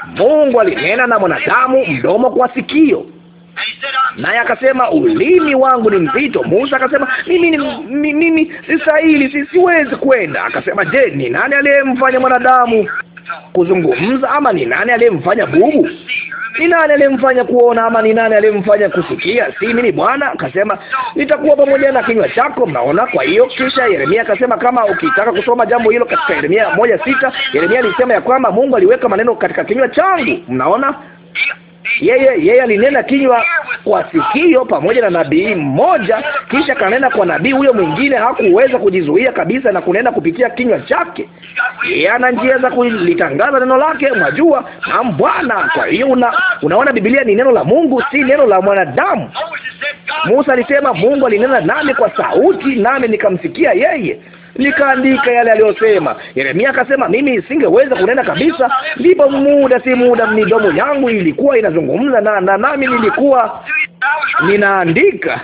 Mungu alinena na mwanadamu mdomo kwa sikio, naye akasema ulimi wangu ni mzito. Musa akasema mimi ni mimi si si siwezi kwenda. Akasema, je, ni nani aliyemfanya mwanadamu kuzungumza, ama ni nani aliyemfanya bubu? Ni nani aliyemfanya kuona? Ama ni nani aliyemfanya kusikia? Si mimi Bwana. Akasema nitakuwa pamoja na kinywa chako. Mnaona? Kwa hiyo kisha Yeremia akasema, kama ukitaka kusoma jambo hilo katika Yeremia moja sita, Yeremia alisema ya kwamba Mungu aliweka maneno katika kinywa changu. Mnaona? yeye yeye alinena kinywa kwa sikio pamoja na nabii mmoja, kisha kanena kwa nabii huyo mwingine. Hakuweza kujizuia kabisa na kunena kupitia kinywa chake. Yeye ana njia za kulitangaza neno lake, mwajua. na Bwana. Kwa hiyo una, unaona Biblia ni neno la Mungu, si neno la mwanadamu. Musa alisema Mungu alinena nami kwa sauti, nami nikamsikia yeye nikaandika yale aliyosema Yeremia. Akasema mimi singeweza kunena kabisa, ndipo muda si muda midomo yangu ilikuwa inazungumza na, na nami nilikuwa ninaandika.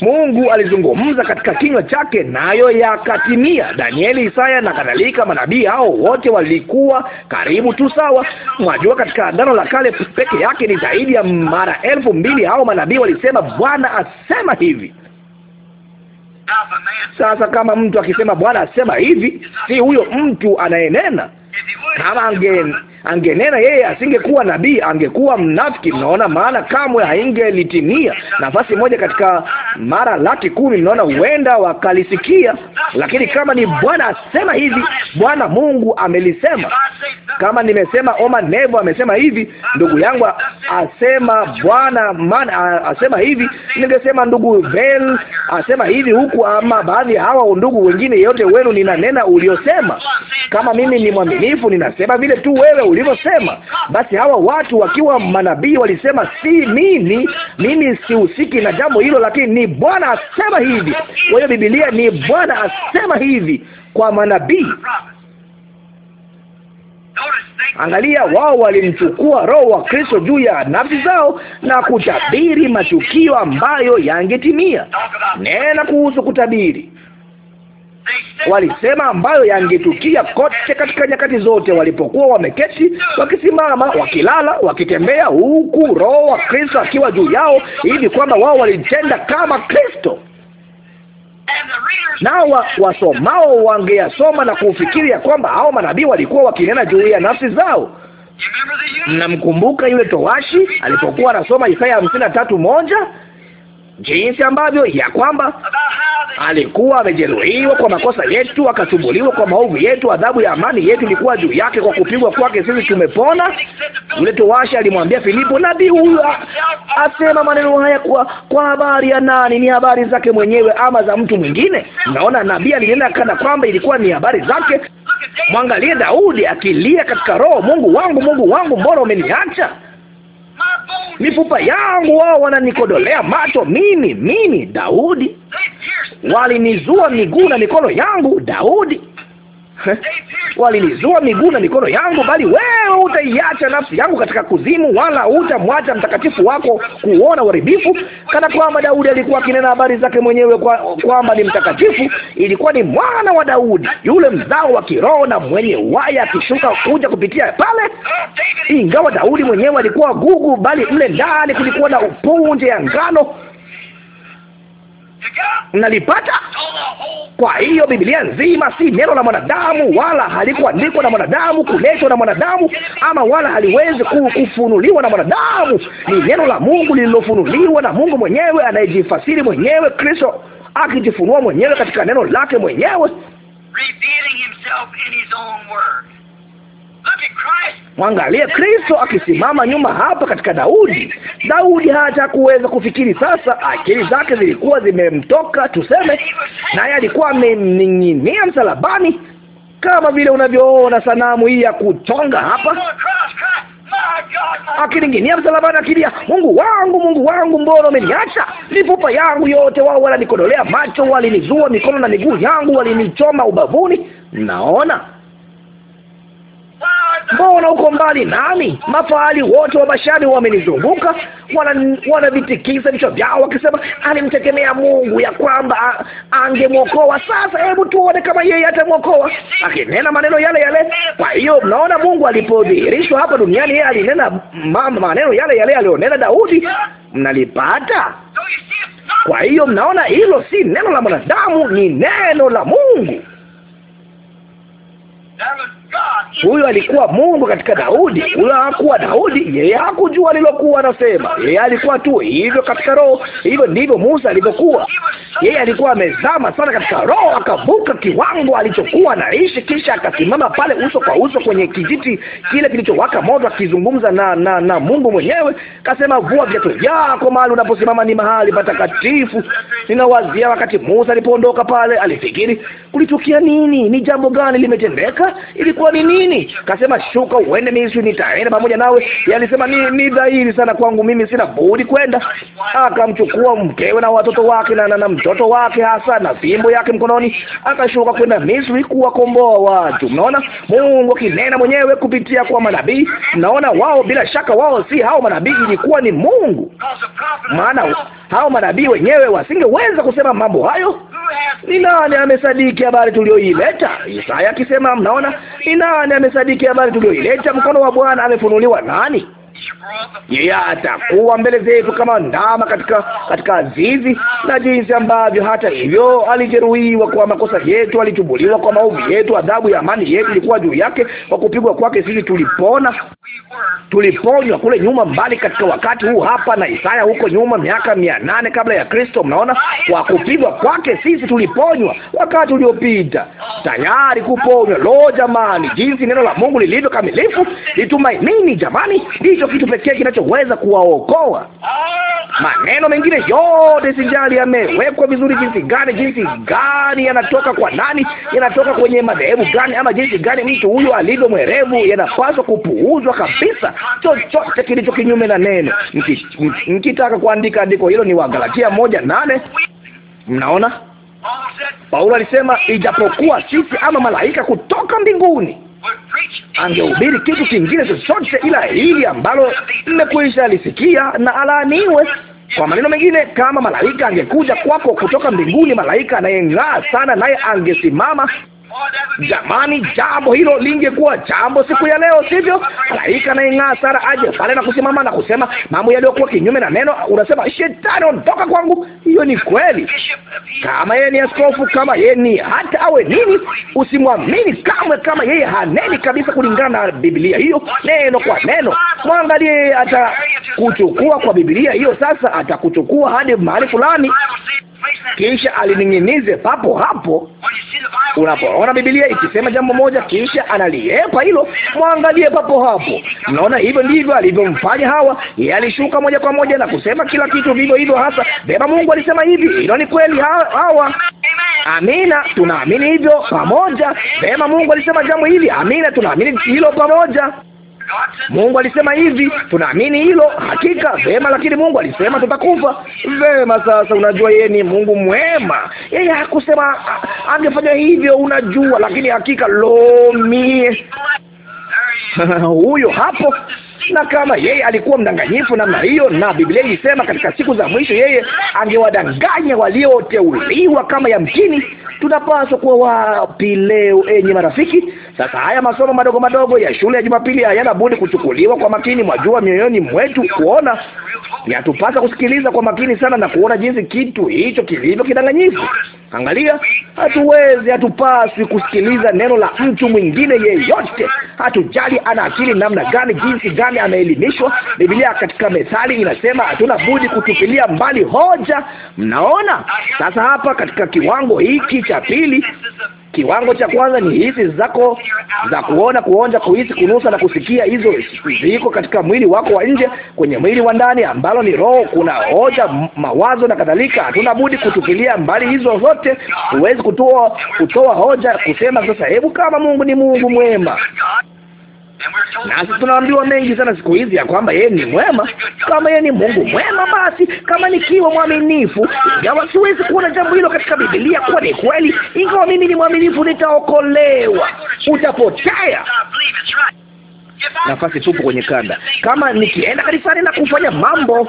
Mungu alizungumza katika kinywa chake, nayo yakatimia. Danieli, Isaya na kadhalika, manabii hao wote walikuwa karibu tu sawa. Mwajua, katika Agano la Kale peke yake ni zaidi ya mara elfu mbili hao manabii walisema Bwana asema hivi sasa kama mtu akisema Bwana asema hivi, si huyo mtu anayenena. Kama ange angenena yeye asingekuwa nabii, angekuwa mnafiki. Mnaona, maana kamwe haingelitimia. Nafasi moja katika mara laki kumi, mnaona, huenda wakalisikia. Lakini kama ni Bwana asema hivi, Bwana Mungu amelisema. Kama nimesema Oma Nevo amesema hivi, ndugu yangu asema Bwana asema hivi, ningesema ndugu Vel asema hivi huku, ama baadhi hawa ndugu wengine yote wenu, ninanena uliosema. Kama mimi ni mwaminifu, ninasema vile tu wewe ulivyosema. Basi hawa watu wakiwa manabii walisema, si mimi, mimi sihusiki na jambo hilo, lakini ni Bwana asema hivi. Kwa hiyo Biblia ni Bwana asema hivi kwa manabii. Angalia, wao walimchukua Roho wa Kristo juu ya nafsi zao na kutabiri matukio ambayo yangetimia. Nena kuhusu kutabiri walisema ambayo yangetukia kote katika nyakati zote, walipokuwa wameketi, wakisimama, wakilala, wakitembea, huku Roho wa Kristo akiwa juu yao, ili kwamba wao walitenda kama Kristo nao wa, wasomao wangeyasoma na kufikiri ya kwamba hao manabii walikuwa wakinena juu ya nafsi zao. Mnamkumbuka yule towashi alipokuwa anasoma Isaya hamsini na tatu moja jinsi ambavyo ya kwamba alikuwa amejeruhiwa kwa makosa yetu, akasumbuliwa kwa maovu yetu. Adhabu ya amani yetu ilikuwa juu yake, kwa kupigwa kwake sisi tumepona. Yule towashi alimwambia Filipo, nabii huyu asema maneno haya kwa kwa habari ya nani? Ni habari zake mwenyewe ama za mtu mwingine? Naona nabii alinena kana kwamba ilikuwa ni habari zake. Mwangalie Daudi akilia katika roho, Mungu wangu, Mungu wangu, mbona umeniacha? mifupa yangu, wao wananikodolea macho mimi, mimi Daudi, walinizua miguu na mikono yangu Daudi. walinizua miguu na mikono yangu, bali wewe utaiacha nafsi yangu katika kuzimu, wala utamwacha mtakatifu wako kuona uharibifu. Kana kwamba Daudi alikuwa akinena habari zake mwenyewe kwamba kwa ni mtakatifu. Ilikuwa ni mwana wa Daudi, yule mzao wa kiroho na mwenye waya, akishuka kuja kupitia pale. Ingawa Daudi mwenyewe alikuwa gugu, bali mle ndani kulikuwa na upunje ya ngano nalipata Kwa hiyo Biblia nzima si neno la mwanadamu, wala halikuandikwa na mwanadamu, kuletwa na mwanadamu, ama wala haliwezi kufunuliwa na mwanadamu. Ni neno la Mungu lililofunuliwa na Mungu mwenyewe, anayejifasiri mwenyewe, Kristo akijifunua mwenyewe katika neno lake mwenyewe. Revealing himself in his own Mwangalie Kristo akisimama nyuma hapa katika Daudi. Daudi hata kuweza kufikiri sasa, akili zake zilikuwa zimemtoka tuseme, naye alikuwa amening'inia msalabani, kama vile unavyoona sanamu hii ya kuchonga hapa akining'inia msalabani, akilia, Mungu wangu, Mungu wangu, mbona umeniacha? Mifupa yangu yote, wao wananikodolea macho, walinizua mikono na miguu yangu, walinichoma ubavuni. Naona mbona uko mbali nami? Mafahali wote wa Bashani wamenizunguka, wanavitikisa vichwa vyao wakisema, alimtegemea Mungu ya kwamba angemwokoa. Sasa hebu tuone kama yeye atamwokoa, akinena maneno yale yale. Kwa hiyo mnaona, Mungu alipodhihirishwa hapa duniani, yeye alinena maneno yale yale alionena Daudi. Mnalipata? Kwa hiyo mnaona, hilo si neno la mwanadamu, ni neno la Mungu. Huyo alikuwa Mungu katika Daudi, huyo hakuwa Daudi. Yeye hakujua alilokuwa anasema, yeye alikuwa tu hivyo katika roho. Hivyo ndivyo Musa alivyokuwa. Yeye alikuwa amezama sana katika roho, akavuka kiwango alichokuwa naishi, kisha akasimama pale uso kwa uso kwenye kijiti kile kilichowaka moto, akizungumza na, na, na Mungu mwenyewe. Kasema, vua viatu vyako, mahali unaposimama ni mahali patakatifu. Ninawazia wakati Musa alipoondoka pale, alifikiri kulitukia nini? Ni jambo gani limetendeka? ilikuwa ilikuwa ni nini? Kasema, shuka uende Misri, nitaenda pamoja nawe. Yalisema ni, ni dhahiri sana kwangu, mimi sina budi kwenda. Akamchukua mkewe na watoto wake na, na, na mtoto wake hasa na fimbo yake mkononi, akashuka kwenda Misri kuwakomboa watu. Mnaona Mungu akinena mwenyewe kupitia kwa manabii. Mnaona wao, bila shaka wao si hao manabii, ilikuwa ni Mungu, maana hao manabii wenyewe wasingeweza kusema mambo hayo. Ni nani amesadiki habari tuliyoileta? Isaya akisema, mnaona nani amesadiki habari tuliyoileta? Mkono wa Bwana amefunuliwa nani? yeye atakuwa mbele zetu kama ndama katika katika zizi, na jinsi ambavyo hata hivyo alijeruhiwa kwa makosa yetu, alichubuliwa kwa maovu yetu, adhabu ya amani yetu ilikuwa juu yake. Kwa kupigwa kwake sisi tulipona, tuliponywa kule nyuma mbali katika wakati huu hapa, na Isaya huko nyuma, miaka mia nane kabla ya Kristo. Mnaona, kwa kupigwa kwake sisi tuliponywa wakati uliopita, tayari kuponywa. Lo, jamani, jinsi neno la Mungu lilivyo kamilifu! Litumainini jamani, ndicho kitu pekee kinachoweza kuwaokoa. Maneno mengine yote sijali yamewekwa vizuri jinsi gani, jinsi gani yanatoka kwa nani, yanatoka kwenye madhehebu gani, ama jinsi gani mtu huyo alivyo mwerevu, yanapaswa kupuuzwa kabisa. Chochote kilicho kinyume na neno. Mkitaka kuandika andiko hilo, ni Wagalatia moja nane. Mnaona, Paulo alisema ijapokuwa sisi ama malaika kutoka mbinguni angehubiri kitu kingine chochote ila hili ambalo mmekwisha lisikia, na alaaniwe. Kwa maneno mengine, kama malaika angekuja kwako kutoka mbinguni, malaika anayeng'aa sana, naye angesimama Jamani, jambo hilo lingekuwa jambo siku ya leo, sivyo? Malaika anaing'aa Sara aje pale na kusimama na kusema mambo yaliyokuwa kinyume na neno, unasema shetani, ondoka kwangu. Hiyo ni kweli. Kama yeye ni askofu, kama yeye ni hata awe nini, usimwamini kamwe, kama yeye haneni kabisa kulingana na Biblia hiyo, neno kwa neno. Mwangalie, atakuchukua kwa Biblia hiyo. Sasa atakuchukua hadi mahali fulani kisha alining'inize papo hapo. Unapoona Biblia ikisema jambo moja, kisha analiepa hilo, mwangalie papo hapo. Mnaona, hivyo ndivyo alivyomfanya Hawa. Yeye alishuka moja kwa moja na kusema kila kitu vivyo hivyo hasa. Beba, Mungu alisema hivi, hilo ni kweli. Hawa, amina, tunaamini hivyo pamoja. Beba, Mungu alisema jambo hili, amina, tunaamini hilo pamoja. Mungu alisema hivi, tunaamini hilo, hakika vema, lakini Mungu alisema tutakufa. Vema, sasa unajua, yeye ni Mungu mwema. Yeye hakusema angefanya hivyo, unajua, lakini hakika lo huyo hapo na kama yeye alikuwa mdanganyifu namna hiyo, na Biblia ilisema katika siku za mwisho yeye angewadanganya walioteuliwa kama yamkini. Tunapaswa kuwa wapi leo, enyi marafiki? Sasa haya masomo madogo madogo ya shule ya Jumapili hayana budi kuchukuliwa kwa makini, mwajua, mioyoni mwetu kuona. Yatupasa kusikiliza kwa makini sana na kuona jinsi kitu hicho kilivyo kidanganyifu. Angalia, hatuwezi, hatupaswi kusikiliza neno la mtu mwingine yeyote. Hatujali ana akili namna gani, jinsi gani ameelimishwa. Biblia katika Methali inasema hatuna budi kutupilia mbali hoja. Mnaona sasa hapa katika kiwango hiki cha pili Kiwango cha kwanza ni hizi zako za kuona, kuonja, kuhisi, kunusa na kusikia. Hizo ziko katika mwili wako wa nje. Kwenye mwili wa ndani ambalo ni roho, kuna hoja, mawazo na kadhalika. Hatuna budi kutupilia mbali hizo zote. Huwezi kutoa kutoa hoja kusema sasa, hebu kama Mungu ni Mungu mwema Nasi tunaambiwa mengi sana siku hizi ya kwamba yeye ni mwema. Kama yeye ni Mungu mwema, basi kama nikiwa mwaminifu, ingawa siwezi kuona jambo hilo katika Biblia kuwa ni kweli, ingawa mimi ni mwaminifu, nitaokolewa. Utapotea nafasi tupu kwenye kanda. Kama nikienda kanisani na kufanya mambo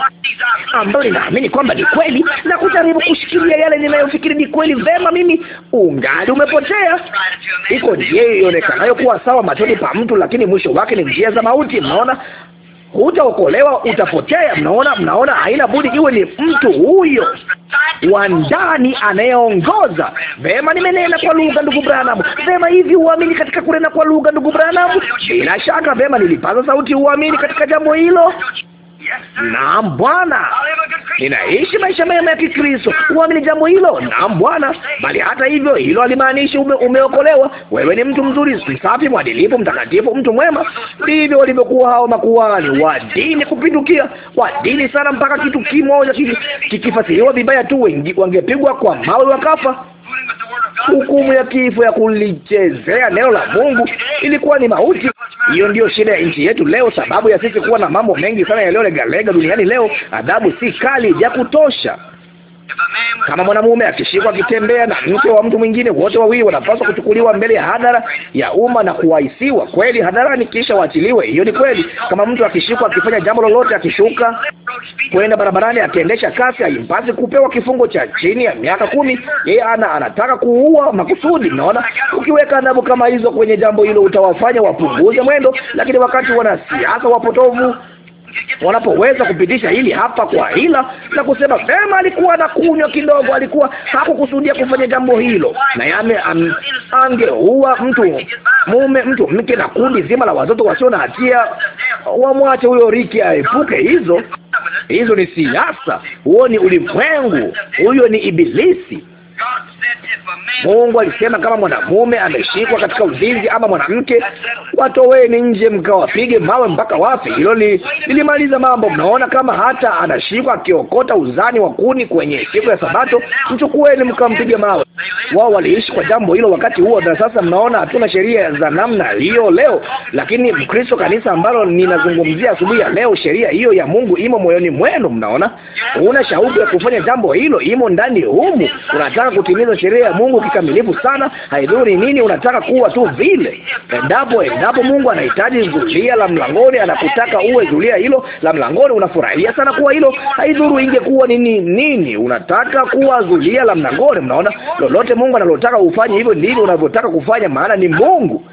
ambayo ninaamini kwamba ni kweli na kujaribu kushikilia yale ninayofikiri ni kweli, vema, mimi ungali umepotea. Iko ndiye ionekanayo kuwa sawa machoni pa mtu, lakini mwisho wake ni njia za mauti. Mnaona, hutaokolewa, utapotea. Mnaona, mnaona, haina budi iwe ni mtu huyo wa ndani anayeongoza. Vema, nimenena kwa lugha, ndugu Branham. Vema, hivi uamini katika kunena kwa lugha, ndugu Branham? Bila shaka. Vema, nilipaza sauti, uamini katika jambo hilo. Naam Bwana, ninaishi maisha mema ya Kikristo. Uamini jambo hilo? Naam Bwana. Bali hata hivyo hilo halimaanishi ume, umeokolewa. Wewe ni mtu mzuri, msafi, mwadilifu, mtakatifu, mtu mwema. Ndivyo walivyokuwa hao makuhani wa dini kupindukia, wa dini sana, mpaka kitu kimoja kikifasiriwa vibaya tu wangepigwa kwa mawe wakafa hukumu ya kifo ya kulichezea neno la Mungu ilikuwa ni mauti. Hiyo ndiyo shida ya nchi yetu leo, sababu ya sisi kuwa na mambo mengi sana yaliyolegalega duniani leo. Adhabu si kali ya kutosha. Kama mwanamume akishikwa akitembea na mke wa mtu mwingine, wote wawili wanapaswa kuchukuliwa mbele ya hadhara ya umma na kuwaisiwa kweli hadharani, kisha waachiliwe. Hiyo ni kweli. Kama mtu akishikwa akifanya jambo lolote, akishuka kwenda barabarani, akiendesha kasi, haimpasi kupewa kifungo cha chini ya miaka kumi. Yeye ana anataka kuua makusudi. Mnaona, ukiweka adabu kama hizo kwenye jambo hilo, utawafanya wapunguze mwendo, lakini wakati wanasiasa wapotovu wanapoweza kupitisha hili hapa kwa hila na kusema sema, alikuwa na kunywa kidogo, alikuwa hakukusudia kufanya jambo hilo, na yame angeua mtu mume, mtu mke, na kundi zima la watoto wasio na hatia. Wamwache huyo Riki aepuke hizo. Hizo ni siasa, huo ni ulimwengu, huyo ni Ibilisi. Mungu alisema kama mwanamume ameshikwa katika uzinzi ama mwanamke, watoweni nje mkawapige mawe mpaka wafe. Hilo lilimaliza mambo. Mnaona, kama hata anashikwa akiokota uzani wa kuni kwenye siku ya Sabato, mchukueni mkampige mawe. Wao waliishi kwa jambo hilo wakati huo, na sasa mnaona hatuna sheria za namna hiyo leo. Lakini Mkristo, kanisa ambalo ninazungumzia asubuhi ya leo, sheria hiyo ya Mungu imo moyoni mwenu. Mnaona, una shauku ya kufanya jambo hilo, imo ndani humu, unataka unataka kutimiza sheria ya Mungu kikamilifu sana, haidhuri nini, unataka kuwa tu vile. Endapo endapo Mungu anahitaji zulia la mlangoni, anakutaka uwe zulia hilo la mlangoni, unafurahia sana kuwa hilo, haidhuru ingekuwa nini nini, unataka kuwa zulia la mlangoni. Mnaona, lolote Mungu analotaka ufanye, hivyo ndivyo unavyotaka kufanya, maana ni Mungu.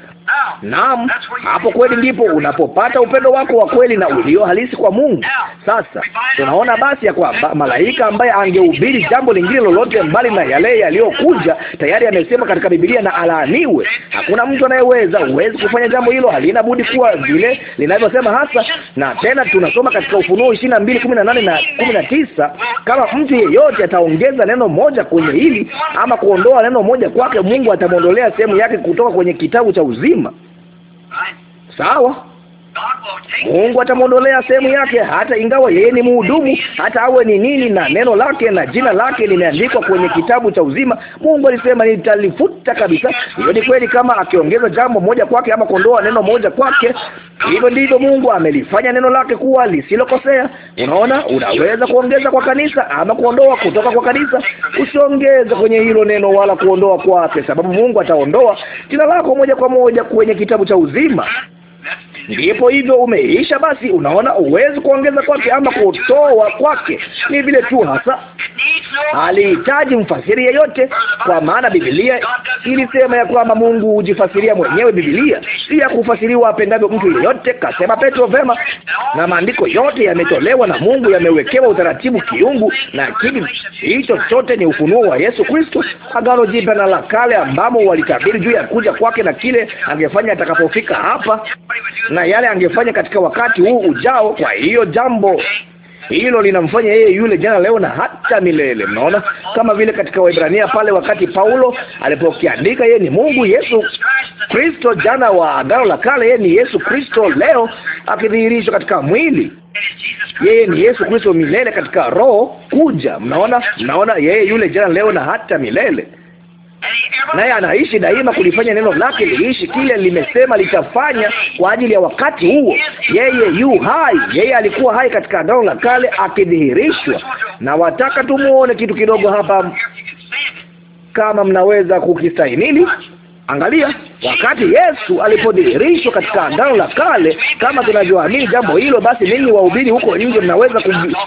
Naam, hapo kweli ndipo unapopata upendo wako wa kweli na ulio halisi kwa Mungu. Sasa tunaona basi ya kwamba malaika ambaye angehubiri jambo lingine lolote mbali na yale yaliyokuja tayari amesema katika Biblia, na alaaniwe. Hakuna mtu anayeweza, huwezi kufanya jambo hilo, halina budi kuwa vile linavyosema hasa. Na tena tunasoma katika Ufunuo 22:18 na 19, kama mtu yeyote ataongeza neno moja kwenye hili ama kuondoa neno moja kwake, Mungu atamwondolea sehemu yake kutoka kwenye kitabu cha uzima uzima. Sawa, Mungu atamwondolea sehemu yake, hata ingawa yeye ni mhudumu, hata awe ni nini, na neno lake na jina lake limeandikwa kwenye kitabu cha uzima. Mungu alisema nitalifuta kabisa. Hiyo ni kweli, kama akiongeza jambo moja kwake ama kuondoa neno moja kwake. Hivyo ndivyo Mungu amelifanya neno lake kuwa lisilokosea. Unaona, unaweza kuongeza kwa kanisa ama kuondoa kutoka kwa kanisa. Usiongeze kwenye hilo neno wala kuondoa kwake, sababu Mungu ataondoa jina lako moja kwa moja kwenye kitabu cha uzima ndipo hivyo, umeisha. Basi unaona, uwezi kuongeza kwake ama kutoa kwake, ni vile tu hasa Alihitaji mfasiri yeyote, kwa maana Biblia ilisema ya kwamba Mungu hujifasiria mwenyewe. Biblia si ya kufasiriwa apendavyo mtu yeyote, kasema Petro vema, na maandiko yote yametolewa na Mungu, yamewekewa utaratibu kiungu, na kitu hicho chote ni ufunuo wa Yesu Kristo, Agano Jipya na la Kale, ambamo walitabiri juu ya kuja kwake na kile angefanya atakapofika hapa na yale angefanya katika wakati huu ujao. Kwa hiyo jambo hilo linamfanya yeye yule jana, leo na hata milele. Mnaona, kama vile katika Waebrania pale, wakati Paulo alipokiandika, yeye ni Mungu Yesu Kristo jana wa Agano la Kale, yeye ni Yesu Kristo leo akidhihirishwa katika mwili yeye ni Yesu Kristo milele katika roho kuja. Mnaona, mnaona, yeye yule jana leo na hata milele naye anaishi daima kulifanya neno lake liishi, kile limesema litafanya kwa ajili ya wakati huo. Yeye yu hai, yeye alikuwa hai katika Agano la Kale akidhihirishwa. Na wataka tumuone kitu kidogo hapa, kama mnaweza kukistahimili. Angalia, wakati Yesu alipodhihirishwa katika Agano la Kale, kama tunavyoamini jambo hilo, basi ninyi wahubiri huko nje mnaweza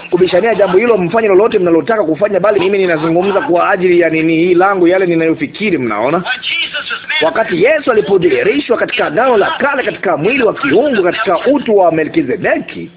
kubishania jambo hilo, mfanye lolote mnalotaka kufanya, bali mimi ninazungumza kwa ajili ya nini hii langu yale ninayofikiri. Mnaona, wakati Yesu alipodhihirishwa katika Agano la Kale, katika mwili wa kiungu, katika utu wa Melkizedeki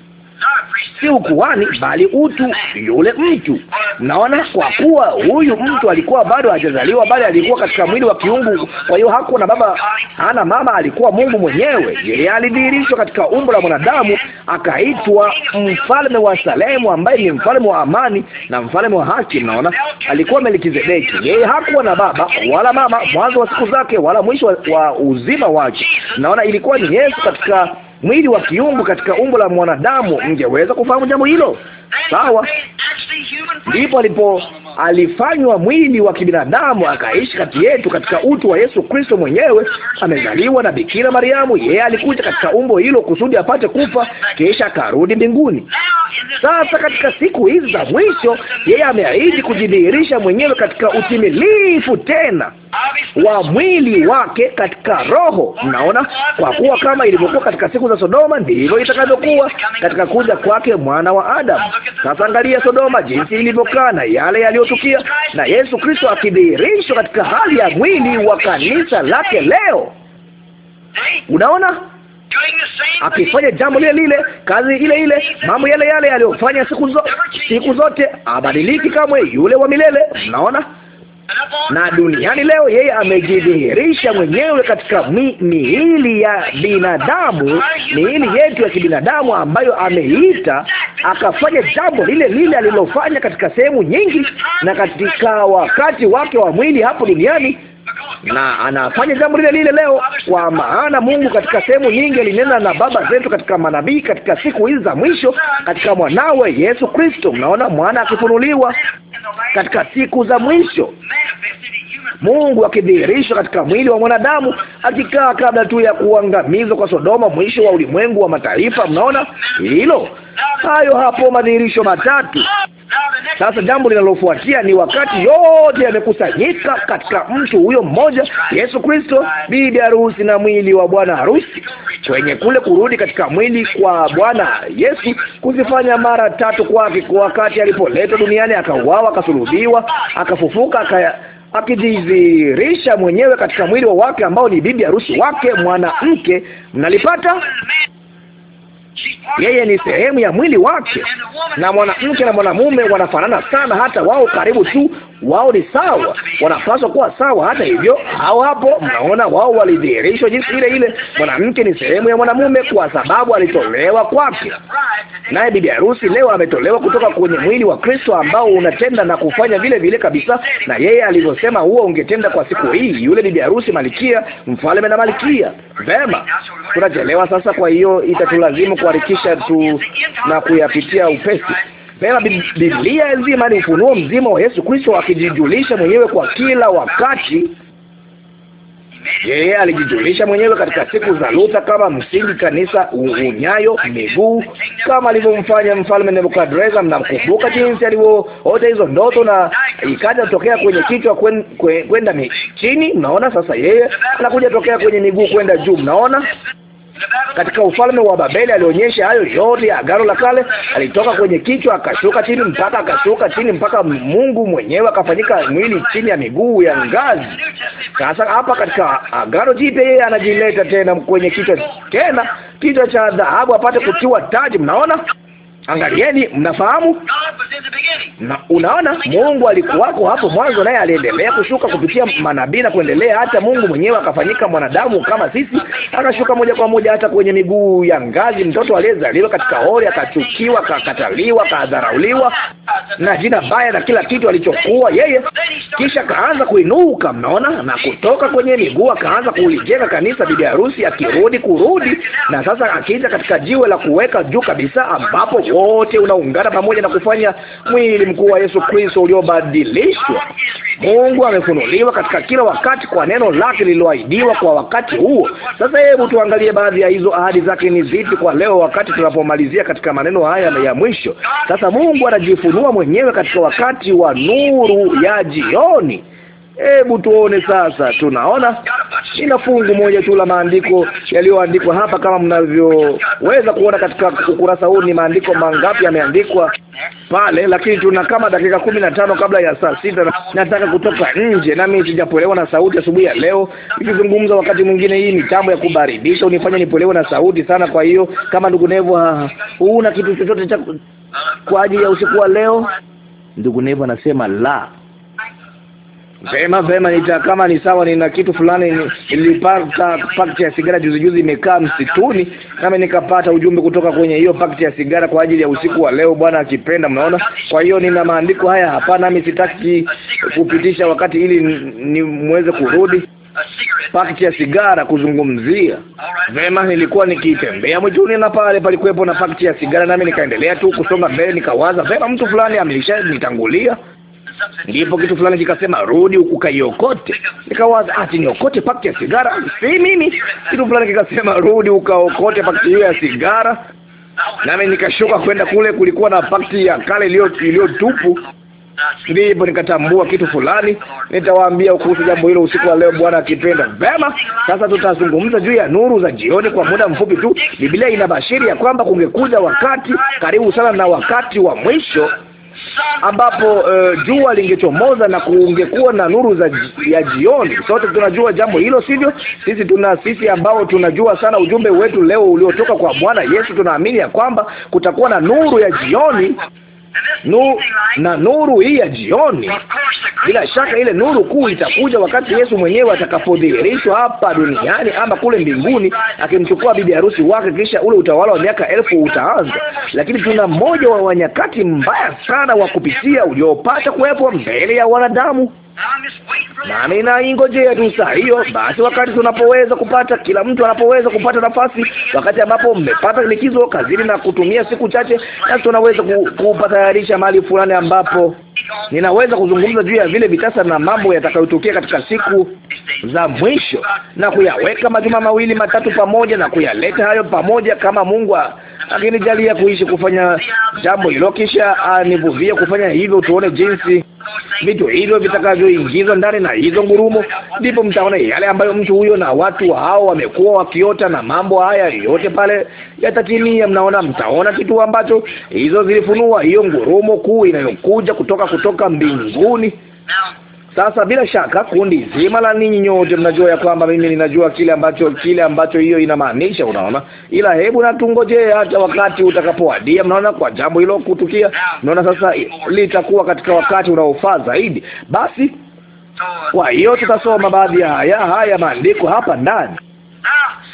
si ukuhani, bali utu yule mtu. naona kwa kuwa huyu mtu alikuwa bado hajazaliwa, bali alikuwa katika mwili wa kiungu. Kwa hiyo hakuwa na baba, hana mama, alikuwa Mungu mwenyewe. Yeye alidhihirishwa katika umbo la mwanadamu, akaitwa mfalme wa Salemu, ambaye ni mfalme wa amani na mfalme wa haki. Mnaona, alikuwa Melkizedeki. Yeye hakuwa na baba wala mama, mwanzo wa siku zake wala mwisho wa uzima wake. naona ilikuwa ni Yesu katika mwili wa kiungu katika umbo la mwanadamu, mngeweza kufahamu jambo hilo? sawa. Ndipo alipo alifanywa mwili wa kibinadamu akaishi kati yetu katika utu wa Yesu Kristo mwenyewe. Amezaliwa na Bikira Mariamu, yeye alikuja katika umbo hilo kusudi apate kufa, kisha akarudi mbinguni. Sasa katika siku hizi za mwisho, yeye ameahidi kujidhihirisha mwenyewe katika utimilifu tena wa mwili wake katika roho. Mnaona, kwa kuwa kama ilivyokuwa katika siku za Sodoma, ndivyo itakavyokuwa katika kuja kwake mwana wa Adamu. Sasa angalia Sodoma jinsi ilivyokaa na yale yaliyotukia, na Yesu Kristo akidhihirishwa katika hali ya mwili wa kanisa lake leo. Unaona, akifanya jambo lile lile, kazi ile ile, mambo yale yale aliyofanya siku, zo, siku zote, abadiliki kamwe, yule wa milele. Mnaona? na duniani leo yeye amejidhihirisha mwenyewe katika mi, miili ya binadamu, miili yetu ya kibinadamu ambayo ameita, akafanya jambo lile lile alilofanya katika sehemu nyingi na katika wakati wake wa mwili hapo duniani na anafanya jambo lile lile leo, kwa maana Mungu katika sehemu nyingi alinena na baba zetu katika manabii katika siku hizi za mwisho katika mwanawe Yesu Kristo. Mnaona mwana akifunuliwa katika siku za mwisho. Mungu akidhihirishwa katika mwili wa mwanadamu, akikaa kabla tu ya kuangamizwa kwa Sodoma, mwisho wa ulimwengu wa mataifa. Mnaona hilo? Hayo hapo madhihirisho matatu. Sasa jambo linalofuatia ni wakati yote yamekusanyika katika mtu huyo mmoja, Yesu Kristo, bibi harusi na mwili wa bwana harusi. Kwenye kule kurudi katika mwili kwa Bwana Yesu, kuzifanya mara tatu kwake, kwa wakati alipoletwa duniani, akauawa, akasulubiwa, akafufuka, akijidhihirisha mwenyewe katika mwili wa wake ambao ni bibi harusi wake mwanamke. Mnalipata? Yeye ni sehemu ya mwili wake, na mwanamke na mwanamume wanafanana sana, hata wao karibu tu wao ni sawa, wanapaswa kuwa sawa. Hata hivyo hao hapo, mnaona wao walidhihirishwa jinsi ile ile. Mwanamke ni sehemu ya mwanamume kwa sababu alitolewa kwake, naye bibi harusi leo ametolewa kutoka kwenye mwili wa Kristo ambao unatenda na kufanya vile vile kabisa na yeye alivyosema huo ungetenda kwa siku hii. Yule bibi harusi malikia, mfalme na malikia. Vema, tunachelewa sasa, kwa hiyo itatulazimu kuharikisha tu na kuyapitia upesi. Mema, Biblia nzima ni ufunuo mzima wa Yesu Kristo akijijulisha mwenyewe kwa kila wakati. Yeye alijijulisha mwenyewe katika siku za Luther kama msingi kanisa unyayo miguu, kama alivyomfanya mfalme Nebukadreza. Mnakumbuka jinsi alivyoota hizo ndoto na ikaja tokea kwenye kichwa kwenda kwen, kwen, chini. Mnaona sasa, yeye anakuja tokea kwenye miguu kwenda juu. Mnaona katika ufalme wa Babeli. Alionyesha hayo yote ya Agano la Kale, alitoka kwenye kichwa akashuka chini mpaka akashuka chini mpaka Mungu mwenyewe akafanyika mwili chini ya miguu ya ngazi. Sasa hapa katika Agano Jipya yeye anajileta tena kwenye kichwa tena, kichwa cha dhahabu apate kutiwa taji. Mnaona Angalieni, mnafahamu na unaona, Mungu alikuwako hapo mwanzo, naye aliendelea kushuka kupitia manabii na kuendelea, hata Mungu mwenyewe akafanyika mwanadamu kama sisi, akashuka moja kwa moja hata kwenye miguu ya ngazi, mtoto aliyezaliwa katika hori, akachukiwa, akakataliwa, akadharauliwa na jina baya na kila kitu alichokuwa yeye. Kisha kaanza kuinuka, mnaona, na kutoka kwenye miguu akaanza kulijenga kanisa, bibi harusi akirudi kurudi, na sasa akija katika jiwe la kuweka juu kabisa, ambapo wote unaungana pamoja na kufanya mwili mkuu wa Yesu Kristo uliobadilishwa. Mungu amefunuliwa katika kila wakati kwa neno lake lililoahidiwa kwa wakati huo. Sasa hebu tuangalie baadhi ya hizo ahadi zake ni zipi kwa leo, wakati tunapomalizia katika maneno haya ya mwisho. Sasa Mungu anajifunua mwenyewe katika wakati wa nuru ya jioni. Hebu tuone sasa, tunaona ina fungu moja tu la maandiko yaliyoandikwa hapa. Kama mnavyoweza kuona katika ukurasa huu, ni maandiko mangapi yameandikwa pale, lakini tuna kama dakika kumi na tano kabla ya saa sita. Nataka kutoka nje, nami sijapolewa na sauti asubuhi ya, leo. Nikizungumza wakati mwingine, hii mitambo ya kubaridisha unifanya nipolewe na sauti sana. Kwa hiyo kama ndugu Nevo huna kitu chochote cha kwa ajili ya usiku wa leo, ndugu Nevo anasema la Vema, vema, nita kama ni sawa, nina kitu fulani. Nilipata pakiti ya sigara juzi juzi, imekaa msituni, nami nikapata ujumbe kutoka kwenye hiyo pakiti ya sigara kwa ajili ya usiku wa leo, Bwana akipenda. Mnaona, kwa hiyo nina maandiko haya hapa, nami sitaki kupitisha wakati ili ni muweze kurudi pakiti ya sigara kuzungumzia. Vema, nilikuwa nikitembea mwituni na pale palikuwepo na pakiti ya sigara, nami nikaendelea tu kusonga mbele, nikawaza vema, mtu fulani ameisha nitangulia Ndipo kitu fulani kikasema, rudi ukaiokote. Nikawaza ati ah, niokote pakiti ya sigara? Si mimi. Kitu fulani kikasema, rudi ukaokote pakiti hiyo ya sigara, nami nikashuka kwenda kule. Kulikuwa na pakiti ya kale tupu Ndipo nikatambua kitu fulani. Nitawaambia kuhusu jambo hilo usiku wa leo, Bwana akipenda. Vema, sasa tutazungumza juu ya nuru za jioni kwa muda mfupi tu. Biblia inabashiri ya kwamba kungekuja wakati karibu sana na wakati wa mwisho ambapo uh, jua lingechomoza na kungekuwa na nuru za ya jioni. Sote tunajua jambo hilo, sivyo? Sisi tuna sisi ambao tunajua sana ujumbe wetu leo uliotoka kwa Bwana Yesu, tunaamini ya kwamba kutakuwa na nuru ya jioni nu, na nuru hii ya jioni. Bila shaka ile nuru kuu itakuja wakati Yesu mwenyewe atakapodhihirishwa hapa duniani ama kule mbinguni akimchukua bibi harusi wake, kisha ule utawala wa miaka elfu utaanza. Lakini tuna mmoja wa wanyakati mbaya sana wa kupitia uliopata kuwepo mbele ya wanadamu nami naingojea tu saa hiyo. Basi wakati tunapoweza kupata, kila mtu anapoweza kupata nafasi, wakati ambapo mmepata likizo kazini na kutumia siku chache, nasi tunaweza kupatayarisha mahali fulani ambapo ninaweza kuzungumza juu ya vile vitasa na mambo yatakayotokea katika siku za mwisho na kuyaweka majuma mawili matatu pamoja na kuyaleta hayo pamoja, kama Mungu akinijalia kuishi kufanya jambo hilo, kisha anivuvia kufanya hivyo, tuone jinsi vitu hivyo vitakavyoingizwa ndani na hizo ngurumo, ndipo mtaona yale ambayo mtu huyo na watu hao wamekuwa wakiota, na mambo haya yote pale yatatimia. Mnaona, mtaona kitu ambacho hizo zilifunua, hiyo ngurumo kuu inayokuja kutoka kutoka mbinguni. Sasa bila shaka kundi zima la ninyi nyote mnajua ya kwamba mimi ninajua kile ambacho kile ambacho hiyo inamaanisha, unaona. Ila hebu na tungojee hata wakati utakapowadia, mnaona, kwa jambo hilo kutukia, mnaona. Sasa litakuwa katika wakati unaofaa zaidi. Basi kwa hiyo tutasoma baadhi ya haya haya maandiko hapa ndani.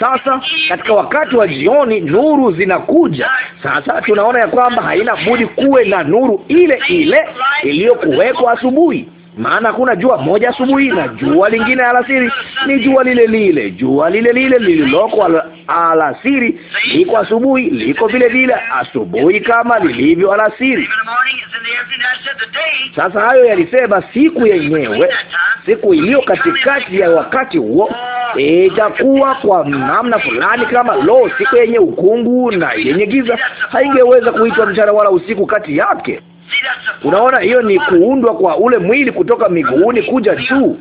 Sasa katika wakati wa jioni nuru zinakuja. Sasa tunaona ya kwamba haina budi kuwe na nuru ile ile iliyokuwekwa asubuhi maana kuna jua moja asubuhi na jua lingine alasiri. Ni jua lile lile, jua lile lile lililoko al alasiri liko asubuhi, liko vile vile asubuhi kama lilivyo alasiri. Sasa hayo yalisema siku yenyewe, siku iliyo katikati ya wakati huo e, itakuwa kwa namna fulani kama lo, siku yenye ukungu na yenye giza, haingeweza kuitwa mchana wala usiku kati yake. Unaona, hiyo ni kuundwa kwa ule mwili kutoka miguuni kuja juu.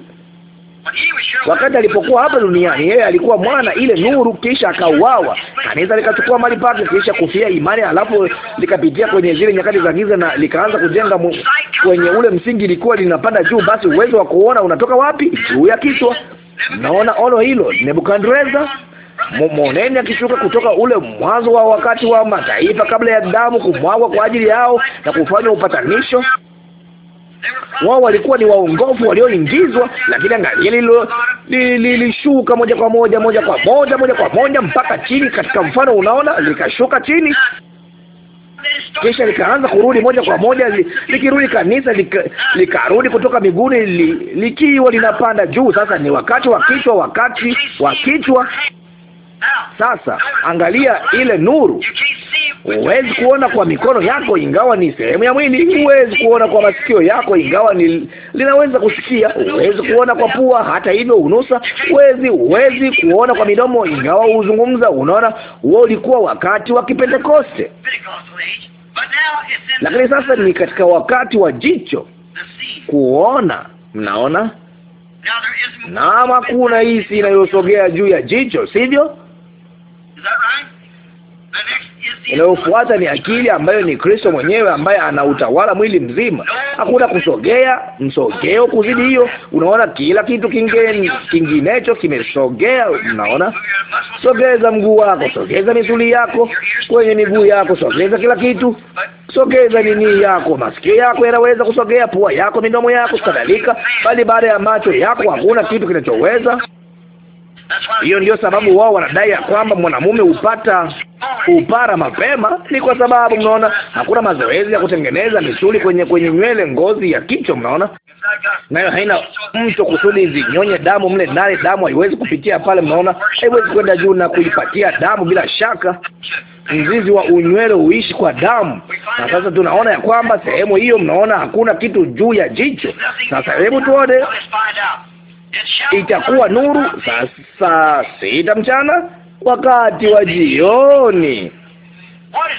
Wakati alipokuwa hapa duniani, yeye alikuwa mwana, ile nuru, kisha akauawa, kanisa likachukua mali pake, kisha kufia imani, alafu likapitia kwenye zile nyakati za giza na likaanza kujenga mu, kwenye ule msingi ilikuwa linapanda juu. Basi uwezo wa kuona unatoka wapi? Juu ya kichwa. Naona ono hilo Nebukadreza Mmoneni akishuka kutoka ule mwanzo wa wakati wa mataifa kabla ya damu kumwagwa kwa ajili yao na kufanya upatanisho. Wao walikuwa ni waongofu walioingizwa, lakini angalia lilishuka moja kwa moja moja kwa moja moja kwa moja mpaka chini. Katika mfano unaona, likashuka chini kisha likaanza kurudi moja kwa moja li, likirudi kanisa likarudi lika kutoka miguuni li, likiwa linapanda juu. Sasa ni wakati wa kichwa, wakati wa kichwa sasa angalia ile nuru. Huwezi kuona kwa mikono yako ingawa ni sehemu ya mwili. Huwezi kuona kwa masikio yako ingawa ni linaweza kusikia. Huwezi kuona kwa pua, hata hivyo unusa. Huwezi huwezi kuona kwa midomo ingawa huzungumza. Unaona, huo ulikuwa wakati wa Kipentekoste, lakini sasa ni katika wakati wa jicho kuona. Mnaona, naam, hakuna hisi inayosogea juu ya jicho, sivyo? Inayofuata ni akili ambayo ni Kristo mwenyewe ambaye anautawala mwili mzima. Hakuna kusogea msogeo kuzidi hiyo. Unaona, kila kitu kinge, kinginecho kimesogea. Unaona, sogeza mguu wako, sogeza misuli yako kwenye miguu yako, sogeza kila kitu, sogeza nini yako, masikio yako yanaweza kusogea, pua yako, midomo yako kadhalika, bali baada ya macho yako hakuna kitu kinachoweza hiyo ndio sababu wao wanadai ya kwamba mwanamume hupata upara mapema, ni kwa sababu mnaona hakuna mazoezi ya kutengeneza misuli kwenye kwenye nywele, ngozi ya kichwa, mnaona nayo haina mto kusudi zinyonye damu mle ndani. Damu haiwezi kupitia pale, mnaona haiwezi kwenda juu na kuipatia damu. Bila shaka mzizi wa unywele huishi kwa damu, na sasa tunaona ya kwamba sehemu hiyo, mnaona hakuna kitu juu ya jicho. Sasa hebu tuone itakuwa nuru saa sita mchana, wakati wa jioni.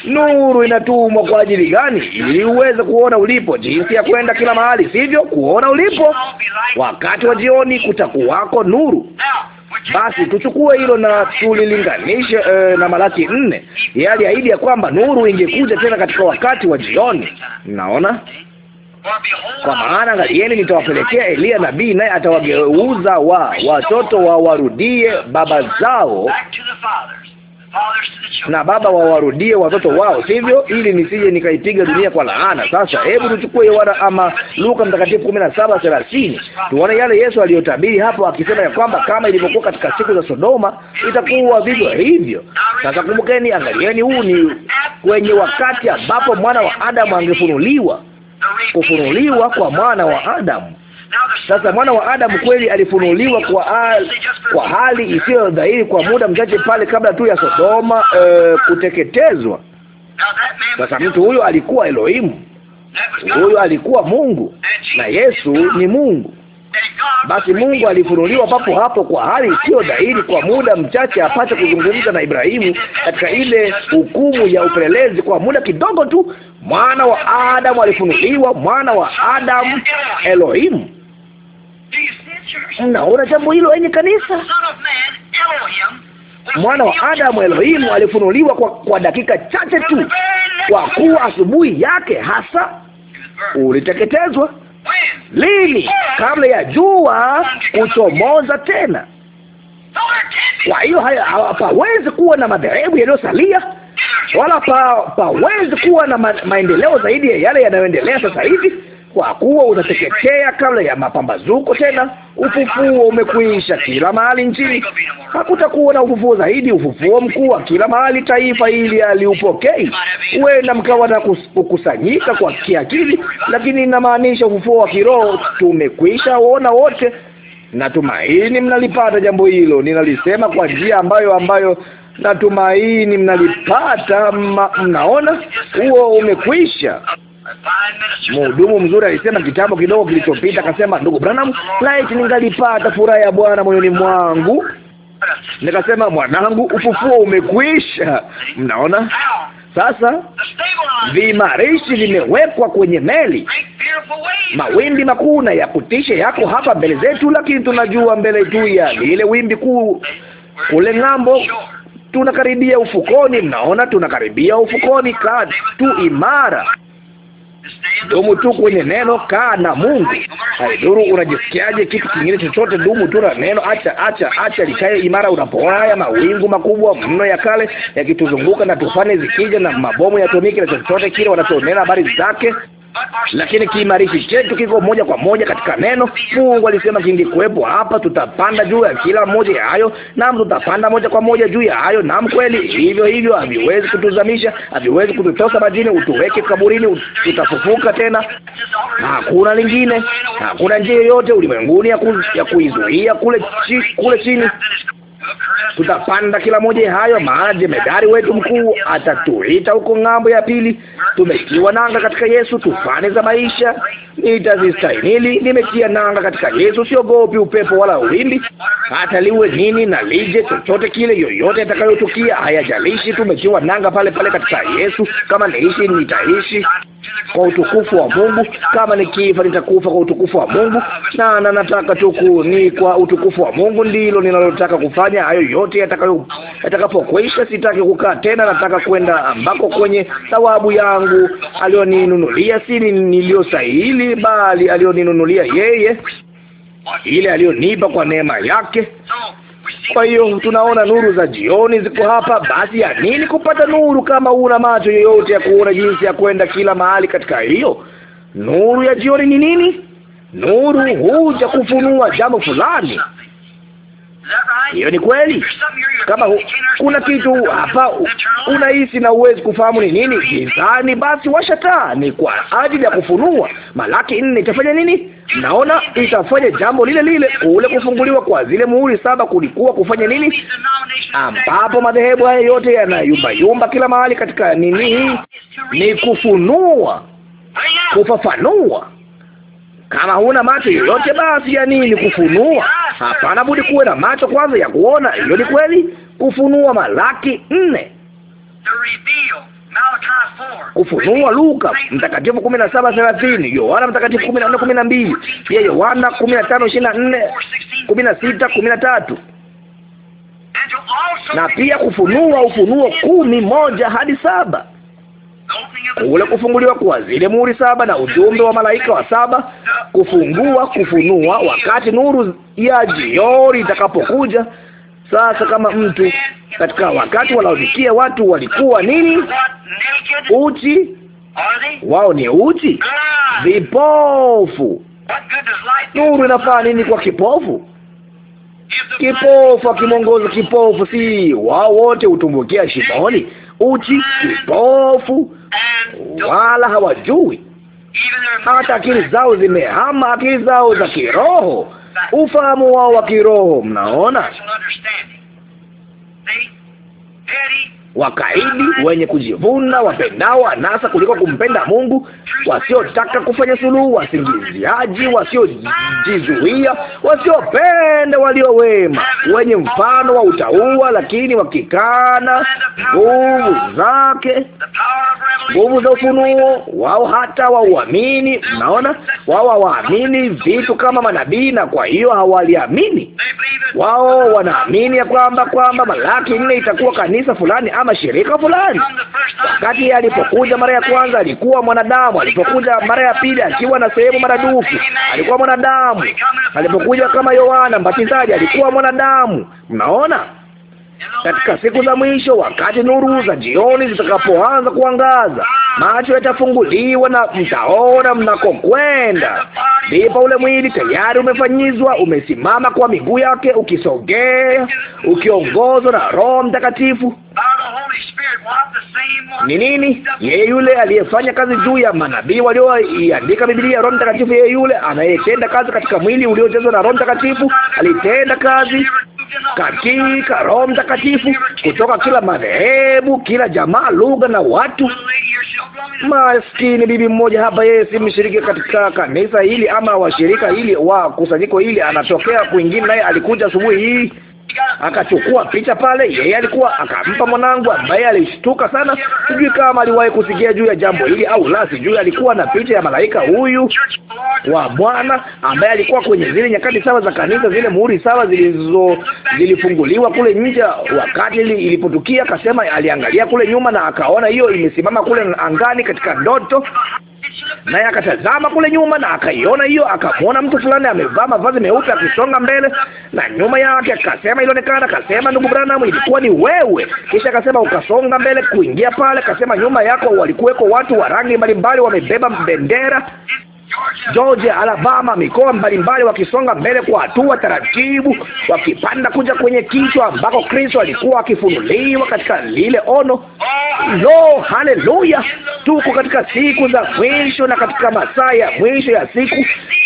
Nuru inatumwa kwa ajili gani? Ili uweze kuona ulipo, jinsi ya kwenda kila mahali, sivyo? Kuona ulipo. Wakati wa jioni kutakuwako nuru. Basi tuchukue hilo na tulilinganishe e, na Malaki nne. Yeye aliahidi ya kwamba nuru ingekuja tena katika wakati wa jioni. Naona kwa maana angalieni, nitawapelekea Eliya nabii, naye atawageuza wa watoto wawarudie baba zao na baba wawarudie watoto wao, sivyo? Ili nisije nikaipiga dunia kwa laana. Sasa hebu tuchukue Yohana ama Luka Mtakatifu kumi na saba thelathini tuone yale Yesu aliyotabiri hapo, akisema ya kwamba kama ilivyokuwa katika siku za Sodoma itakuwa vivyo hivyo. Sasa kumbukeni, angalieni, huu ni kwenye wakati ambapo mwana wa Adamu angefunuliwa kufunuliwa kwa mwana wa Adamu. Sasa mwana wa Adamu kweli alifunuliwa kwa hali, kwa hali isiyo dhahiri kwa muda mchache pale kabla tu ya Sodoma uh, kuteketezwa. Sasa mtu huyo alikuwa Elohimu, huyo alikuwa Mungu na Yesu ni Mungu. Basi Mungu alifunuliwa papo hapo kwa hali isiyo dhahiri kwa muda mchache, apate kuzungumza na Ibrahimu katika ile hukumu ya upelelezi kwa muda kidogo tu, mwana wa Adamu alifunuliwa, mwana wa Adamu Elohimu. Mnaona jambo hilo, enye kanisa? Mwana wa Adamu Elohimu alifunuliwa kwa, kwa dakika chache tu, kwa kuwa asubuhi yake hasa uliteketezwa. Lini? Kabla ya jua kuchomoza tena. Kwa hiyo hapawezi kuwa na madhehebu yaliyosalia wala pa pawezi kuwa na ma, maendeleo zaidi ya yale yanayoendelea sasa hivi, kwa kuwa utateketea kabla ya mapambazuko tena. Ufufuo umekwisha kila mahali nchini, hakutakuwa na ufufuo zaidi, ufufuo mkuu wa kila mahali. Taifa hili aliupokei. Huenda mkawa na kukusanyika kwa kiakili, lakini inamaanisha ufufuo wa kiroho. Tumekwisha uona wote. Natumaini mnalipata jambo hilo. Ninalisema kwa njia ambayo ambayo Natumaini mnalipata. Ma, mnaona huo umekwisha. Mhudumu mzuri alisema kitambo kidogo kilichopita, akasema, ndugu Branham, laiti ningalipata furaha ya Bwana moyoni mwangu. Nikasema, mwanangu, ufufuo umekwisha. Mnaona sasa, vimarishi vimewekwa kwenye meli, mawimbi makuu na ya kutisha yako hapa mbele zetu, lakini tunajua mbele juu ya lile wimbi kuu kule ng'ambo tunakaribia ufukoni. Mnaona, tunakaribia ufukoni. Kaa tu imara, dumu tu kwenye neno, kaa na Mungu. Haidhuru unajisikiaje kitu kingine chochote, dumu tu na neno. Acha acha acha likae imara. Unapoona haya mawingu makubwa mno ya kale yakituzunguka na tufani zikija na mabomu ya atomiki na chochote kile wanachonena habari zake lakini kiimarishi chetu kiko moja kwa moja katika neno Mungu. Alisema kingekuwepo hapa, tutapanda juu ya kila moja ya hayo, naam, tutapanda moja kwa moja juu ya hayo, naam, kweli hivyo hivyo. Haviwezi kutuzamisha, haviwezi kututosa majini, utuweke kaburini, tutafufuka tena. Hakuna lingine, hakuna njia yoyote ulimwenguni ya kuizuia kule, chi, kule chini tutapanda kila moja hayo maana jemedari wetu mkuu atatuita huko ng'ambo ya pili. Tumetiwa nanga katika Yesu, tufani za maisha nitazistahimili. Nimetia nanga katika Yesu, siogopi upepo wala wimbi hata liwe nini na lije chochote kile, yoyote atakayotukia hayajalishi. Tumetiwa nanga pale pale katika Yesu. Kama niishi nitaishi, kwa utukufu wa Mungu. Kama nikifa, nitakufa kwa utukufu wa Mungu, na na nataka tuku ni kwa utukufu wa Mungu, ndilo ninalotaka kufanya. Hayo yote yatakayo yatakapokwisha, sitaki kukaa tena, nataka kwenda ambako kwenye thawabu yangu alioninunulia, si niliyostahili, bali alioninunulia yeye, ile aliyonipa kwa neema yake. Kwa hiyo tunaona nuru za jioni ziko hapa. Basi ya nini kupata nuru kama una macho yoyote ya kuona jinsi ya kwenda kila mahali katika hiyo nuru ya jioni? Ni nini nuru? Huja kufunua jambo fulani. Hiyo ni kweli. Kama kuna kitu hapa unahisi na uwezi kufahamu ni nini gizani, basi washa taa. Ni kwa ajili ya kufunua. Malaki nne itafanya nini? Naona itafanya jambo lile lile. Kule kufunguliwa kwa zile muhuri saba kulikuwa kufanya nini? Ambapo madhehebu haya yote yanayumbayumba kila mahali katika nini hii, ni kufunua, kufafanua kama huna macho yoyote, basi ya nini kufunua? Hapana budi kuwe na macho kwanza ya kuona. Hiyo ni kweli. Kufunua Malaki nne, kufunua Luka Mtakatifu kumi na saba thelathini, Yohana Mtakatifu kumi na nne kumi na mbili, pia Yohana kumi na tano ishirini na nne kumi na sita kumi na tatu na pia kufunua Ufunuo kumi moja hadi saba ule kufunguliwa kwa zile muhuri saba na ujumbe wa malaika wa saba, kufungua, kufunua, wakati nuru ya jioni itakapokuja. Sasa kama mtu katika wakati walaodikia, watu walikuwa nini? Uchi, wao ni uchi, vipofu. Nuru inafaa nini kwa kipofu? Kipofu akimwongoza kipofu, si wao wote hutumbukia shimoni? uchi, kipofu wala hawajui hata akili zao zimehama, akili zao za kiroho, ufahamu wao wa kiroho. Mnaona, wakaidi, wenye kujivuna, wapendao anasa kuliko kumpenda Mungu, wasiotaka kufanya suluhu, wasingiziaji, wasiojizuia, wasiopenda walio wema, wenye mfano wa utaua, lakini wakikana nguvu zake, nguvu za ufunuo wao, hata wauamini. Mnaona, wao hawaamini vitu kama manabii, na kwa hiyo hawaliamini. Wao wanaamini ya kwamba kwamba Malaki nne itakuwa kanisa fulani ama shirika fulani. Wakati alipokuja mara ya kwanza alikuwa mwanadamu mwanadamu. Alipokuja mara ya pili akiwa na sehemu maradufu, alikuwa mwanadamu. Alipokuja kama Yohana Mbatizaji, alikuwa mwanadamu. Mnaona? katika siku za mwisho, wakati nuru za jioni zitakapoanza kuangaza, macho yatafunguliwa na mtaona mnakokwenda. Ndipo ule mwili tayari umefanyizwa, umesimama kwa miguu yake, ukisogea, ukiongozwa na Roho Mtakatifu. Ni nini? Yeye yule aliyefanya kazi juu ya manabii walioiandika Biblia, Roho Mtakatifu. Yeye yule anayetenda kazi katika mwili uliojazwa na Roho Mtakatifu alitenda kazi katika Roho Mtakatifu kutoka kila madhehebu, kila jamaa, lugha na watu. Maskini bibi mmoja hapa, yeye si mshiriki katika kanisa hili ama washirika hili wa kusanyiko hili, anatokea kwingine, naye alikuja asubuhi hii akachukua picha pale. Yeye alikuwa akampa mwanangu, ambaye alishtuka sana. Sijui kama aliwahi kusikia juu ya jambo hili au la, sijui. Alikuwa na picha ya malaika huyu wa Bwana ambaye alikuwa kwenye zile nyakati saba za kanisa, zile muhuri saba zilizo zilifunguliwa kule nje wakati ilipotukia. Akasema aliangalia kule nyuma na akaona hiyo imesimama kule angani katika ndoto naye akatazama kule nyuma na akaiona hiyo, akamwona mtu fulani amevaa mavazi meupe akisonga mbele na nyuma yake, akasema ilionekana, akasema ndugu Branham, ilikuwa ni wewe. Kisha akasema ukasonga mbele kuingia pale, akasema nyuma yako walikuweko watu wa rangi mbalimbali wamebeba bendera Georgia, Alabama, mikoa mbalimbali, wakisonga mbele kwa hatua taratibu, wakipanda kuja kwenye kichwa ambako Kristo alikuwa akifunuliwa katika lile ono. Lo, haleluya! Tuko katika siku za mwisho na katika masaa ya mwisho ya siku.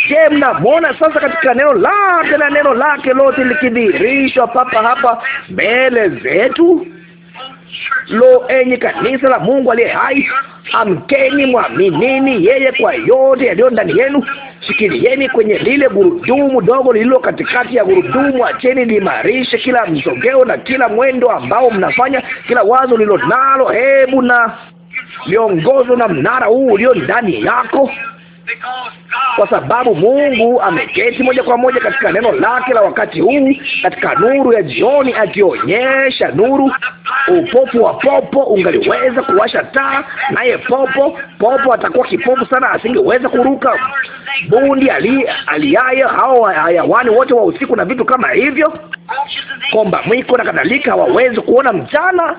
Je, mnamwona sasa katika neno lake na neno lake lote likidhihirishwa papa hapa mbele zetu? Lo, enyi eh, kanisa la Mungu aliye hai, amkeni, mwaminini yeye kwa yote yaliyo ndani yenu. Shikilieni kwenye lile gurudumu dogo lililo katikati ya gurudumu. Acheni limarishe kila msogeo na kila mwendo ambao mnafanya, kila wazo lilonalo Hebu na liongozwe na mnara huu ulio ndani yako kwa sababu Mungu ameketi moja kwa moja katika neno lake la wakati huu, katika nuru ya jioni, akionyesha nuru. Upofu wa popo ungaliweza kuwasha taa, naye popo popo atakuwa kipofu sana, asingeweza kuruka. Bundi ali aliaye, hao hayawani wote wa usiku na vitu kama hivyo, komba mwiko na kadhalika, hawawezi kuona mchana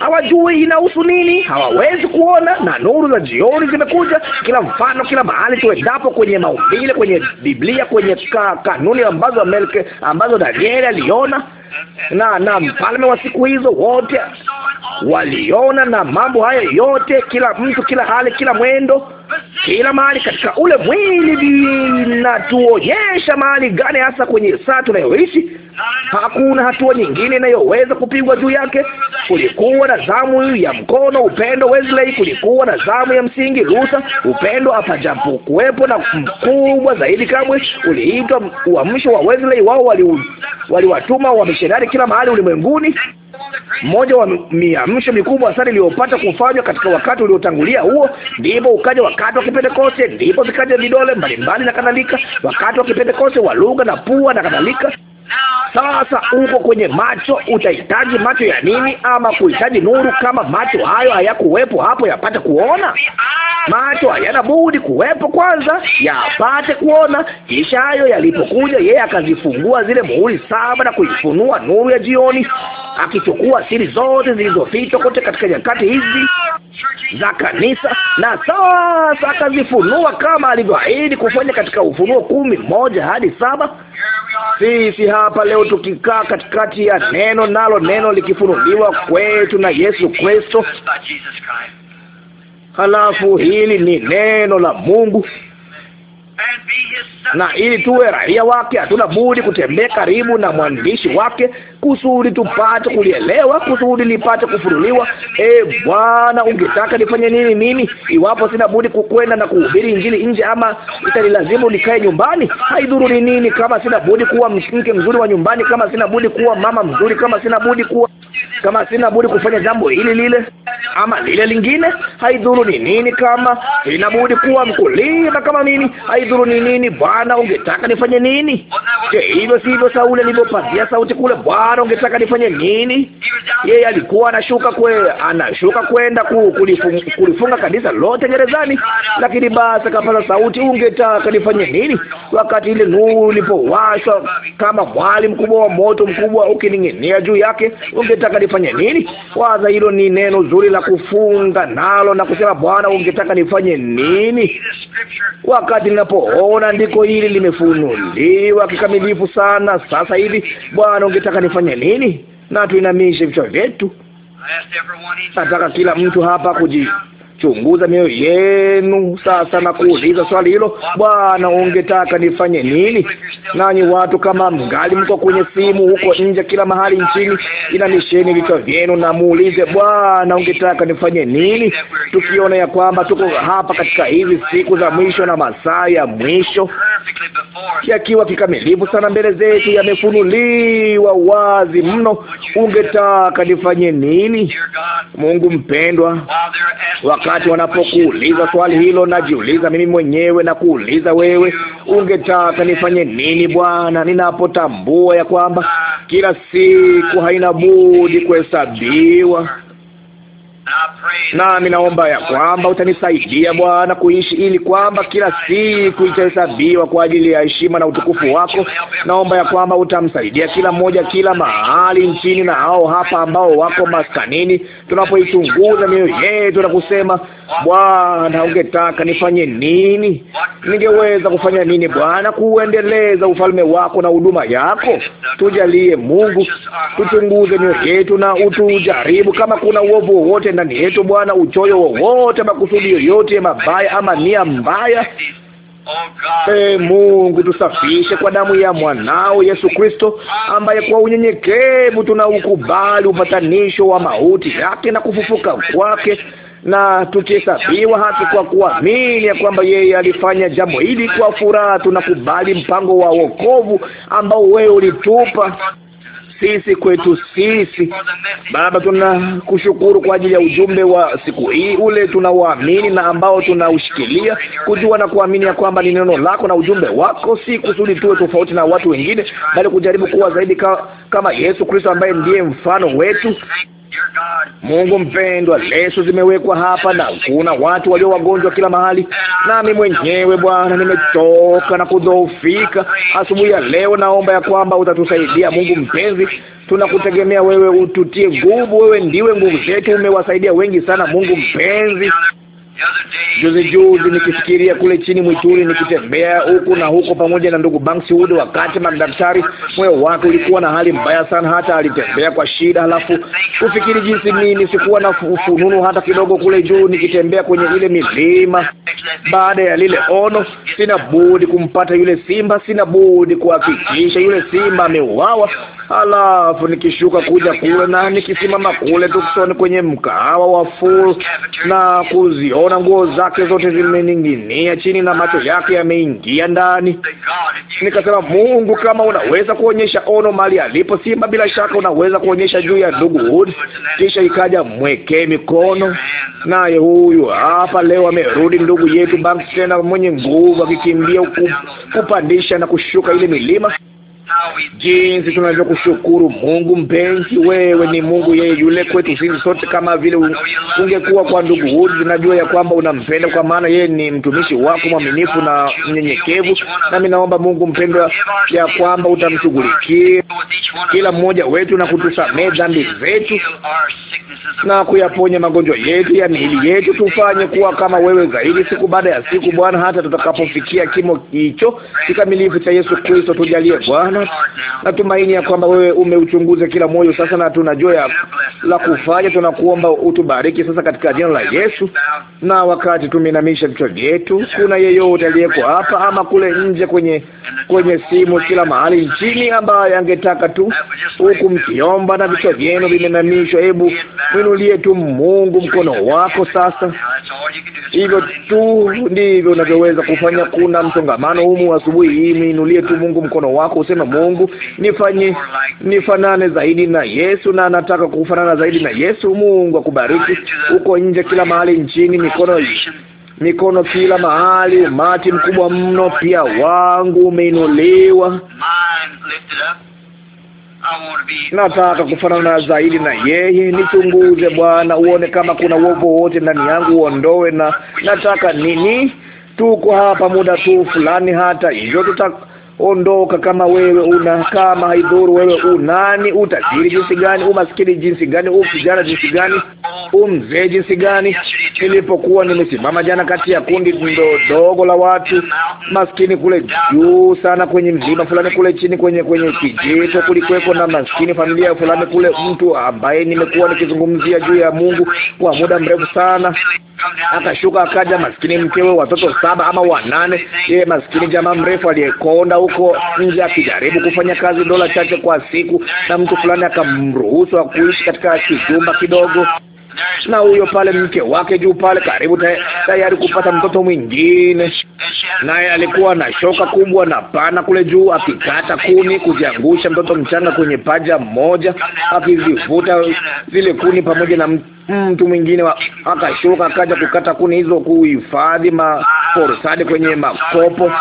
hawajui inahusu nini, hawawezi kuona, na nuru za jioni zimekuja. Kila mfano, kila mahali tuendapo, kwenye maumbile, kwenye Biblia, kwenye ka, kanuni ambazo Melke, ambazo Danieli aliona na na mfalme wa siku hizo wote waliona na mambo haya yote, kila mtu, kila hali, kila mwendo, kila mahali katika ule mwili, vinatuonyesha mahali gani hasa kwenye saa tunayoishi. Hakuna hatua nyingine inayoweza kupigwa juu yake. Kulikuwa na zamu ya mkono, upendo Wesley. Kulikuwa na zamu ya msingi lusa upendo apajapo kuwepo na mkubwa zaidi kamwe. Uliitwa uamsho wa Wesley. Wao waliwatuma wali wamisionari kila mahali ulimwenguni. Mmoja wa miamsho mikubwa sana iliyopata kufanywa katika wakati uliotangulia huo, ndipo ukaja wakati wa Kipentekoste, ndipo vikaja vidole mbalimbali na kadhalika, wakati wa Kipentekoste wa lugha na pua na kadhalika. Sasa uko kwenye macho, utahitaji macho ya nini? Ama kuhitaji nuru, kama macho hayo hayakuwepo hapo yapate kuona? Macho hayana budi kuwepo kwanza yapate kuona. Kisha hayo yalipokuja, yeye akazifungua zile muhuri saba na kuifunua nuru ya jioni akichukua siri zote zilizofichwa kote katika nyakati hizi za kanisa, na sasa akazifunua kama alivyoahidi kufanya katika Ufunuo kumi moja hadi saba. Sisi hapa leo tukikaa katikati ya neno, nalo neno likifunuliwa kwetu na Yesu Kristo. Halafu hili ni neno la Mungu na ili tuwe raia wake, hatuna budi kutembea karibu na mwandishi wake, kusudi tupate kulielewa, kusudi lipate kufunuliwa. E Bwana, ungetaka nifanye nini mimi iwapo sina budi kukwenda na kuhubiri injili nje, ama italazimu nikae nyumbani? Haidhuru ni nini, kama sina budi kuwa mke mzuri wa nyumbani, kama sina budi kuwa mama mzuri, kama sina budi kuwa kama sina budi kufanya jambo hili lile ama lile lingine, haidhuru ni nini. Kama sina budi kuwa mkulima kama mimi, haidhuru ni nini. Bwana, ungetaka nifanye nini? Je, hivyo sivyo Sauli alivyopatia sauti kule Bwana mara ungetaka nifanye nini? Yeye alikuwa anashuka kwe, anashuka kwenda ku, kulifunga, kulifunga kanisa lote gerezani, lakini basi akapaza sauti, ungetaka nifanye nini? Wakati ile nuru ilipowashwa kama mwali mkubwa wa moto mkubwa ukining'inia juu yake, ungetaka nifanye nini? Waza hilo, ni neno zuri la kufunga nalo na kusema, Bwana, ungetaka nifanye nini? Wakati ninapoona ndiko hili limefunuliwa kikamilifu sana sasa hivi, Bwana, ungetaka nifanye tutafanya nini? Na tuinamishe vichwa vyetu. Nataka kila mtu hapa kuji chunguza mioyo yenu sasa na kuuliza swali hilo, Bwana, ungetaka nifanye nini? Nanyi watu kama mgali mko kwenye simu huko nje, kila mahali nchini, inamisheni vichwa vyenu na muulize Bwana, ungetaka nifanye nini? Tukiona ya kwamba tuko hapa katika hizi siku za mwisho na masaa ya mwisho yakiwa kikamilifu sana mbele zetu, yamefunuliwa wazi mno, ungetaka nifanye nini? Mungu mpendwa, wakati Wakati wanapokuuliza swali hilo, najiuliza mimi mwenyewe na kuuliza wewe, ungetaka nifanye nini Bwana, ninapotambua ya kwamba kila siku haina budi kuhesabiwa na ninaomba ya kwamba utanisaidia Bwana kuishi ili kwamba kila siku itahesabiwa kwa ajili ya heshima na utukufu wako. Naomba ya kwamba utamsaidia kila mmoja, kila mahali nchini na hao hapa ambao wako maskanini, tunapoichunguza mioyo yetu na kusema Bwana, ungetaka nifanye nini? Ningeweza kufanya nini Bwana kuendeleza ufalme wako na huduma yako? Tujalie Mungu, tuchunguze mioyo yetu na utujaribu, kama kuna uovu wowote ndani yetu Bwana, uchoyo wowote, makusudi yoyote mabaya ama nia mbaya Hey, Mungu, tusafishe kwa damu ya mwanao Yesu Kristo, ambaye kwa unyenyekevu tunaukubali upatanisho wa mauti yake na kufufuka kwake, na tukihesabiwa haki kwa kuamini ya kwamba yeye alifanya jambo hili kwa furaha, tunakubali mpango wa wokovu ambao wewe ulitupa sisi kwetu sisi. Baba, tunakushukuru kwa ajili ya ujumbe wa siku hii, ule tunauamini na ambao tunaushikilia, kujua na kuamini ya kwamba ni neno lako na ujumbe wako, si kusudi tuwe tofauti na watu wengine, bali kujaribu kuwa zaidi ka, kama Yesu Kristo ambaye ndiye mfano wetu Mungu mpendwa, leso zimewekwa hapa na kuna watu walio wagonjwa kila mahali, nami mwenyewe Bwana nimechoka na kudhoofika. Asubuhi ya leo naomba ya kwamba utatusaidia Mungu mpenzi, tunakutegemea wewe, ututie nguvu. Wewe ndiwe nguvu zetu, umewasaidia wengi sana Mungu mpenzi. Juzi juzi nikifikiria kule chini mwituni, nikitembea huku na huko pamoja na ndugu Banks Wood, wakati madaktari, moyo wake ulikuwa na hali mbaya sana, hata alitembea kwa shida. Halafu kufikiri jinsi mimi sikuwa na ufununu hata kidogo, kule juu nikitembea kwenye ile milima, baada ya lile ono, sina budi kumpata yule simba, sina budi kuhakikisha yule simba ameuawa. Halafu nikishuka kuja kule na nikisimama kule Tuksoni kwenye mkahawa wa Full na kuziona nguo zake zote zimening'inia chini na macho yake yameingia ndani, nikasema, Mungu, kama unaweza kuonyesha ono mali alipo simba, bila shaka unaweza kuonyesha juu ya ndugu Kisha ikaja mwekee mikono, naye huyu hapa leo amerudi ndugu yetu Banks, tena mwenye nguvu, akikimbia kupandisha na kushuka ile milima Jinsi tunavyokushukuru Mungu mpenzi, wewe ni Mungu yeye yule kwetu sisi sote, kama vile ungekuwa kwa ndugu huyu. Tunajua ya kwamba unampenda, kwa maana yeye ni mtumishi wako mwaminifu na mnyenyekevu, nami naomba Mungu mpendwa, ya kwamba utamshughulikia kila mmoja wetu na kutusamehe dhambi zetu na kuyaponya magonjwa yetu ya miili yetu, tufanye kuwa kama wewe zaidi siku baada ya siku, Bwana, hata tutakapofikia kimo hicho kikamilifu cha Yesu Kristo. Tujalie Bwana Bwana, natumaini ya kwamba wewe umeuchunguza kila moyo sasa, na tunajua ya la kufanya. Tunakuomba utubariki sasa katika jina la Yesu. Na wakati tumeinamisha vichwa vyetu, kuna yeyote aliyeko hapa ama kule nje, kwenye kwenye simu, kila mahali nchini, ambaye angetaka tu huku mkiomba na vichwa vyenu vimeinamishwa, hebu mwinulie tu Mungu mkono wako sasa. Hivyo tu ndivyo unavyoweza kufanya. Kuna msongamano humu asubuhi hii, mwinulie tu Mungu mkono wako, useme Mungu, nifanye nifanane zaidi na Yesu, na nataka kufanana zaidi na Yesu. Mungu akubariki huko nje, kila mahali nchini, mikono mikono kila mahali, umati mkubwa mno, pia wangu umeinuliwa. Nataka kufanana zaidi na yeye. Nichunguze Bwana, uone kama kuna uovu wote ndani yangu, uondoe. Na nataka nini? Tuko hapa muda tu fulani, hata hivyo tutaka Ondoka kama wewe una kama haidhuru wewe unani, utajiri jinsi gani, umaskini jinsi gani, ukijana jinsi gani, umzee jinsi gani. Nilipokuwa nimesimama jana kati ya kundi ndogo la watu maskini kule juu sana kwenye mlima fulani kule chini kwenye kwenye kijito, kulikuweko na maskini familia fulani kule, mtu ambaye nimekuwa nikizungumzia juu ya Mungu kwa muda mrefu sana akashuka akaja, maskini mkewe, watoto saba ama wanane, yeye maskini jamaa mrefu aliyekonda huko nje akijaribu kufanya kazi dola chache kwa siku, na mtu fulani akamruhusu kuishi katika kijumba kidogo na huyo pale mke wake juu pale karibu tayari kupata mtoto mwingine, naye alikuwa na shoka kubwa na pana kule juu, akikata kuni kuziangusha mtoto mchanga kwenye paja moja, akizivuta zile kuni pamoja na mtu mwingine akashuka, akaja kukata kuni hizo kuhifadhi maforsadi kwenye makopo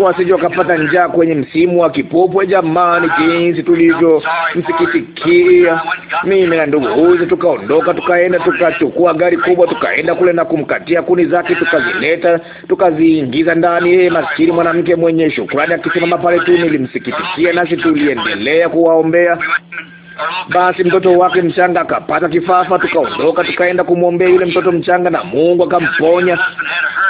wasije wakapata njaa kwenye msimu wa kipupwe. Jamani, jinsi tulivyomsikitikia! Mimi na ndugu huyu tukaondoka, tukaenda, tukachukua gari kubwa, tukaenda kule na kumkatia kuni zake, tukazileta, tukaziingiza ndani. Yeye maskini mwanamke mwenye shukrani akisimama pale tu, nilimsikitikia, nasi tuliendelea kuwaombea. Basi mtoto wake mchanga akapata kifafa, tukaondoka tukaenda kumwombea yule mtoto mchanga, na Mungu akamponya.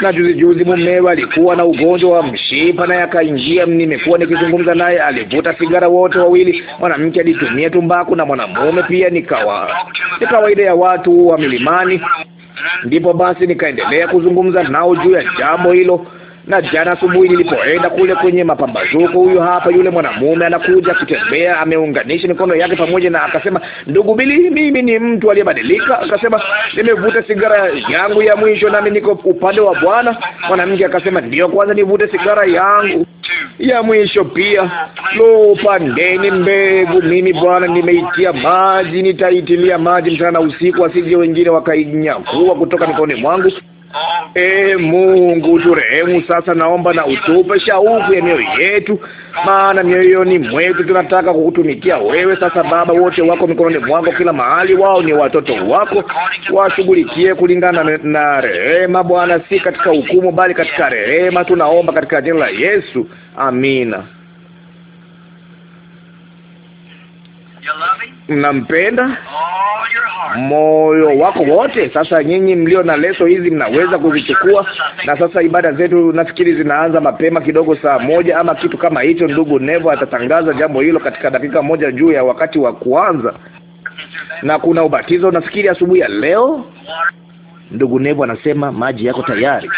Na juzi juzi mumewe alikuwa na ugonjwa wa mshipa, naye akaingia. Nimekuwa nikizungumza naye, alivuta sigara, wote wawili. Mwanamke alitumia tumbaku na mwanamume pia, nikawa ni kawaida ya watu wa milimani. Ndipo basi nikaendelea kuzungumza nao juu ya jambo hilo. Na jana asubuhi nilipoenda kule kwenye mapambazuko, huyu hapa yule mwanamume anakuja kutembea, ameunganisha mikono yake pamoja, na akasema, ndugu Bili, mimi ni mtu aliyebadilika. Akasema, nimevuta sigara yangu ya mwisho, nami niko upande wa Bwana. Mwanamke akasema, ndio kwanza nivute sigara yangu ya mwisho pia. Lo, pandeni mbegu, mimi Bwana nimeitia maji, nitaitilia maji mchana na usiku, asije wengine wakainyakua kutoka mikononi mwangu. E Mungu turehemu sasa, naomba na utupe shauku ya mioyo yetu, maana mioyoni mwetu tunataka kukutumikia wewe. Sasa Baba, wote wako mikononi mwako, kila mahali, wao ni watoto wako, washughulikie kulingana na, na rehema Bwana, si katika hukumu, bali katika rehema. Tunaomba katika jina la Yesu, amina. mnampenda moyo wako wote. Sasa nyinyi mlio na leso hizi mnaweza kuzichukua. Na sasa ibada zetu nafikiri zinaanza mapema kidogo, saa moja ama kitu kama hicho. Ndugu Nevo atatangaza jambo hilo katika dakika moja juu ya wakati wa kuanza, na kuna ubatizo nafikiri asubuhi ya leo Ndugu Nevo anasema maji yako tayari,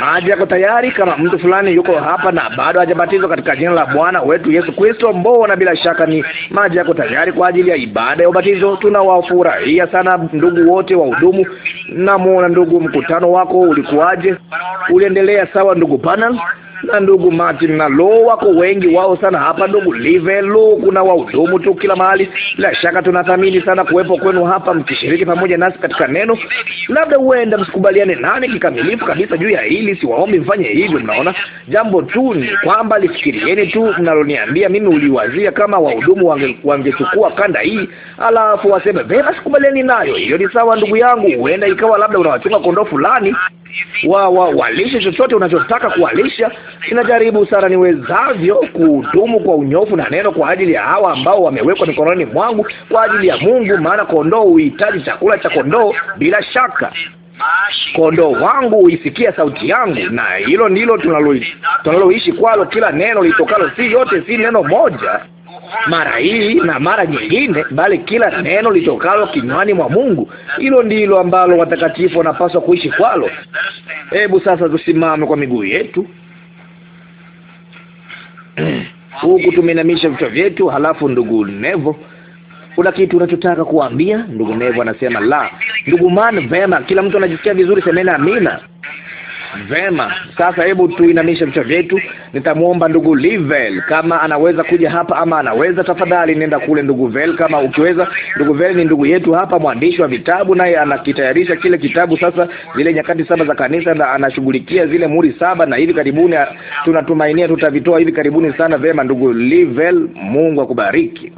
maji yako tayari. Kama mtu fulani yuko hapa na bado hajabatizwa katika jina la Bwana wetu Yesu Kristo, mbona bila shaka ni maji yako tayari kwa ajili ya ibada ya ubatizo. Tunawafurahia sana ndugu wote wa hudumu. Namuona ndugu, mkutano wako ulikuwaje? Uliendelea sawa, ndugu Panel? na ndugu Martin na lo wako wengi wao sana hapa, ndugu Livelo, lo, kuna wahudumu tu kila mahali. Bila shaka tunathamini sana kuwepo kwenu hapa mkishiriki pamoja nasi katika neno. Labda huenda msikubaliane nani kikamilifu kabisa juu ya hili, siwaombi mfanye hivyo. Mnaona, jambo tu ni kwamba lifikirieni tu mnaloniambia mimi. Uliwazia kama wahudumu wange, wangechukua kanda hii alafu waseme vema, sikubaliani nayo. Hiyo ni sawa, ndugu yangu. Huenda ikawa labda unawachunga kondoo fulani wa, wa walishe chochote unachotaka kuwalisha ninajaribu sana niwezavyo kuhudumu kwa unyofu na neno kwa ajili ya hawa ambao wamewekwa mikononi mwangu kwa ajili ya Mungu, maana kondoo huhitaji chakula cha kondoo bila shaka kondoo wangu huisikia sauti yangu, na hilo ndilo tunaloishi kwalo. Kila neno litokalo, si yote, si neno moja mara hii na mara nyingine, bali kila neno litokalo kinywani mwa Mungu, hilo ndilo ambalo watakatifu wanapaswa kuishi kwalo. Hebu sasa tusimame kwa miguu yetu huku tumeinamisha vichwa vyetu. Halafu ndugu Nevo, kuna kitu unachotaka kuambia? Ndugu Nevo anasema la. Ndugu Man, vema, kila mtu anajisikia vizuri, semena amina. Vema, sasa hebu tuinamishe vichwa vyetu. Nitamwomba ndugu Livel kama anaweza kuja hapa, ama anaweza tafadhali nenda kule, ndugu Vel kama ukiweza. Ndugu Vel ni ndugu yetu hapa, mwandishi wa vitabu, naye anakitayarisha kile kitabu sasa, zile nyakati saba za kanisa, na anashughulikia zile muri saba, na hivi karibuni tunatumainia tutavitoa hivi karibuni sana. Vema, ndugu Livel, Mungu akubariki.